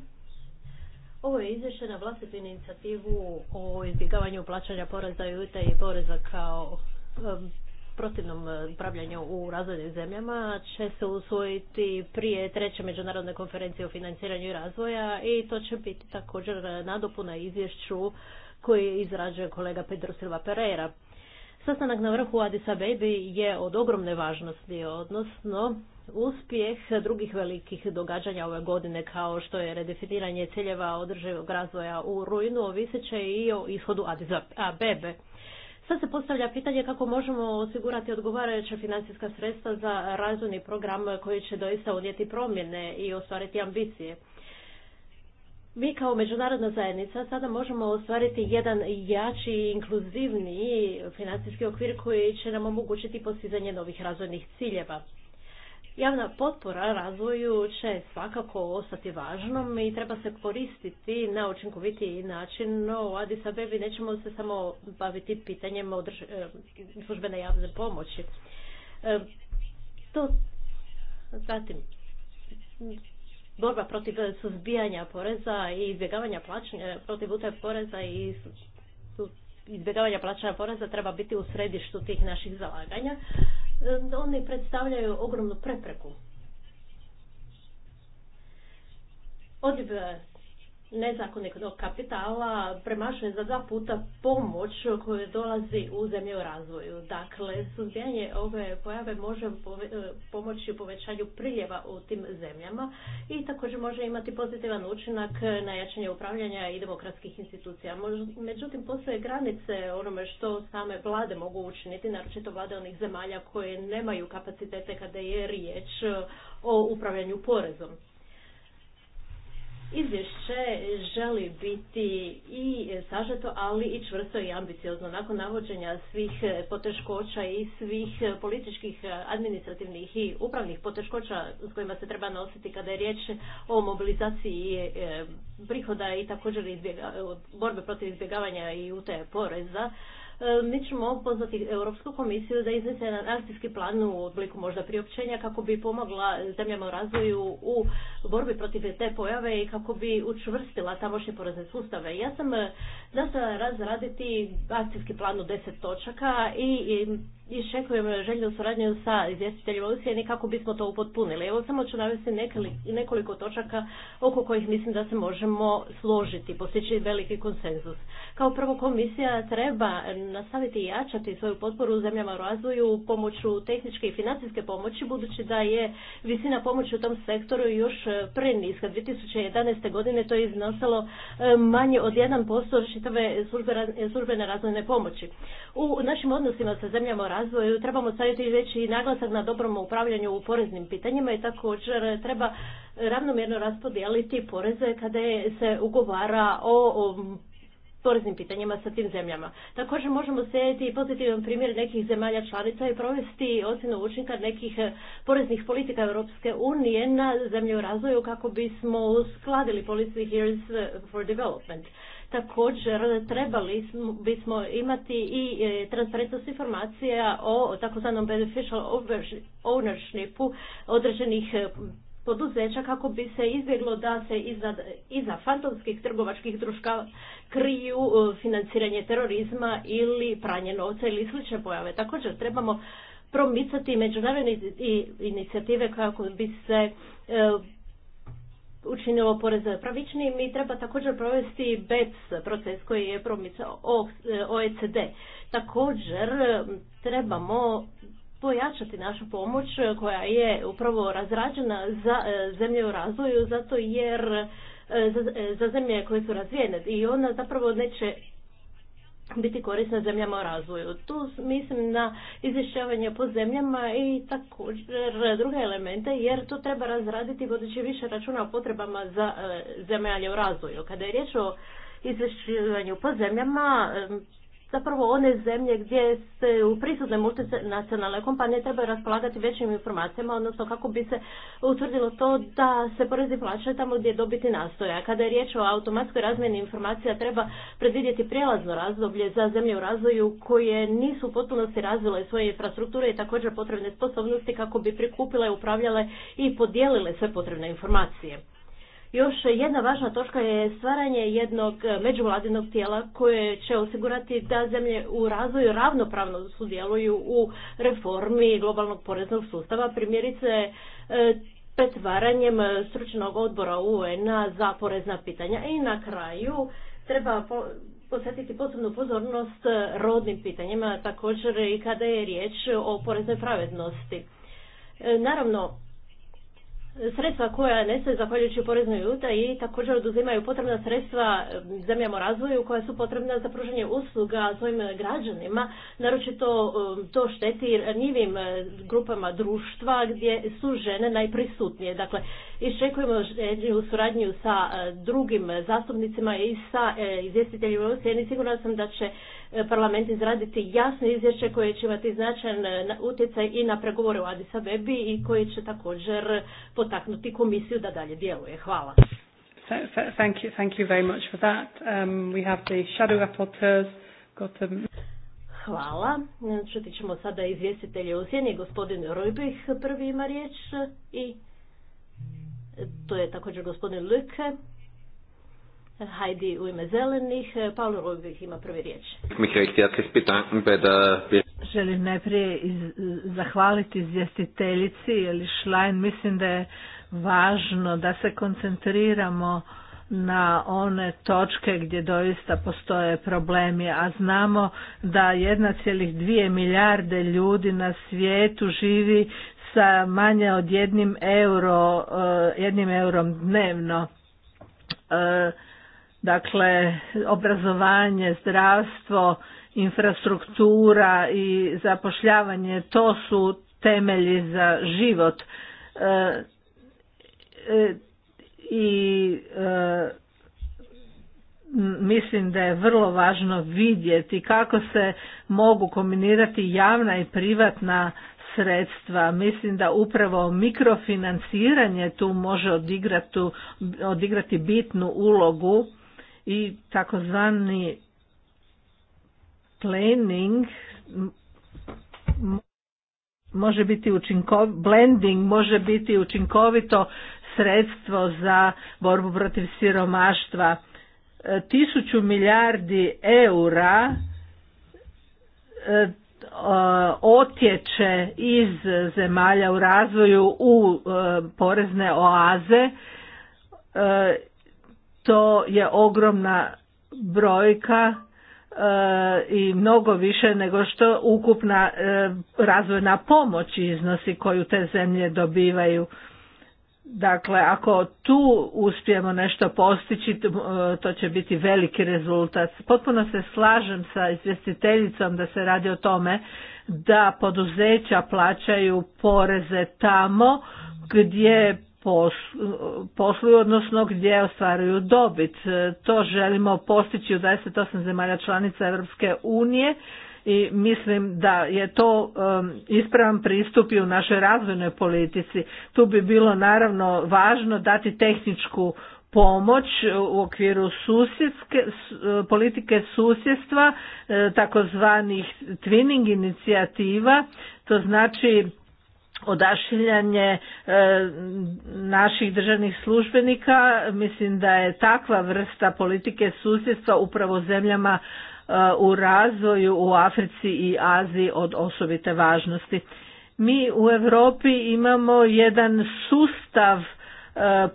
Ovo je izvješće na vlastitu inicijativu o izbjegavanju plaćanja poreza i poreza kao protivnom e, upravljanju u razvojnim zemljama će se usvojiti prije treće međunarodne konferencije o financiranju razvoja i to će biti također e, nadopuna izvješću koji izrađuje kolega Pedro Silva Pereira. Sastanak na vrhu Addis Abebe je od ogromne važnosti, odnosno uspjeh drugih velikih događanja ove godine kao što je redefiniranje ciljeva održivog razvoja u rujnu ovisit će i o ishodu Addis Abebe. Sad se postavlja pitanje kako možemo osigurati odgovarajuća financijska sredstva za razvojni program koji će doista unijeti promjene i ostvariti ambicije. Mi kao međunarodna zajednica sada možemo ostvariti jedan jači i inkluzivniji financijski okvir koji će nam omogućiti postizanje novih razvojnih ciljeva. Javna potpora razvoju će svakako ostati važnom i treba se koristiti na učinkovitiji način, no u Addis Abebi nećemo se samo baviti pitanjem e, službene javne pomoći. E, to, zatim, borba protiv suzbijanja poreza i izbjegavanja plaćanja, protiv utaje poreza i izbjegavanja plaćanja poreza treba biti u središtu tih naših zalaganja. E, oni predstavljaju ogromnu prepreku. Od nezakonitog kapitala premašuje za dva puta pomoć koja dolazi u zemlje u razvoju. Dakle, suzbijanje ove pojave može e, pomoći u povećanju priljeva u tim zemljama i također može imati pozitivan učinak na jačanje upravljanja i demokratskih institucija. Međutim, postoje granice onome što same vlade mogu učiniti, naročito vlade onih zemalja koje nemaju kapacitete kada je riječ o upravljanju porezom. Izvješće želi biti i sažeto, ali i čvrsto i ambiciozno. Nakon navođenja svih e, poteškoća i svih e, političkih, e, administrativnih i upravnih poteškoća s kojima se treba nositi kada je riječ o mobilizaciji prihoda i također borbe protiv izbjegavanja i utaje poreza, E, mi ćemo pozvati Europsku komisiju da iznese jedan akcijski plan u obliku možda priopćenja kako bi pomogla zemljama u razvoju u borbi protiv te pojave i kako bi učvrstila tamošnje porezne sustave. Ja sam nastojala e, razraditi akcijski plan u deset točaka i želju željnu suradnju sa izvjestiteljima u sjeni kako bismo to upotpunili. Evo samo ću navesti nekoliko točaka oko kojih mislim da se možemo složiti, postići veliki konsenzus. Kao prvo komisija treba nastaviti i jačati svoju potporu u zemljama u razvoju pomoću tehničke i financijske pomoći, budući da je visina pomoći u tom sektoru još niska. 2011. godine to je iznosilo e, manje od 1% čitave službene razvojne pomoći. U našim odnosima sa zemljama razvoju, trebamo staviti veći naglasak na dobrom upravljanju u poreznim pitanjima i također treba ravnomjerno raspodijeliti poreze kada se ugovara o, poreznim pitanjima sa tim zemljama. Također možemo slijediti pozitivan primjer nekih zemalja članica i provesti ocjenu učinka nekih poreznih politika Europske unije na zemlju razvoju kako bismo uskladili policy years for development. Također trebali bismo imati i e, transparentnost informacija o takozvanom beneficial ownershipu određenih e, poduzeća kako bi se izbjeglo da se iza, iza fantomskih trgovačkih društva kriju e, financiranje terorizma ili pranje novca ili slične pojave. Također trebamo promicati međunarodne inicijative kako bi se učinilo poreze pravičnim i treba također provesti BEPS proces koji je promica OECD. Također trebamo pojačati našu pomoć koja je upravo razrađena za e, zemlje u razvoju zato jer e, e, za zemlje koje su razvijene i ona zapravo neće biti korisna zemljama u razvoju. Tu mislim na izvješćavanje po zemljama i također druge elemente jer to treba razraditi budući više računa o potrebama za e, zemlje u razvoju. Kada je riječ o izvješćivanju po zemljama, zapravo one zemlje gdje se u prisutne multinacionalne kompanije trebaju raspolagati većim informacijama, odnosno kako bi se utvrdilo to da se porezi plaćaju tamo gdje dobiti nastoja. Kada je riječ o automatskoj razmjeni informacija treba predvidjeti prijelazno razdoblje za zemlje u razvoju koje nisu u potpunosti razvile svoje infrastrukture i također potrebne sposobnosti kako bi prikupile, upravljale i podijelile sve potrebne informacije. Još jedna važna točka je stvaranje jednog e, međuvladinog tijela koje će osigurati da zemlje u razvoju ravnopravno sudjeluju u reformi globalnog poreznog sustava, primjerice e, pretvaranjem stručnog odbora un za porezna pitanja. I na kraju treba posvetiti posebnu pozornost rodnim pitanjima, također i kada je riječ o poreznoj pravednosti. E, naravno, sredstva koja nese zahvaljujući poreznoj i također oduzimaju potrebna sredstva zemljama u razvoju koja su potrebna za pružanje usluga svojim građanima, naročito to šteti njivim grupama društva gdje su žene najprisutnije. Dakle, iščekujemo u suradnju sa drugim zastupnicima i sa izvjestiteljima u sjeni. Sigurno sam da će E, parlament izraditi jasno izvješće koje će imati značajan e, utjecaj i na pregovore u Addis Abebi i koji će također potaknuti komisiju da dalje djeluje. Hvala. thank very much that. Um, have Hvala. Čuti ćemo sada izvjestitelje u sjeni. Gospodin Rojbih prvi ima riječ i to je također gospodin Luke. Heidi u ime zelenih. E, Paolo Rubik ima prvi riječ. Pa Želim najprije zahvaliti izvjestiteljici ili Schlein. Mislim da je važno da se koncentriramo na one točke gdje doista postoje problemi, a znamo da 1,2 milijarde ljudi na svijetu živi sa manje od jednim euro, e, jednim eurom dnevno. E, Dakle, obrazovanje, zdravstvo, infrastruktura i zapošljavanje, to su temelji za život. E, e i e, mislim da je vrlo važno vidjeti kako se mogu kombinirati javna i privatna sredstva. Mislim da upravo mikrofinanciranje tu može odigrati, odigrati bitnu ulogu i takozvani planning može biti učinkovit, blending može biti učinkovito sredstvo za borbu protiv siromaštva. E, tisuću milijardi eura e, otječe iz zemalja u razvoju u e, porezne oaze to je ogromna brojka e, i mnogo više nego što ukupna e, razvojna pomoć iznosi koju te zemlje dobivaju. Dakle, ako tu uspijemo nešto postići, e, to će biti veliki rezultat. Potpuno se slažem sa izvjestiteljicom da se radi o tome da poduzeća plaćaju poreze tamo gdje posluju, odnosno gdje ostvaruju dobit. E, to želimo postići u 28 zemalja članica Europske unije i mislim da je to ispravan pristup i u našoj razvojnoj politici. Tu bi bilo naravno važno dati tehničku pomoć u okviru susjedske, e, politike susjedstva, e, takozvanih twinning inicijativa, to znači odašiljanje e, naših državnih službenika. Mislim da je takva vrsta politike susjedstva upravo zemljama e, u razvoju u Africi i Aziji od osobite važnosti. Mi u Europi imamo jedan sustav e,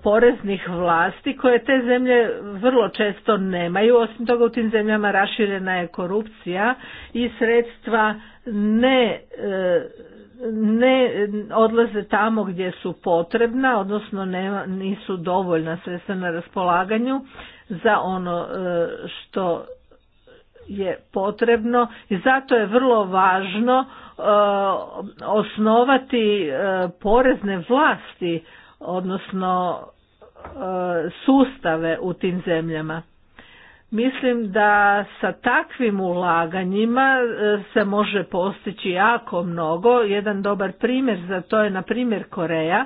poreznih vlasti koje te zemlje vrlo često nemaju. Osim toga u tim zemljama raširena je korupcija i sredstva ne ne odlaze tamo gdje su potrebna, odnosno ne, nisu dovoljna sredstva na raspolaganju za ono e, što je potrebno i zato je vrlo važno e, osnovati e, porezne vlasti, odnosno sustave u tim zemljama. Mislim da sa takvim ulaganjima e, se može postići jako mnogo. Jedan dobar primjer za to je na primjer Koreja.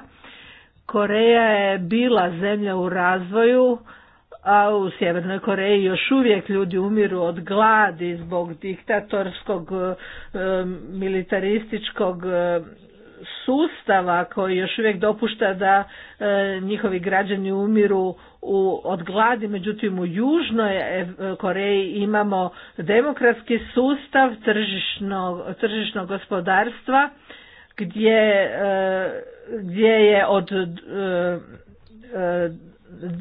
Koreja je bila zemlja u razvoju, a u Sjevernoj Koreji još uvijek ljudi umiru od gladi zbog diktatorskog e, militarističkog e, sustava koji još uvijek dopušta da njihovi građani umiru u, od gladi, međutim u Južnoj e, e, Koreji imamo demokratski sustav tržišnog, tržišnog gospodarstva gdje, e, gdje je od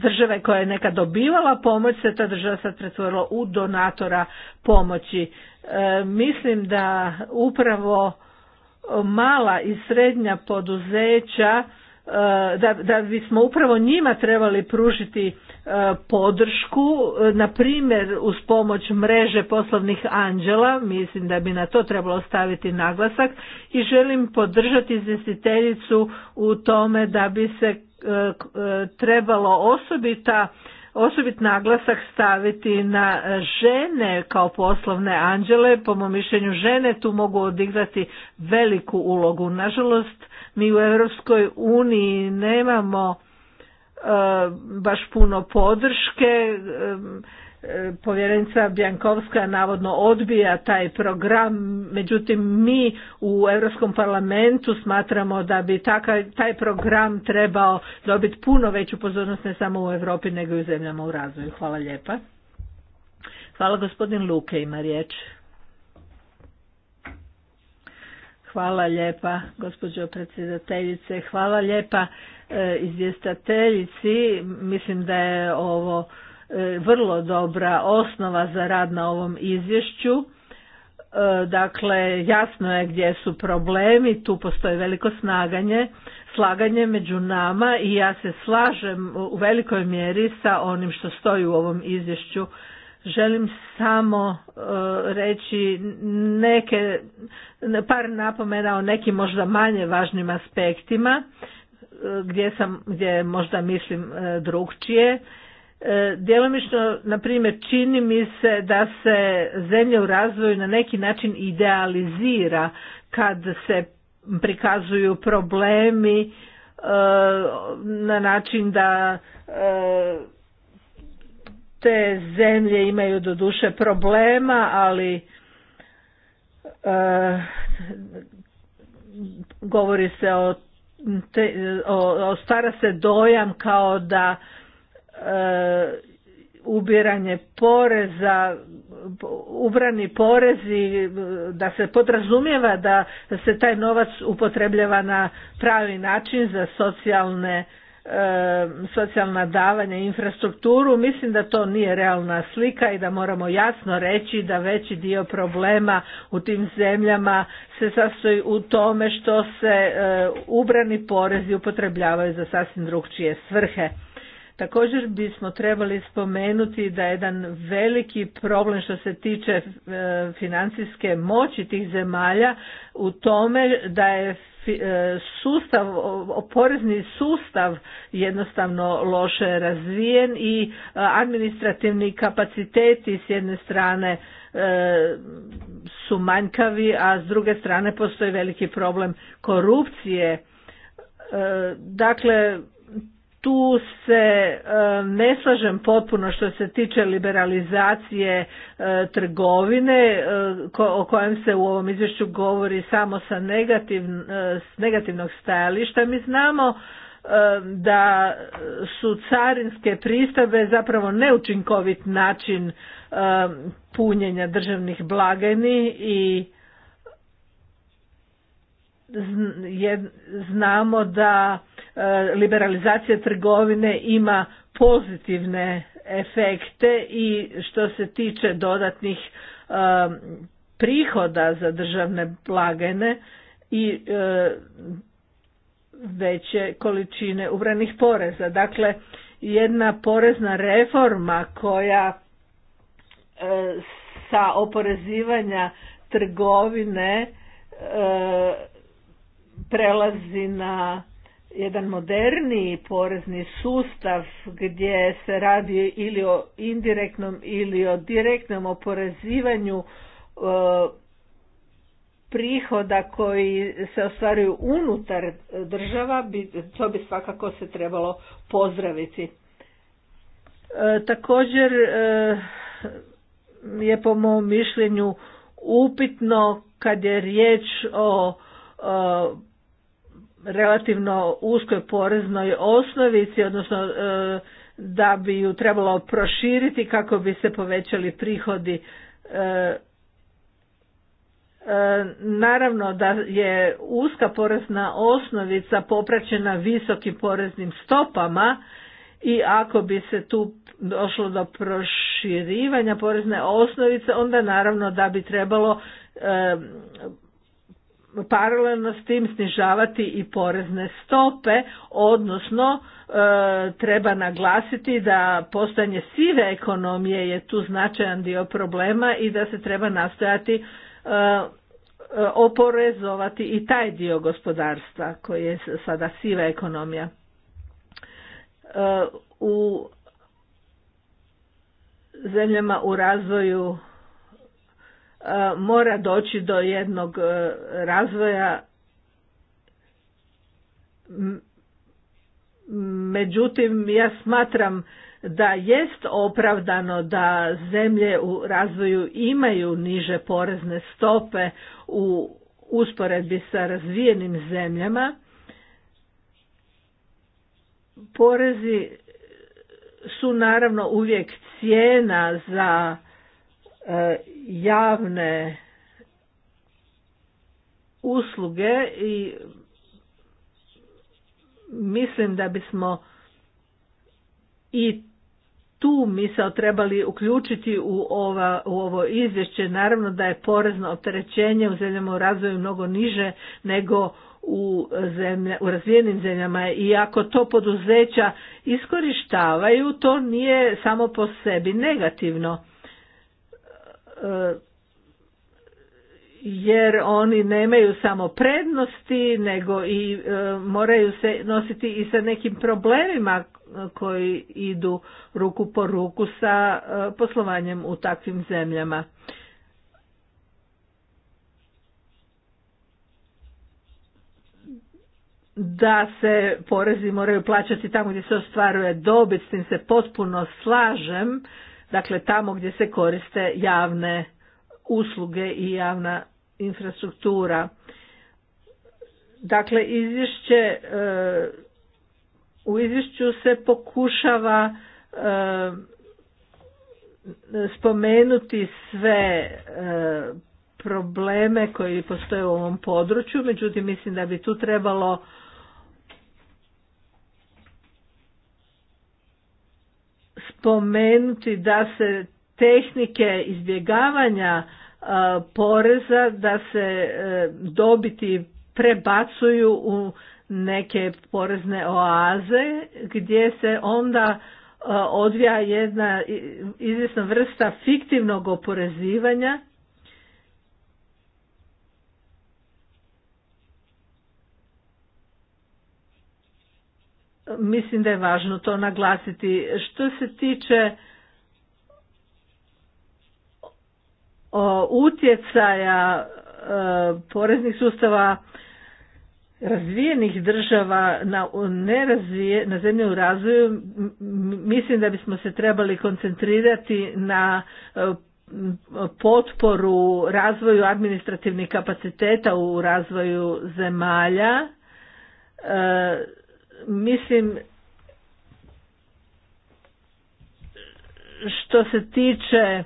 države koja je nekad dobivala pomoć se ta država sad pretvorila u donatora pomoći. Mislim da upravo mala i srednja poduzeća E, da, da bismo upravo njima trebali pružiti e, podršku, e, na primjer uz pomoć mreže poslovnih anđela, mislim da bi na to trebalo staviti naglasak i želim podržati izvjestiteljicu u tome da bi se trebalo osobita osobit naglasak staviti na žene kao poslovne anđele, po mom mišljenju žene tu mogu odigrati veliku ulogu. Nažalost, mi u Europskoj uniji nemamo e, baš puno podrške. E, e, povjerenica Bjankovska navodno odbija taj program, međutim mi u Europskom parlamentu smatramo da bi taj program trebao dobiti puno veću pozornost ne samo u Europi nego i u zemljama u razvoju. Hvala lijepa. Hvala gospodin Luke ima riječ. Hvala lijepa, gospođo predsjedateljice. Hvala lijepa e, izvjestateljici. Mislim da je ovo e, vrlo dobra osnova za rad na ovom izvješću. E, dakle, jasno je gdje su problemi, tu postoji veliko snaganje, slaganje među nama i ja se slažem u velikoj mjeri sa onim što stoji u ovom izvješću Želim samo e, reći neke, par napomena o nekim možda manje važnim aspektima e, gdje, sam, gdje možda mislim e, drugčije. Djelomično, na primjer, čini mi se da se zemlja u razvoju na neki način idealizira kad se prikazuju problemi na način da te zemlje imaju do duše problema, ali e, govori se o, stara se dojam kao da e, ubiranje poreza, ubrani porezi, da se podrazumijeva da se taj novac upotrebljava na pravi način za socijalne socijalna davanja i infrastrukturu, mislim da to nije realna slika i da moramo jasno reći da veći dio problema u tim zemljama se sastoji u tome što se e, ubrani porezi upotrebljavaju za sasvim drugčije svrhe. Također bismo trebali spomenuti da jedan veliki problem što se tiče e, financijske moći tih zemalja u tome da je E, sustav, porezni sustav jednostavno loše razvijen i e, administrativni kapaciteti s jedne strane e, su manjkavi, a s druge strane postoji veliki problem korupcije. Dakle, tu se e, ne slažem potpuno što se tiče liberalizacije e, trgovine e, o kojem se u ovom izvješću govori samo sa negativnog stajališta. Mi znamo da su carinske pristabe zapravo neučinkovit način punjenja državnih blagajni i znamo da E, liberalizacija trgovine ima pozitivne efekte i što se tiče dodatnih e, prihoda za državne blagajne i e, veće količine ubranih poreza. Dakle, jedna porezna reforma koja sa oporezivanja trgovine prelazi na jedan moderni porezni sustav gdje se radi ili o indirektnom ili o direktnom oporezivanju e, prihoda koji se ostvaruju unutar država, to bi svakako se trebalo pozdraviti. E, također e, je po mom mišljenju upitno kad je riječ o relativno uskoj poreznoj osnovici, odnosno e, da bi ju trebalo proširiti kako bi se povećali prihodi. E, e, naravno da je uska porezna osnovica popraćena visokim poreznim stopama i ako bi se tu došlo do proširivanja porezne osnovice, onda naravno da bi trebalo paralelno s tim snižavati i porezne stope, odnosno e, treba naglasiti da postanje sive ekonomije je tu značajan dio problema i da se treba nastojati e, oporezovati i taj dio gospodarstva koji je sada siva ekonomija. E, u zemljama u razvoju mora doći do jednog e, razvoja međutim ja smatram da jest opravdano da zemlje u razvoju imaju niže porezne stope u usporedbi sa razvijenim zemljama porezi su naravno uvijek cijena za E, javne usluge i mislim da bismo i tu misao trebali uključiti u, ova, u ovo izvješće. Naravno da je porezno opterećenje u zemljama u razvoju mnogo niže nego u, u razvijenim zemljama i ako to poduzeća iskorištavaju, to nije samo po sebi negativno jer oni nemaju samo prednosti nego i e, moraju se nositi i sa nekim problemima koji idu ruku po ruku sa e, poslovanjem u takvim zemljama. da se porezi moraju plaćati tamo gdje se ostvaruje dobit, s tim se potpuno slažem, dakle tamo gdje se koriste javne usluge i javna infrastruktura. Dakle, izvješće, e, u izvješću se pokušava e, spomenuti sve e, probleme koji postoje u ovom području, međutim mislim da bi tu trebalo spomenuti da se tehnike izbjegavanja e, poreza da se e, dobiti prebacuju u neke porezne oaze gdje se onda e, odvija jedna izvjesna vrsta fiktivnog oporezivanja mislim da je važno to naglasiti. Što se tiče utjecaja e, poreznih sustava razvijenih država na, nerazvije, na zemlje u razvoju, mislim da bismo se trebali koncentrirati na e, potporu razvoju administrativnih kapaciteta u razvoju zemalja, e, mislim što se tiče e,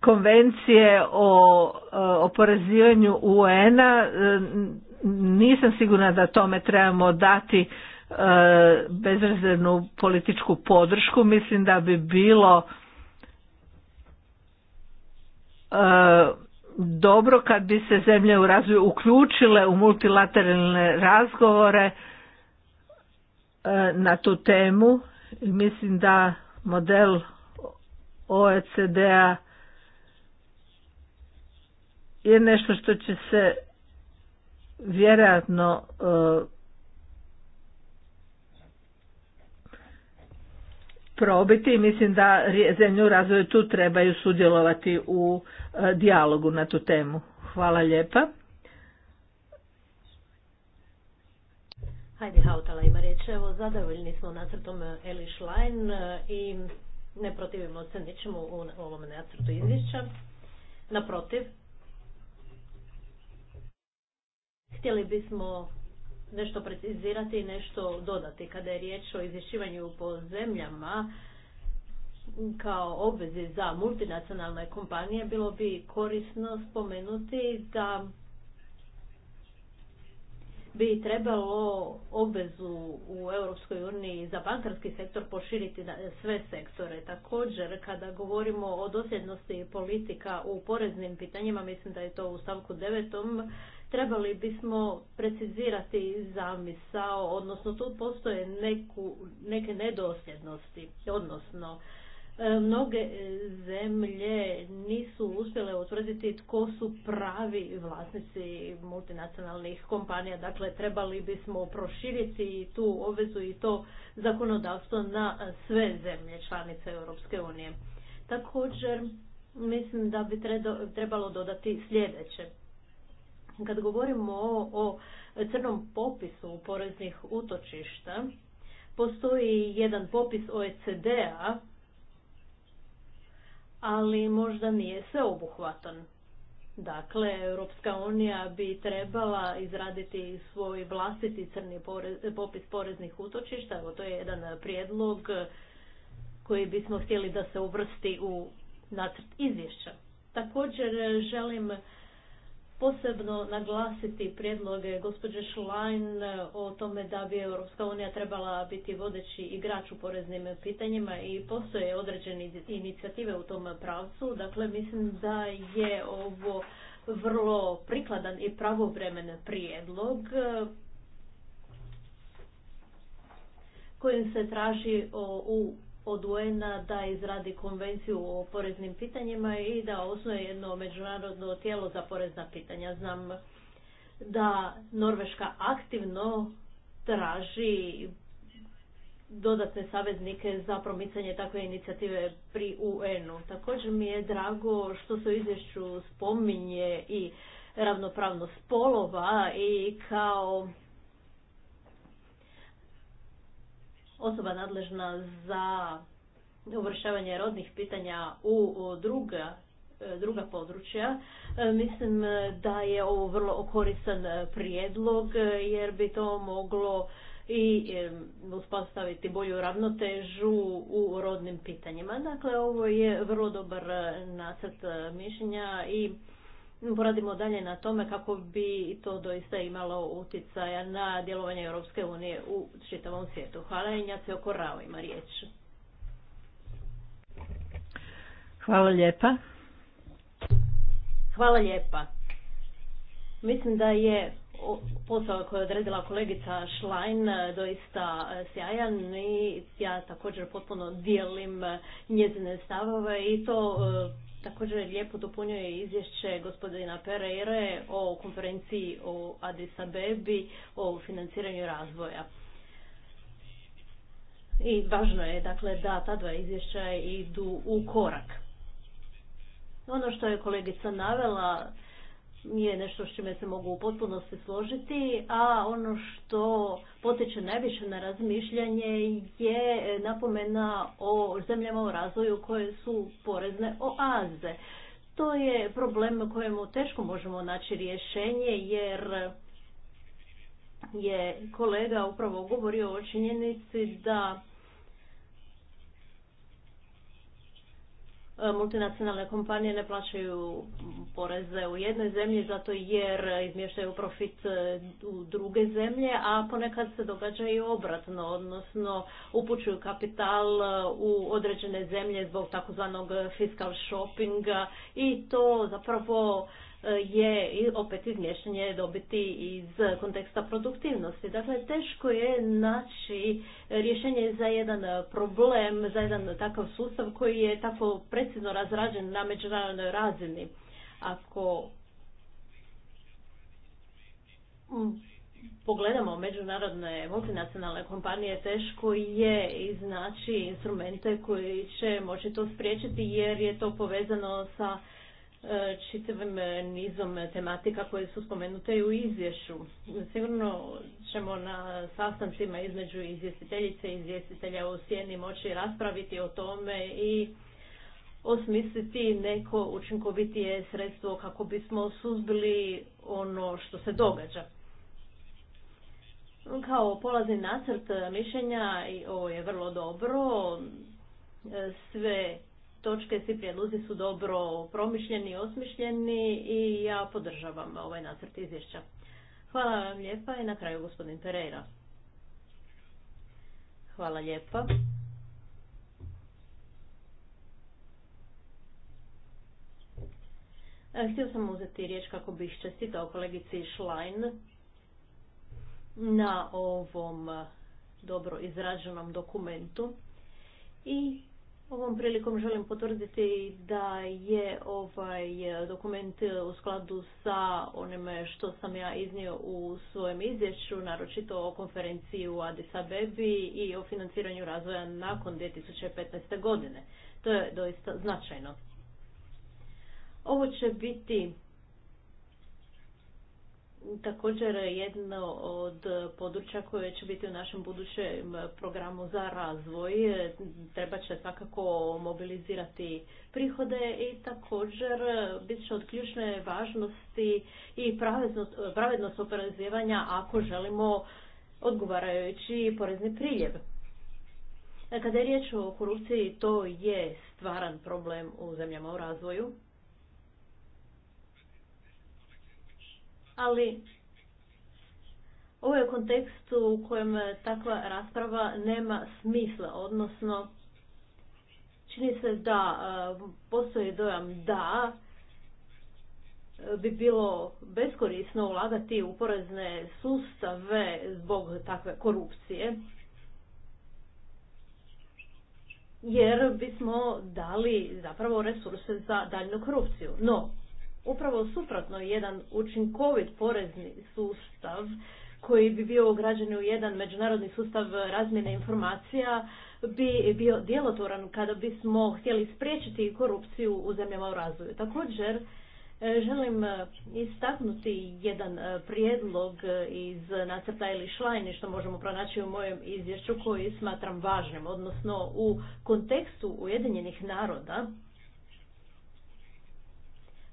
konvencije o e, oporezivanju UN-a e, nisam sigurna da tome trebamo dati bezrezervnu političku podršku. Mislim da bi bilo dobro kad bi se zemlje u razvoju uključile u multilateralne razgovore e, na tu temu i mislim da model OECD-a je nešto što će se vjerojatno e, probiti i mislim da zemlje u razvoju tu trebaju sudjelovati u e, dijalogu na tu temu. Hvala lijepa. Hajde Hautala ima riječ. Evo, zadovoljni smo nacrtom Eliš Line i ne protivimo se ničemu u ovom nacrtu izvješća. Naprotiv, htjeli bismo nešto precizirati i nešto dodati. Kada je riječ o izvješćivanju po zemljama kao obvezi za multinacionalne kompanije, bilo bi korisno spomenuti da bi trebalo obvezu u Europskoj uniji za bankarski sektor poširiti na sve sektore. Također, kada govorimo o dosljednosti politika u poreznim pitanjima, mislim da je to u stavku devetom, trebali bismo precizirati zamisao, odnosno tu postoje neku, neke nedosljednosti, odnosno e, mnoge e, zemlje nisu uspjele utvrditi tko su pravi vlasnici multinacionalnih kompanija. Dakle, trebali bismo proširiti tu obvezu i to zakonodavstvo na sve zemlje članice Europske unije. Također, mislim da bi trebalo dodati sljedeće. Kad govorimo o crnom popisu poreznih utočišta, postoji jedan popis OECD-a, ali možda nije sveobuhvatan. Dakle, Europska unija bi trebala izraditi svoj vlastiti crni popis poreznih utočišta. Evo, to je jedan prijedlog koji bismo htjeli da se uvrsti u nacrt izvješća. Također želim posebno naglasiti prijedloge gospođe Schlein e, o tome da bi Europska unija trebala biti vodeći igrač u poreznim pitanjima i postoje određene inicijative u tom pravcu. Dakle, mislim da je ovo vrlo prikladan i pravovremen prijedlog e, kojim se traži u od UN-a da izradi konvenciju o poreznim pitanjima i da osnoje jedno međunarodno tijelo za porezna pitanja. Znam da Norveška aktivno traži dodatne saveznike za promicanje takve inicijative pri UN-u. Također mi je drago što se u izvješću spominje i ravnopravnost spolova i kao osoba nadležna za uvršavanje rodnih pitanja u druga, e, druga područja. E, mislim e, da je ovo vrlo koristan prijedlog jer bi to moglo i uspostaviti bolju ravnotežu u rodnim pitanjima. Dakle, ovo je vrlo dobar nacrt mišljenja i poradimo dalje na tome kako bi to doista imalo utjecaja na djelovanje Europske unije u čitavom svijetu. Hvala i Njaci Okorao ima riječ. Hvala lijepa. Hvala lijepa. Mislim da je posao koji je odredila kolegica Schlein e, doista e, sjajan i ja također potpuno dijelim e, njezine stavove i to također lijepo dopunjuje izvješće gospodina Pereire o konferenciji o Addis Abebi o financiranju razvoja. I važno je dakle da ta dva izvješća idu u korak. Ono što je kolegica navela nije nešto s čime se mogu u potpunosti složiti, a ono što potiče najviše na razmišljanje je napomena o zemljama u razvoju koje su porezne oaze. To je problem kojemu teško možemo naći rješenje jer je kolega upravo govorio o činjenici da E, multinacionalne kompanije ne plaćaju poreze u jednoj zemlji zato jer izmještaju profit e, u druge zemlje, a ponekad se događa i obratno, odnosno upućuju kapital e, u određene zemlje zbog takozvanog fiskal shoppinga i to zapravo je i opet izmješanje dobiti iz konteksta produktivnosti. Dakle, teško je naći rješenje za jedan problem, za jedan takav sustav koji je tako precizno razrađen na međunarodnoj razini. Ako pogledamo međunarodne multinacionalne kompanije, teško je iznaći instrumente koji će moći to spriječiti jer je to povezano sa E, čitavim e, nizom tematika koje su spomenute u izvješću. Sigurno ćemo na sastancima između izvjestiteljice i izvjestitelja u sjeni moći raspraviti o tome i osmisliti neko učinkovitije sredstvo kako bismo suzbili ono što se događa. Kao polazni nacrt mišljenja, ovo je vrlo dobro, e, sve točke, svi prijedlozi su dobro promišljeni i osmišljeni i ja podržavam ovaj nacrt izvješća. Hvala vam lijepa i na kraju gospodin Pereira. Hvala lijepa. E, htio sam uzeti riječ kako bih čestitao kolegici Šlajn na ovom dobro izraženom dokumentu i Ovom prilikom želim potvrditi da je ovaj dokument u skladu sa onime što sam ja iznio u svojem izvješću, naročito o konferenciji u Addis Abebi i o financiranju razvoja nakon 2015. godine. To je doista značajno. Ovo će biti također jedno od područja koje će biti u našem budućem programu za razvoj. Treba će svakako mobilizirati prihode i također bit će od ključne važnosti i pravednost, pravednost oporezivanja ako želimo odgovarajući porezni priljev. Kada je riječ o korupciji, to je stvaran problem u zemljama u razvoju. ali ovo je kontekst u kojem takva rasprava nema smisla, odnosno čini se da e, postoji dojam da e, bi bilo beskorisno ulagati u porezne sustave zbog takve korupcije, jer bismo dali zapravo resurse za daljnu korupciju. No, upravo suprotno jedan učinkovit porezni sustav koji bi bio ugrađen u jedan međunarodni sustav razmjene informacija bi bio djelotvoran kada bismo htjeli spriječiti korupciju u zemljama u razvoju. Također, e, želim e, istaknuti jedan e, prijedlog iz nacrta ili šlajni što možemo pronaći u mojem izvješću koji smatram važnim, odnosno u kontekstu Ujedinjenih naroda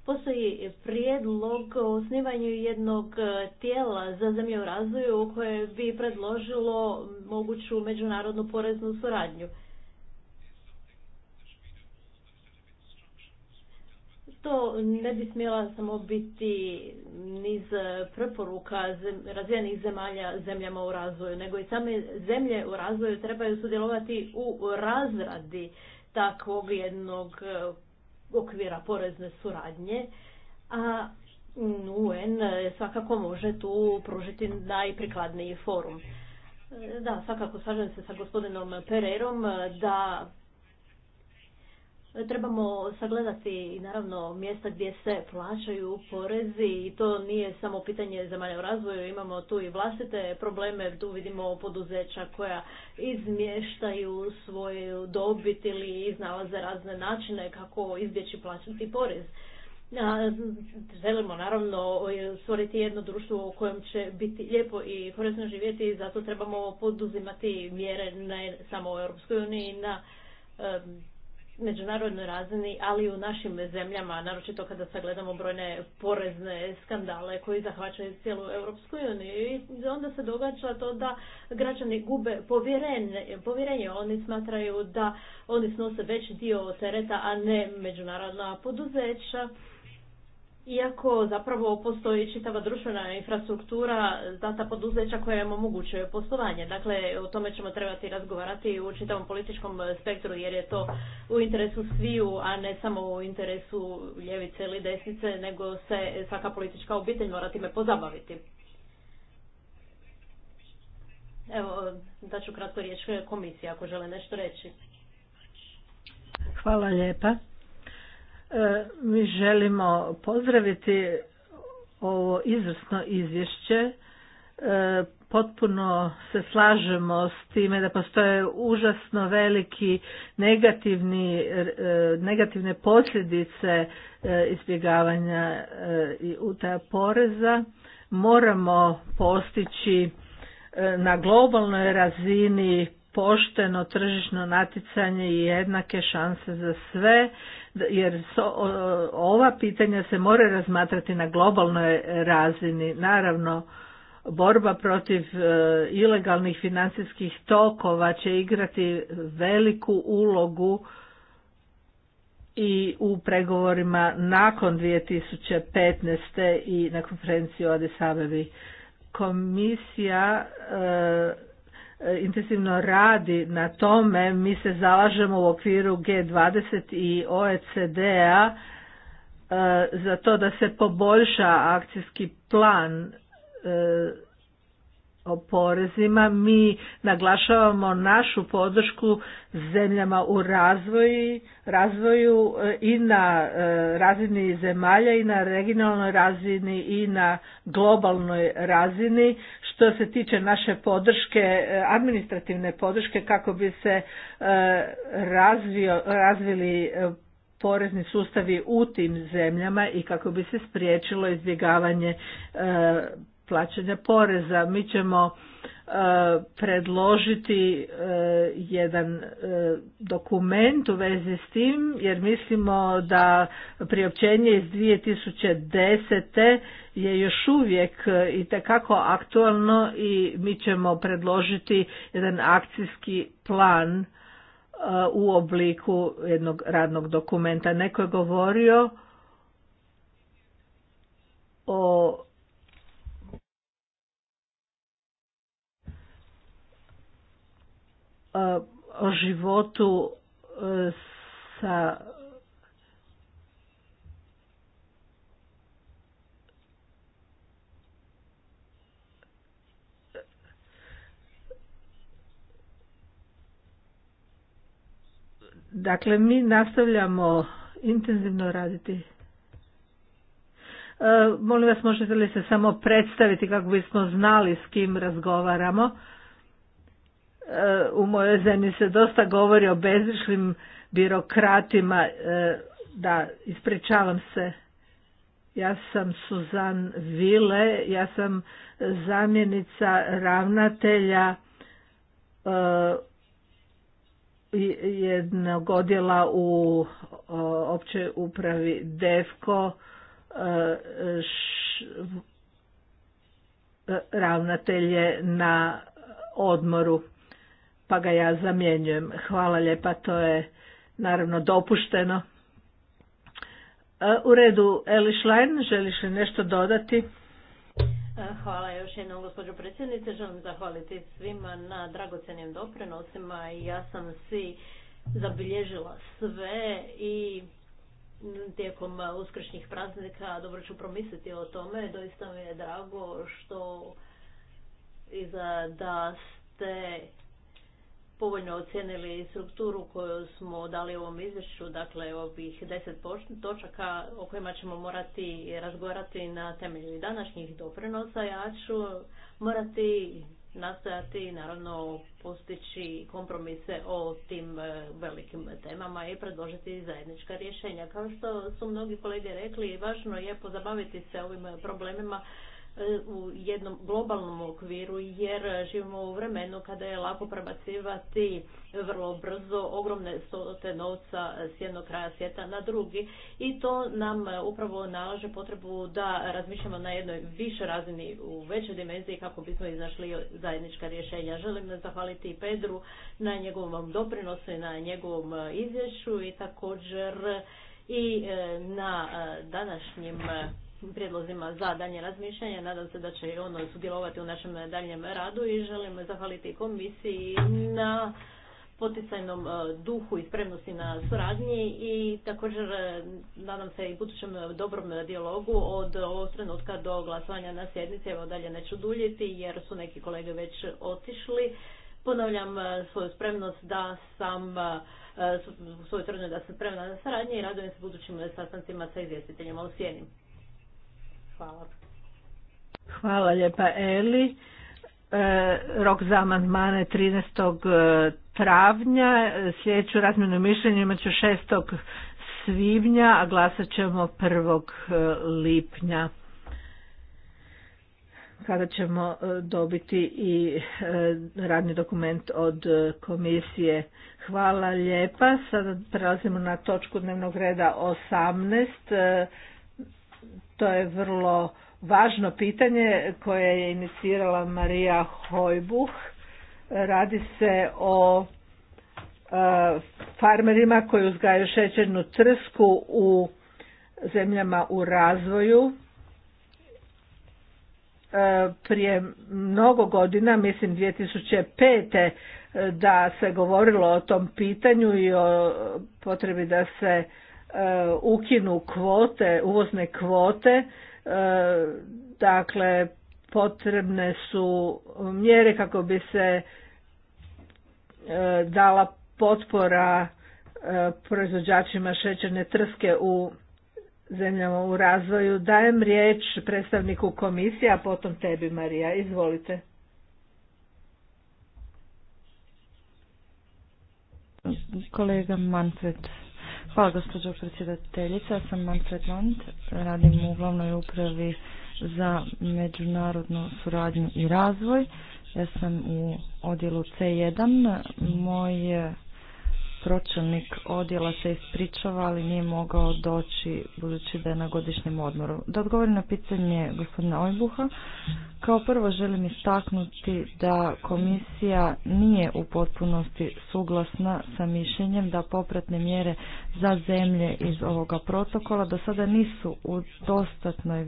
Postoji prijedlog o osnivanju jednog e, tijela za zemlje u razvoju koje bi predložilo moguću međunarodnu poreznu suradnju. To ne bi smjela samo biti niz preporuka razvijenih zemalja zemljama u razvoju, nego i same zemlje u razvoju trebaju sudjelovati u razradi takvog jednog e, okvira porezne suradnje, a UN svakako može tu pružiti najprikladniji forum. E, da, svakako slažem se sa gospodinom Pererom e, da trebamo sagledati naravno mjesta gdje se plaćaju porezi i to nije samo pitanje zemalja u razvoju, imamo tu i vlastite probleme, tu vidimo poduzeća koja izmještaju svoju dobit ili iznalaze razne načine kako izbjeći plaćati porez. želimo naravno stvoriti jedno društvo u kojem će biti lijepo i korisno živjeti i zato trebamo poduzimati mjere ne samo u Europskoj uniji na međunarodnoj razini, ali i u našim zemljama, naročito kada sagledamo brojne porezne skandale koji zahvaćaju cijelu Europsku uniju. I onda se događa to da građani gube povjerenje, povjerenje. Oni smatraju da oni snose veći dio tereta, a ne međunarodna poduzeća. Iako zapravo postoji čitava društvena infrastruktura za ta poduzeća koja im omogućuje poslovanje. Dakle, o tome ćemo trebati razgovarati u čitavom političkom spektru jer je to u interesu sviju, a ne samo u interesu ljevice ili desnice, nego se svaka politička obitelj mora time pozabaviti. Evo, daću kratko riječ komisije ako žele nešto reći. Hvala lijepa. E, mi želimo pozdraviti ovo izvrsno izvješće. E, potpuno se slažemo s time da postoje užasno veliki negativni, e, negativne posljedice izbjegavanja i utaja poreza. Moramo postići na globalnoj razini pošteno tržišno natjecanje i jednake šanse za sve, jer ova pitanja se mora razmatrati na globalnoj razini. Naravno, borba protiv e, ilegalnih financijskih tokova će igrati veliku ulogu i u pregovorima nakon 2015. i na konferenciji o Komisija e, intenzivno radi na tome. Mi se zalažemo u okviru G20 i OECD-a e, za to da se poboljša akcijski plan e, o porezima mi naglašavamo našu podršku zemljama u razvoju, razvoju e, i na e, razini zemalja i na regionalnoj razini i na globalnoj razini što se tiče naše podrške, e, administrativne podrške kako bi se razvili porezni sustavi u tim zemljama i kako bi se spriječilo izbjegavanje plaćanja poreza. Mi ćemo e, predložiti e, jedan e, dokument u vezi s tim jer mislimo da priopćenje iz 2010. je još uvijek i tekako aktualno i mi ćemo predložiti jedan akcijski plan u obliku jednog radnog dokumenta. Neko je govorio o o životu e, sa Dakle, mi nastavljamo intenzivno raditi. E, molim vas, možete li se samo predstaviti kako bismo znali s kim razgovaramo? u mojoj zemlji se dosta govori o bezrišlim birokratima. E, da, ispričavam se. Ja sam Suzan Vile, ja sam zamjenica ravnatelja e, jednog odjela u općoj upravi DEFKO e, ravnatelje na odmoru pa ga ja zamjenjujem. Hvala lijepa, to je naravno dopušteno. E, u redu, Eli Schlein, želiš li nešto dodati? E, hvala još jednom gospođo predsjednice. Želim zahvaliti svima na dragocenim doprinosima i ja sam si zabilježila sve i tijekom uskršnjih praznika dobro ću promisliti o tome. Doista mi je drago što i za da ste povoljno ocijenili strukturu koju smo dali u ovom izvješću, dakle ovih deset točaka o kojima ćemo morati razgovarati na temelju današnjih doprinosa, ja ću morati nastojati naravno postići kompromise o tim e, velikim temama i predložiti zajednička rješenja. Kao što su mnogi kolege rekli, važno je pozabaviti se ovim problemima E, u jednom globalnom okviru jer živimo u vremenu kada je lako prebacivati vrlo brzo ogromne stote novca s jednog kraja svijeta na drugi i to nam e, upravo nalaže potrebu da razmišljamo na jednoj više razini u većoj dimenziji kako bismo iznašli zajednička rješenja. Želim zahvaliti i Pedru na njegovom doprinosu i na njegovom e, izvješću i također i na današnjim prijedlozima za danje razmišljanje. Nadam se da će ono sudjelovati u našem daljem radu i želim zahvaliti komisiji na poticajnom e, duhu i spremnosti na suradnji i također e, nadam se i budućem dobrom dijalogu od ovog trenutka do glasovanja na sjednici. Evo dalje neću duljiti jer su neki kolege već otišli. Ponavljam e, svoju spremnost da sam svojoj trenutku da sam spremna na suradnji i radujem se budućim sastancima sa izvjestiteljima u Hvala. Hvala lijepa Eli. E, rok za amandmane 13. E, travnja. Sljedeću razmjenu mišljenja imat će 6. svibnja, a glasat ćemo 1. E, lipnja kada ćemo dobiti i radni dokument od komisije. Hvala lijepa. Sada prelazimo na točku dnevnog reda 18. To je vrlo važno pitanje koje je inicirala Marija Hojbuh. Radi se o e, farmerima koji uzgajaju šećernu trsku u zemljama u razvoju. E, prije mnogo godina, mislim 2005. E, da se govorilo o tom pitanju i o potrebi da se E, ukinu kvote, uvozne kvote, e, dakle potrebne su mjere kako bi se e, dala potpora proizvođačima šećerne trske u zemljama u razvoju. Dajem riječ predstavniku komisije, a potom tebi Marija. Izvolite. Kolega Manfred Hvala gospođo predsjedateljica, ja sam Manfred Lund, radim u glavnoj upravi za međunarodnu suradnju i razvoj. Ja sam u odjelu C1. Moj pročelnik odjela se ispričava, ali nije mogao doći budući da je na godišnjem odmoru. Da odgovorim na pitanje gospodina Ojbuha, kao prvo želim istaknuti da komisija nije u potpunosti suglasna sa mišljenjem da popratne mjere za zemlje iz ovoga protokola do sada nisu u dostatnoj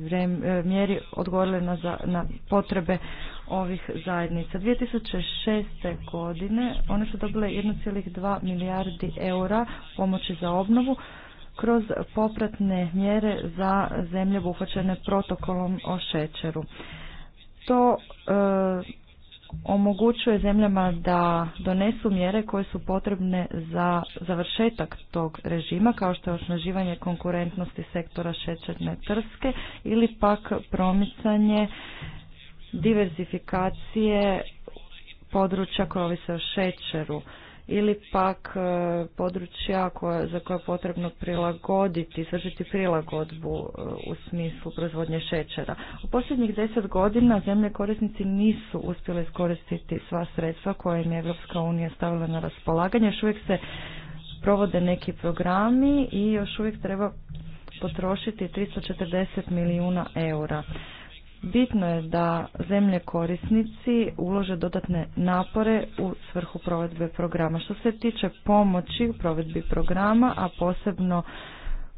mjeri odgovorile na, na potrebe ovih zajednica. 2006. godine one su dobile 1,2 milijardi eura pomoći za obnovu kroz popratne mjere za zemlje obuhvaćene protokolom o šećeru. To e, omogućuje zemljama da donesu mjere koje su potrebne za završetak tog režima kao što je osnaživanje konkurentnosti sektora šećerne trske ili pak promicanje diversifikacije područja koja ovise o šećeru ili pak e, područja za koje je potrebno prilagoditi, izvršiti prilagodbu e, u smislu proizvodnje šećera. U posljednjih deset godina zemlje korisnici nisu uspjele iskoristiti sva sredstva koje im je Evropska unija stavila na raspolaganje. Još uvijek se provode neki programi i još uvijek treba potrošiti 340 milijuna eura. Bitno je da zemlje korisnici ulože dodatne napore u svrhu provedbe programa. Što se tiče pomoći u provedbi programa, a posebno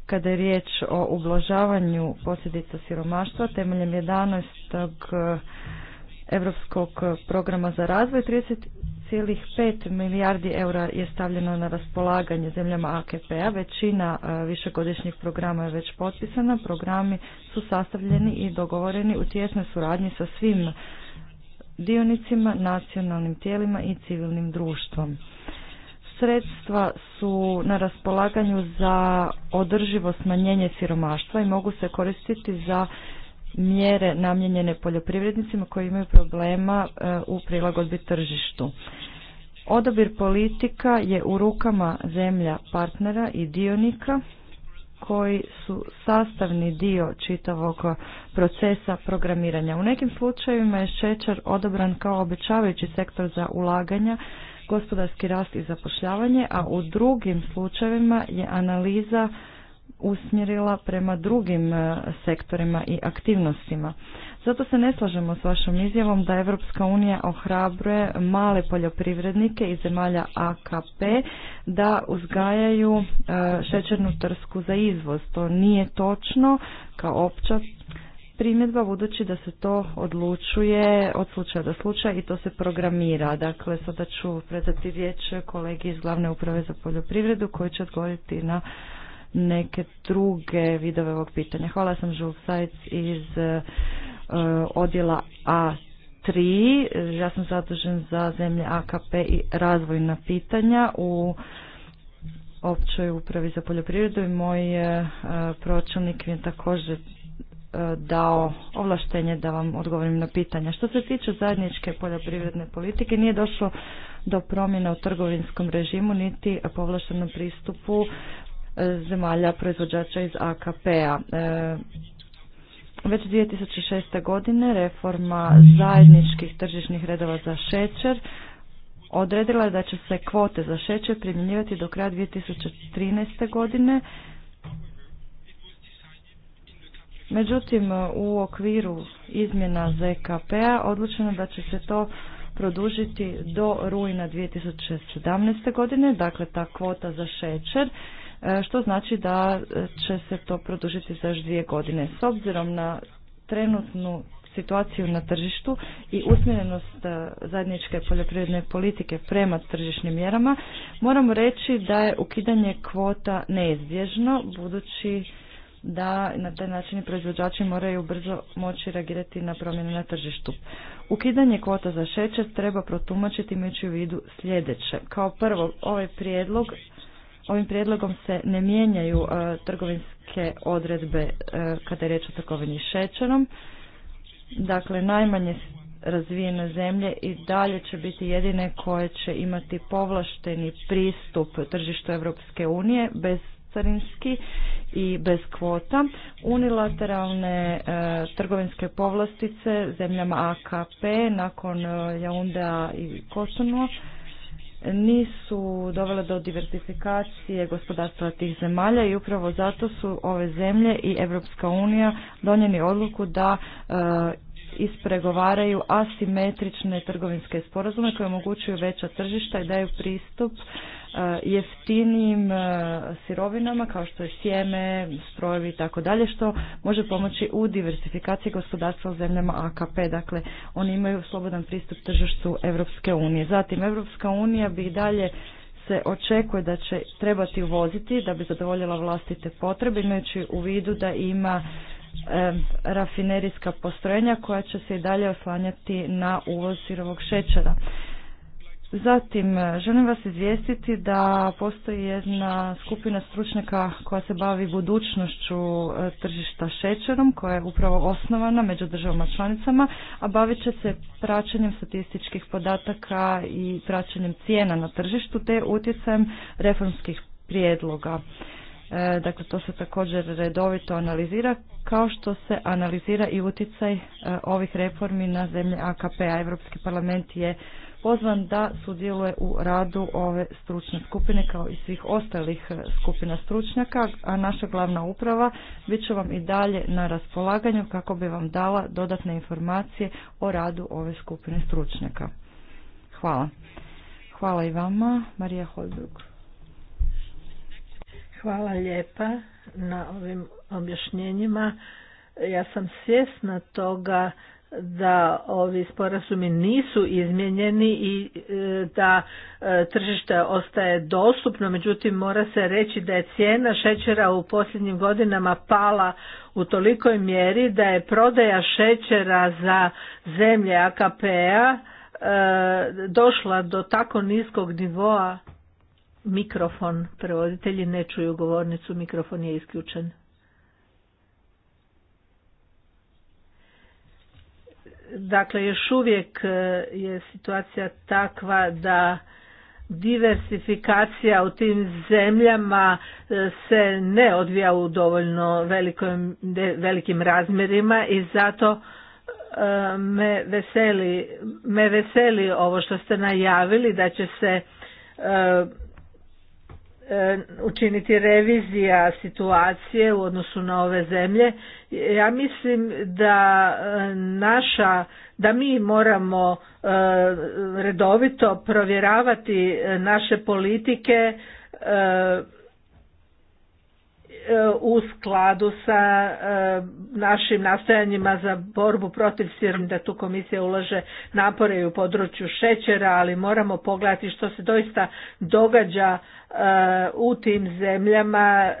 kada je riječ o ublažavanju posljedica siromaštva temeljem 11. Europskog programa za razvoj 30,5 milijardi eura je stavljeno na raspolaganje zemljama AKP-a. Većina e, višegodišnjih programa je već potpisana. Programi su sastavljeni i dogovoreni u tjesnoj suradnji sa svim dionicima, nacionalnim tijelima i civilnim društvom. Sredstva su na raspolaganju za održivo smanjenje siromaštva i mogu se koristiti za mjere namjenjene poljoprivrednicima koji imaju problema e, u prilagodbi tržištu. Odabir politika je u rukama zemlja partnera i dionika koji su sastavni dio čitavog procesa programiranja. U nekim slučajevima je šećer odobran kao obećavajući sektor za ulaganja, gospodarski rast i zapošljavanje, a u drugim slučajevima je analiza usmjerila prema drugim e, sektorima i aktivnostima. Zato se ne slažemo s vašom izjavom da Europska unija ohrabruje male poljoprivrednike iz zemalja AKP da uzgajaju e, šećernu trsku za izvoz. To nije točno kao opća primjedba budući da se to odlučuje od slučaja do slučaja i to se programira. Dakle, sada ću predati riječ kolegi iz glavne uprave za poljoprivredu koji će odgovoriti na neke druge vidove ovog pitanja. Hvala sam Žul Sajc iz e, odjela A3. Ja sam zadužen za zemlje AKP i razvojna pitanja u općoj upravi za poljoprivredu i moj e, pročelnik mi je također e, dao ovlaštenje da vam odgovorim na pitanja. Što se tiče zajedničke poljoprivredne politike, nije došlo do promjena u trgovinskom režimu niti povlaštenom pristupu E, zemalja proizvođača iz AKP-a. E, već 2006. godine reforma zajedničkih tržišnih redova za šećer odredila je da će se kvote za šećer primjenjivati do kraja 2013. godine. Međutim, u okviru izmjena ZKP-a odlučeno da će se to produžiti do rujna 2017. godine, dakle ta kvota za šećer E, što znači da e, će se to produžiti za još dvije godine. S obzirom na trenutnu situaciju na tržištu i usmjerenost e, zajedničke poljoprivredne politike prema tržišnim mjerama, moramo reći da je ukidanje kvota neizbježno budući da na taj način proizvođači moraju brzo moći reagirati na promjene na tržištu. Ukidanje kvota za šećer treba protumačiti imajući u vidu sljedeće. Kao prvo, ovaj prijedlog Ovim prijedlogom se ne mijenjaju e, trgovinske odredbe e, kada je riječ o trgovini šećerom. Dakle, najmanje razvijene zemlje i dalje će biti jedine koje će imati povlašteni pristup tržištu Europske unije bez carinski i bez kvota. Unilateralne e, trgovinske povlastice zemljama AKP nakon Jaunda i Kosovo nisu dovele do diversifikacije gospodarstva tih zemalja i upravo zato su ove zemlje i Europska unija donijeli odluku da e, ispregovaraju asimetrične trgovinske sporazume koje omogućuju veća tržišta i daju pristup Eh, jeftinijim eh, sirovinama kao što je sjeme, strojevi i tako dalje što može pomoći u diversifikaciji gospodarstva u zemljama AKP. Dakle, oni imaju slobodan pristup tržištu Europske unije. Zatim, Europska unija bi i dalje se očekuje da će trebati uvoziti da bi zadovoljila vlastite potrebe imajući u vidu da ima rafinerijska postrojenja koja će se i dalje oslanjati na uvoz sirovog šećera. Zatim, e, želim vas izvijestiti da postoji jedna skupina stručnjaka koja se bavi budućnošću e, tržišta šećerom, koja je upravo osnovana među državama članicama, a bavit će se praćenjem statističkih podataka i praćenjem cijena na tržištu te utjecajem reformskih prijedloga. E, dakle, to se također redovito analizira, kao što se analizira i utjecaj ovih reformi na zemlje AKP-a. Europski parlament je pozvan da sudjeluje u radu ove stručne skupine kao i svih ostalih e, skupina stručnjaka, a naša glavna uprava bit će vam i dalje na raspolaganju kako bi vam dala dodatne informacije o radu ove skupine stručnjaka. Hvala. Hvala i vama, Marija Holbrug. Hvala lijepa na ovim objašnjenjima. Ja sam svjesna toga da ovi sporazumi nisu izmijenjeni i e, da e, tržište ostaje dostupno, međutim mora se reći da je cijena šećera u posljednjim godinama pala u tolikoj mjeri da je prodaja šećera za zemlje AKP-a e, došla do tako niskog nivoa mikrofon prevoditelji ne čuju govornicu, mikrofon je isključen. Dakle, još uvijek e, je situacija takva da diversifikacija u tim zemljama e, se ne odvija u dovoljno velikim razmjerima i zato e, me veseli, me veseli ovo što ste najavili da će se učiniti revizija situacije u odnosu na ove zemlje ja mislim da e, naša da mi moramo e, redovito provjeravati naše politike e, E, u skladu sa e, našim nastojanjima za borbu protiv sirni da tu komisija ulaže napore i u području šećera, ali moramo pogledati što se doista događa e, u tim zemljama,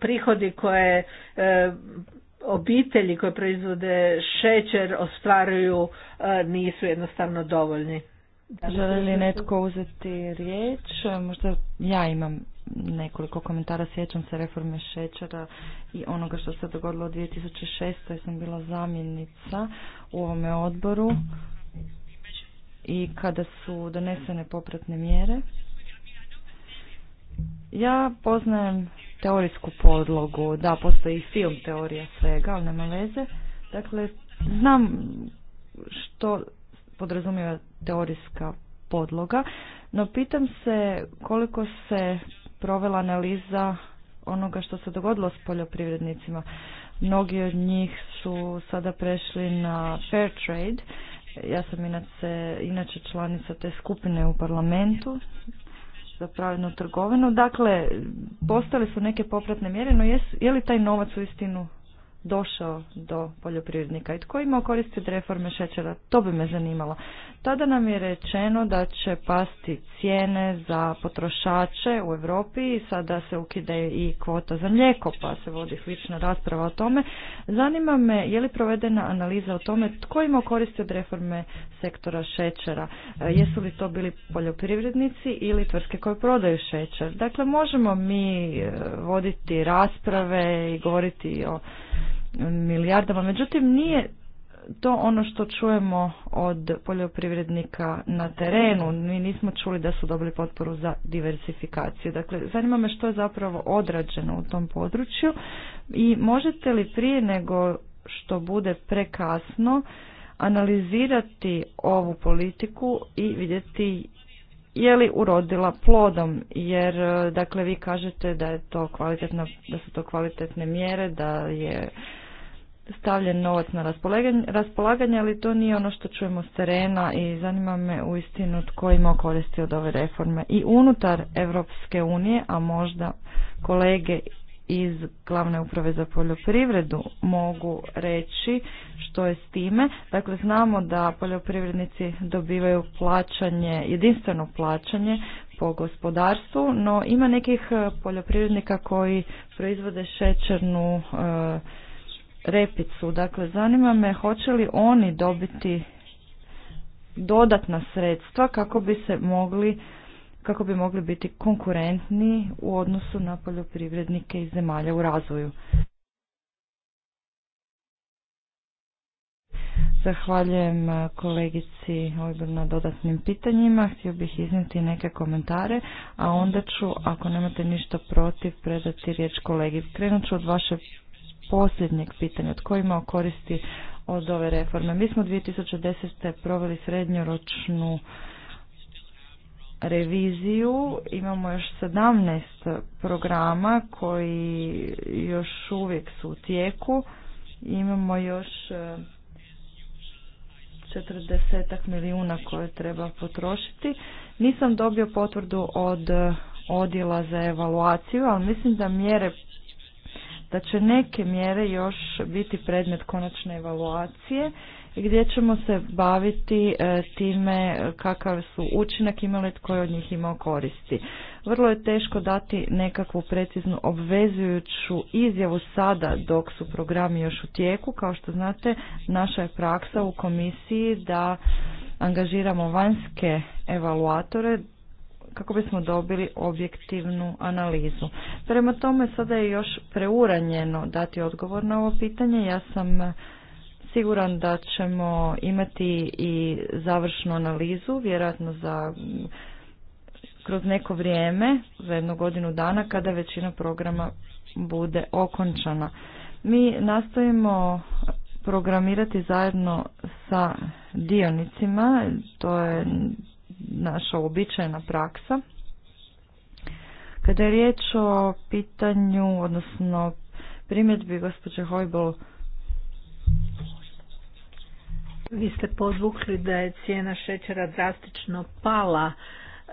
prihodi koje obitelji koje proizvode šećer ostvaruju nisu jednostavno dovoljni. Želi li netko uzeti riječ? Možda ja imam nekoliko komentara. Sjećam se reforme šećera i onoga što se dogodilo u 2006. Ja sam bila zamjenica u ovome odboru i kada su donesene popratne mjere. Ja poznajem teorijsku podlogu, da, postoji film teorija svega, ali nema veze. Dakle, znam što podrazumijeva teorijska podloga, no pitam se koliko se provela analiza onoga što se dogodilo s poljoprivrednicima. Mnogi od njih su sada prešli na fair trade. Ja sam inače, inače članica te skupine u parlamentu za pravednu trgovinu. Dakle, postale su neke popratne mjere, no jes, je li taj novac u istinu došao do poljoprivrednika i tko imao koristi od reforme šećera, to bi me zanimalo. Tada nam je rečeno da će pasti cijene za potrošače u Europi i sada se ukide i kvota za mlijeko, pa se vodi slična rasprava o tome. Zanima me je li provedena analiza o tome tko imao koristi od reforme sektora šećera, e, jesu li to bili poljoprivrednici ili tvrtke koje prodaju šećer. Dakle, možemo mi e, voditi rasprave i govoriti o milijardama. Međutim, nije to ono što čujemo od poljoprivrednika na terenu. Mi nismo čuli da su dobili potporu za diversifikaciju. Dakle, zanima me što je zapravo odrađeno u tom području i možete li prije nego što bude prekasno analizirati ovu politiku i vidjeti je li urodila plodom jer dakle vi kažete da je to kvalitetna da su to kvalitetne mjere da je stavljen novac na raspolaganje, ali to nije ono što čujemo s terena i zanima me u istinu tko ima koristi od ove reforme i unutar Europske unije, a možda kolege iz glavne uprave za poljoprivredu mogu reći što je s time. Dakle, znamo da poljoprivrednici dobivaju plaćanje, jedinstveno plaćanje po gospodarstvu, no ima nekih poljoprivrednika koji proizvode šećernu e, repicu. Dakle, zanima me hoće li oni dobiti dodatna sredstva kako bi se mogli kako bi mogli biti konkurentni u odnosu na poljoprivrednike iz zemalja u razvoju. Zahvaljujem eh, kolegici Ojbor na dodatnim pitanjima. Htio bih iznijeti neke komentare, a onda ću, ako nemate ništa protiv, predati riječ kolegi. Krenut ću od vaše posljednjeg pitanja, tko imao koristi od ove reforme. Mi smo 2010. proveli srednjoročnu reviziju, imamo još 17 programa koji još uvijek su u tijeku, imamo još 40 e, milijuna koje treba potrošiti. Nisam dobio potvrdu od odjela za evaluaciju, ali mislim da mjere da će neke mjere još biti predmet konačne evaluacije gdje ćemo se baviti e, time kakav su učinak imali tko je od njih imao koristi. Vrlo je teško dati nekakvu preciznu obvezujuću izjavu sada dok su programi još u tijeku. Kao što znate, naša je praksa u komisiji da angažiramo vanjske evaluatore kako bismo dobili objektivnu analizu. Prema tome sada je još preuranjeno dati odgovor na ovo pitanje. Ja sam siguran da ćemo imati i završnu analizu, vjerojatno za kroz neko vrijeme, za jednu godinu dana, kada većina programa bude okončana. Mi nastavimo programirati zajedno sa dionicima, to je naša običajna praksa. Kada je riječ o pitanju, odnosno primjedbi gospođe Hojbol, vi ste podvukli da je cijena šećera drastično pala, e,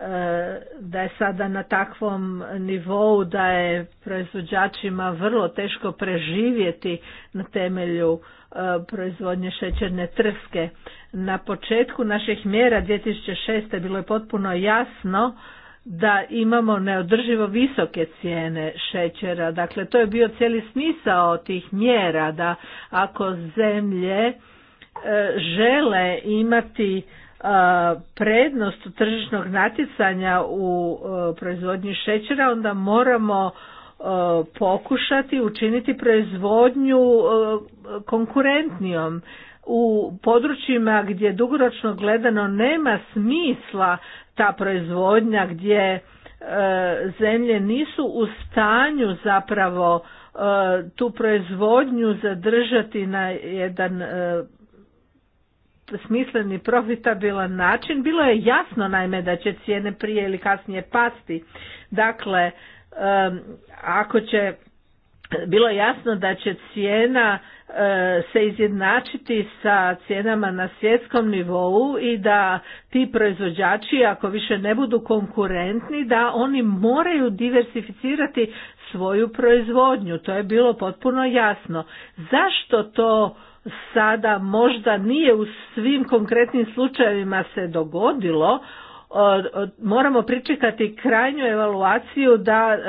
da je sada na takvom nivou da je proizvođačima vrlo teško preživjeti na temelju e, proizvodnje šećerne trske. Na početku naših mjera 2006. bilo je potpuno jasno da imamo neodrživo visoke cijene šećera. Dakle, to je bio cijeli smisao tih mjera da ako zemlje e, žele imati e, prednost tržišnog natjecanja u e, proizvodnji šećera, onda moramo pokušati učiniti proizvodnju konkurentnijom u područjima gdje dugoročno gledano nema smisla ta proizvodnja gdje e, zemlje nisu u stanju zapravo e, tu proizvodnju zadržati na jedan e, smisleni profitabilan način bilo je jasno naime da će cijene prije ili kasnije pasti dakle e, ako će bilo jasno da će cijena e, se izjednačiti sa cijenama na svjetskom nivou i da ti proizvođači ako više ne budu konkurentni da oni moraju diversificirati svoju proizvodnju to je bilo potpuno jasno zašto to sada možda nije u svim konkretnim slučajevima se dogodilo moramo pričekati krajnju evaluaciju da e,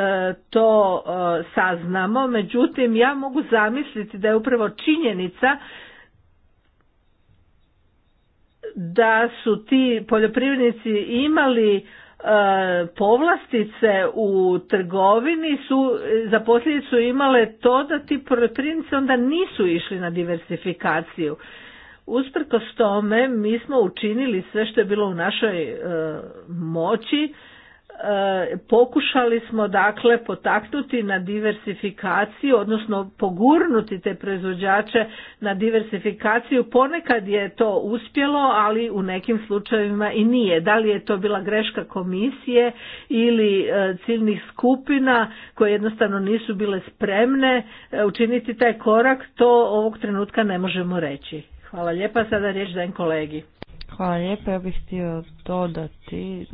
to e, saznamo, međutim ja mogu zamisliti da je upravo činjenica da su ti poljoprivrednici imali e, povlastice u trgovini su za posljedicu imale to da ti poljoprivrednici onda nisu išli na diversifikaciju Usprkos tome mi smo učinili sve što je bilo u našoj e, moći, e, pokušali smo dakle potaknuti na diversifikaciju, odnosno pogurnuti te proizvođače na diversifikaciju. Ponekad je to uspjelo, ali u nekim slučajevima i nije. Da li je to bila greška komisije ili e, ciljnih skupina koje jednostavno nisu bile spremne učiniti taj korak, to ovog trenutka ne možemo reći. Hvala lijepa, sada riječ dajem kolegi. Hvala lijepa, ja bih htio dodati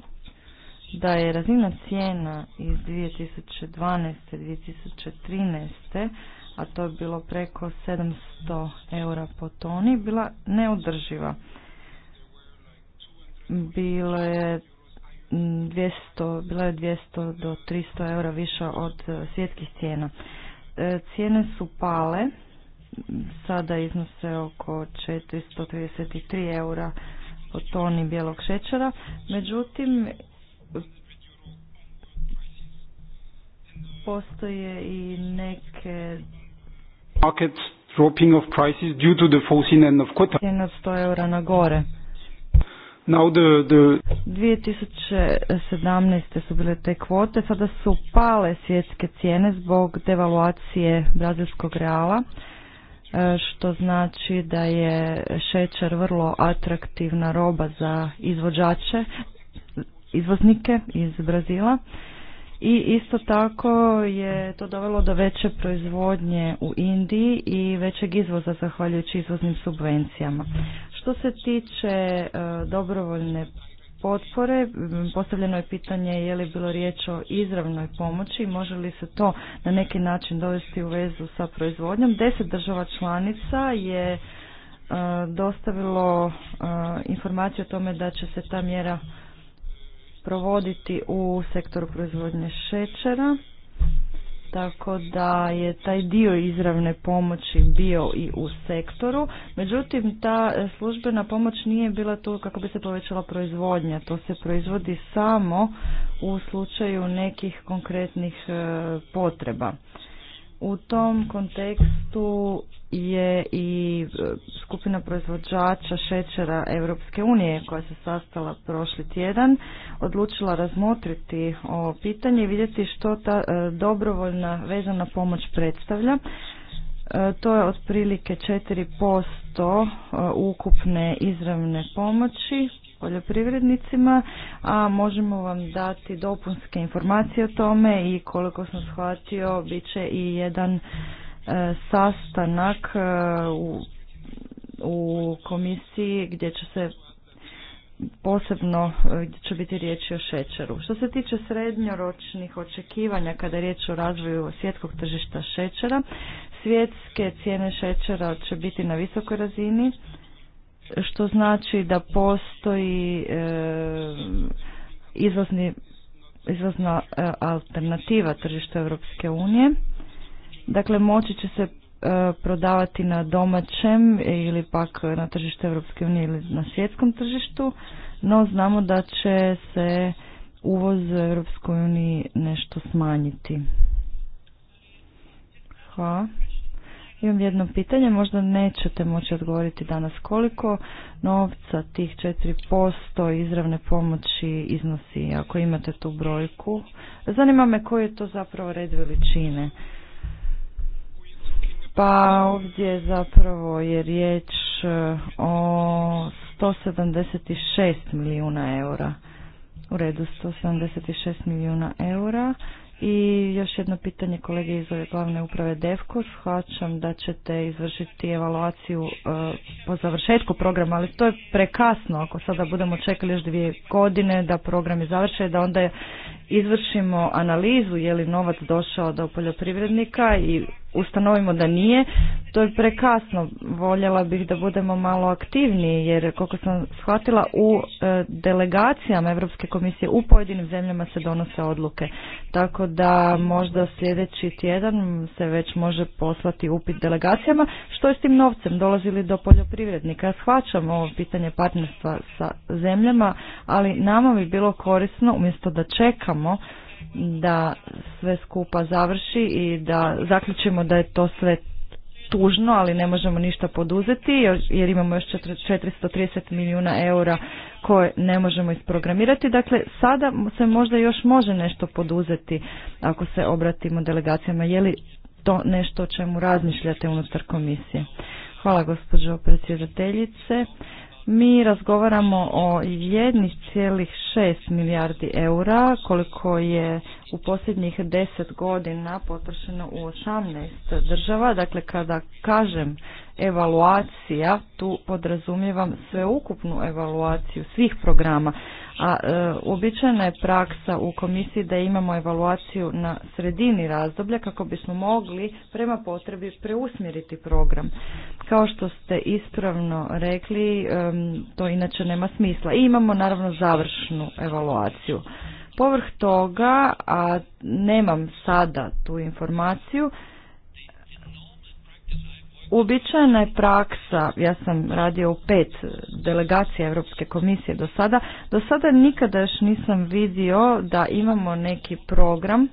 da je razina cijena iz 2012. 2013. a to je bilo preko 700 eura po toni, bila neudrživa. Bilo je 200, bila je 200 do 300 eura više od svjetskih cijena. E, cijene su pale sada iznose oko 433 eura po toni bijelog šećera. Međutim, postoje i neke market dropping of prices due to the end of quota. 100 eura na gore. Now the, the... 2017. su bile te kvote, sada su pale svjetske cijene zbog devaluacije brazilskog reala. E, što znači da je šećer vrlo atraktivna roba za izvođače, izvoznike iz Brazila. I isto tako je to dovelo do veće proizvodnje u Indiji i većeg izvoza zahvaljujući izvoznim subvencijama. Što se tiče e, dobrovoljne potpore. Mm, postavljeno je pitanje je li bilo riječ o izravnoj pomoći i može li se to na neki način dovesti u vezu sa proizvodnjom. Deset država članica je e, dostavilo e, informaciju o tome da će se ta mjera provoditi u sektoru proizvodnje šećera tako da je taj dio izravne pomoći bio i u sektoru. Međutim, ta službena pomoć nije bila tu kako bi se povećala proizvodnja. To se proizvodi samo u slučaju nekih konkretnih e, potreba. U tom kontekstu je i e, skupina proizvođača šećera Europske unije koja se sastala prošli tjedan odlučila razmotriti ovo pitanje i vidjeti što ta e, dobrovoljna vezana pomoć predstavlja. E, to je otprilike 4% ukupne izravne pomoći poljoprivrednicima, a možemo vam dati dopunske informacije o tome i koliko sam shvatio bit će i jedan e, sastanak e, u, u komisiji gdje će se posebno e, će biti riječ o šećeru. Što se tiče srednjoročnih očekivanja kada je riječ o razvoju svjetskog tržišta šećera, svjetske cijene šećera će biti na visokoj razini, što znači da postoji e, izvozni, izvozna e, alternativa tržištu Europske unije. Dakle, moći će se e, prodavati na domaćem ili pak na tržištu Europske unije ili na svjetskom tržištu, no znamo da će se uvoz u Europskoj uniji nešto smanjiti. Hvala. Imam jedno pitanje, možda nećete moći odgovoriti danas koliko novca tih 4% izravne pomoći iznosi, ako imate tu brojku. Zanima me koji je to zapravo red veličine. Pa ovdje zapravo je riječ eh, o 176 milijuna eura. U redu 176 milijuna eura i još jedno pitanje kolege iz ove glavne uprave DEFKOS. Shvaćam da ćete izvršiti evaluaciju e, po završetku programa, ali to je prekasno ako sada budemo čekali još dvije godine da programi završe, da onda izvršimo analizu je li novac došao do poljoprivrednika i ustanovimo da nije, to je prekasno. Voljela bih da budemo malo aktivniji jer koliko sam shvatila u e, delegacijama Europske komisije u pojedinim zemljama se donose odluke. Tako da možda sljedeći tjedan se već može poslati upit delegacijama. Što je s tim novcem? li do poljoprivrednika? Ja shvaćam ovo pitanje partnerstva sa zemljama, ali nama bi bilo korisno umjesto da čekamo da sve skupa završi i da zaključimo da je to sve tužno, ali ne možemo ništa poduzeti jer imamo još 430 milijuna eura koje ne možemo isprogramirati. Dakle, sada se možda još može nešto poduzeti ako se obratimo delegacijama. Je li to nešto o čemu razmišljate unutar komisije? Hvala gospođo predsjedateljice. Mi razgovaramo o 1,6 milijardi eura koliko je u posljednjih 10 godina potrošeno u 18 država. Dakle, kada kažem evaluacija, tu podrazumijevam sveukupnu evaluaciju svih programa. A e, uobičajena je praksa u komisiji da imamo evaluaciju na sredini razdoblja kako bismo mogli prema potrebi preusmjeriti program. Kao što ste ispravno rekli, to inače nema smisla. I imamo naravno završnu evaluaciju. Povrh toga, a nemam sada tu informaciju, Uobičajena je praksa, ja sam radio u pet delegacija Europske komisije do sada, do sada nikada još nisam vidio da imamo neki program,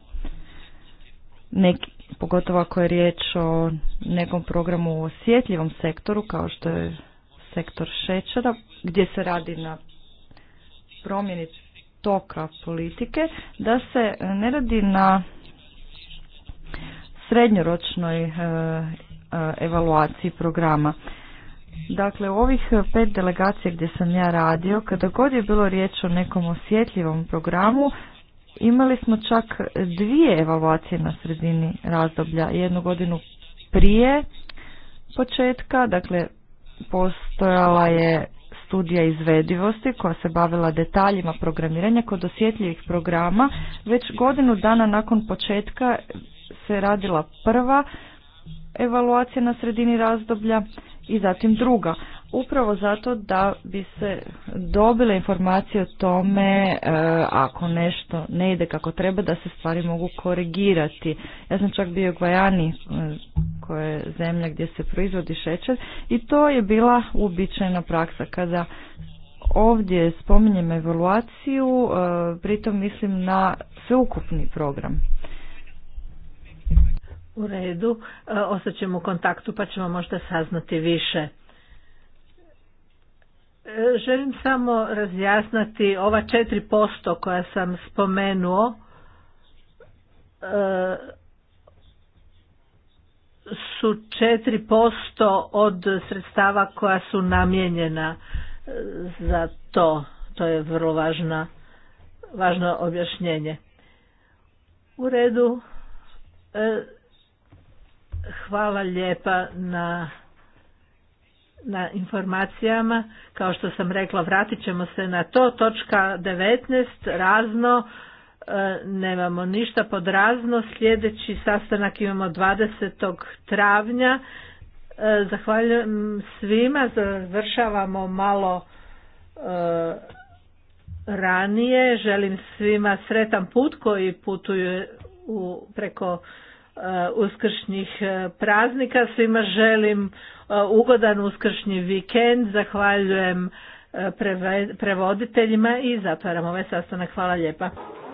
neki, pogotovo ako je riječ o nekom programu u osjetljivom sektoru kao što je sektor šećera, gdje se radi na promjeni toka politike, da se ne radi na srednjoročnoj e, E, evaluaciji programa. Dakle, u ovih pet delegacija gdje sam ja radio, kada god je bilo riječ o nekom osjetljivom programu, imali smo čak dvije evaluacije na sredini razdoblja. Jednu godinu prije početka, dakle, postojala je studija izvedivosti koja se bavila detaljima programiranja kod osjetljivih programa. Već godinu dana nakon početka se radila prva evaluacija na sredini razdoblja i zatim druga. Upravo zato da bi se dobile informacije o tome e, ako nešto ne ide kako treba da se stvari mogu korigirati. Ja sam čak bio u Gvajani e, koja je zemlja gdje se proizvodi šećer i to je bila uobičajena praksa kada ovdje spominjem evaluaciju, e, pritom mislim na sveukupni program. U redu, e, ostaćemo u kontaktu pa ćemo možda saznati više. E, želim samo razjasnati ova 4% koja sam spomenuo e, su 4% od sredstava koja su namijenjena za to. To je vrlo važna, važno objašnjenje. U redu, Hvala lijepa na na informacijama. Kao što sam rekla, vratit ćemo se na to. Točka 19, razno, e, nemamo ništa pod razno. Sljedeći sastanak imamo 20. travnja. E, zahvaljujem svima, završavamo malo e, ranije. Želim svima sretan put koji putuje u, preko Uh, uskršnjih uh, praznika. Svima želim uh, ugodan uskršnji vikend. Zahvaljujem prevoditeljima i zatvaram ovaj sastanak. Hvala lijepa.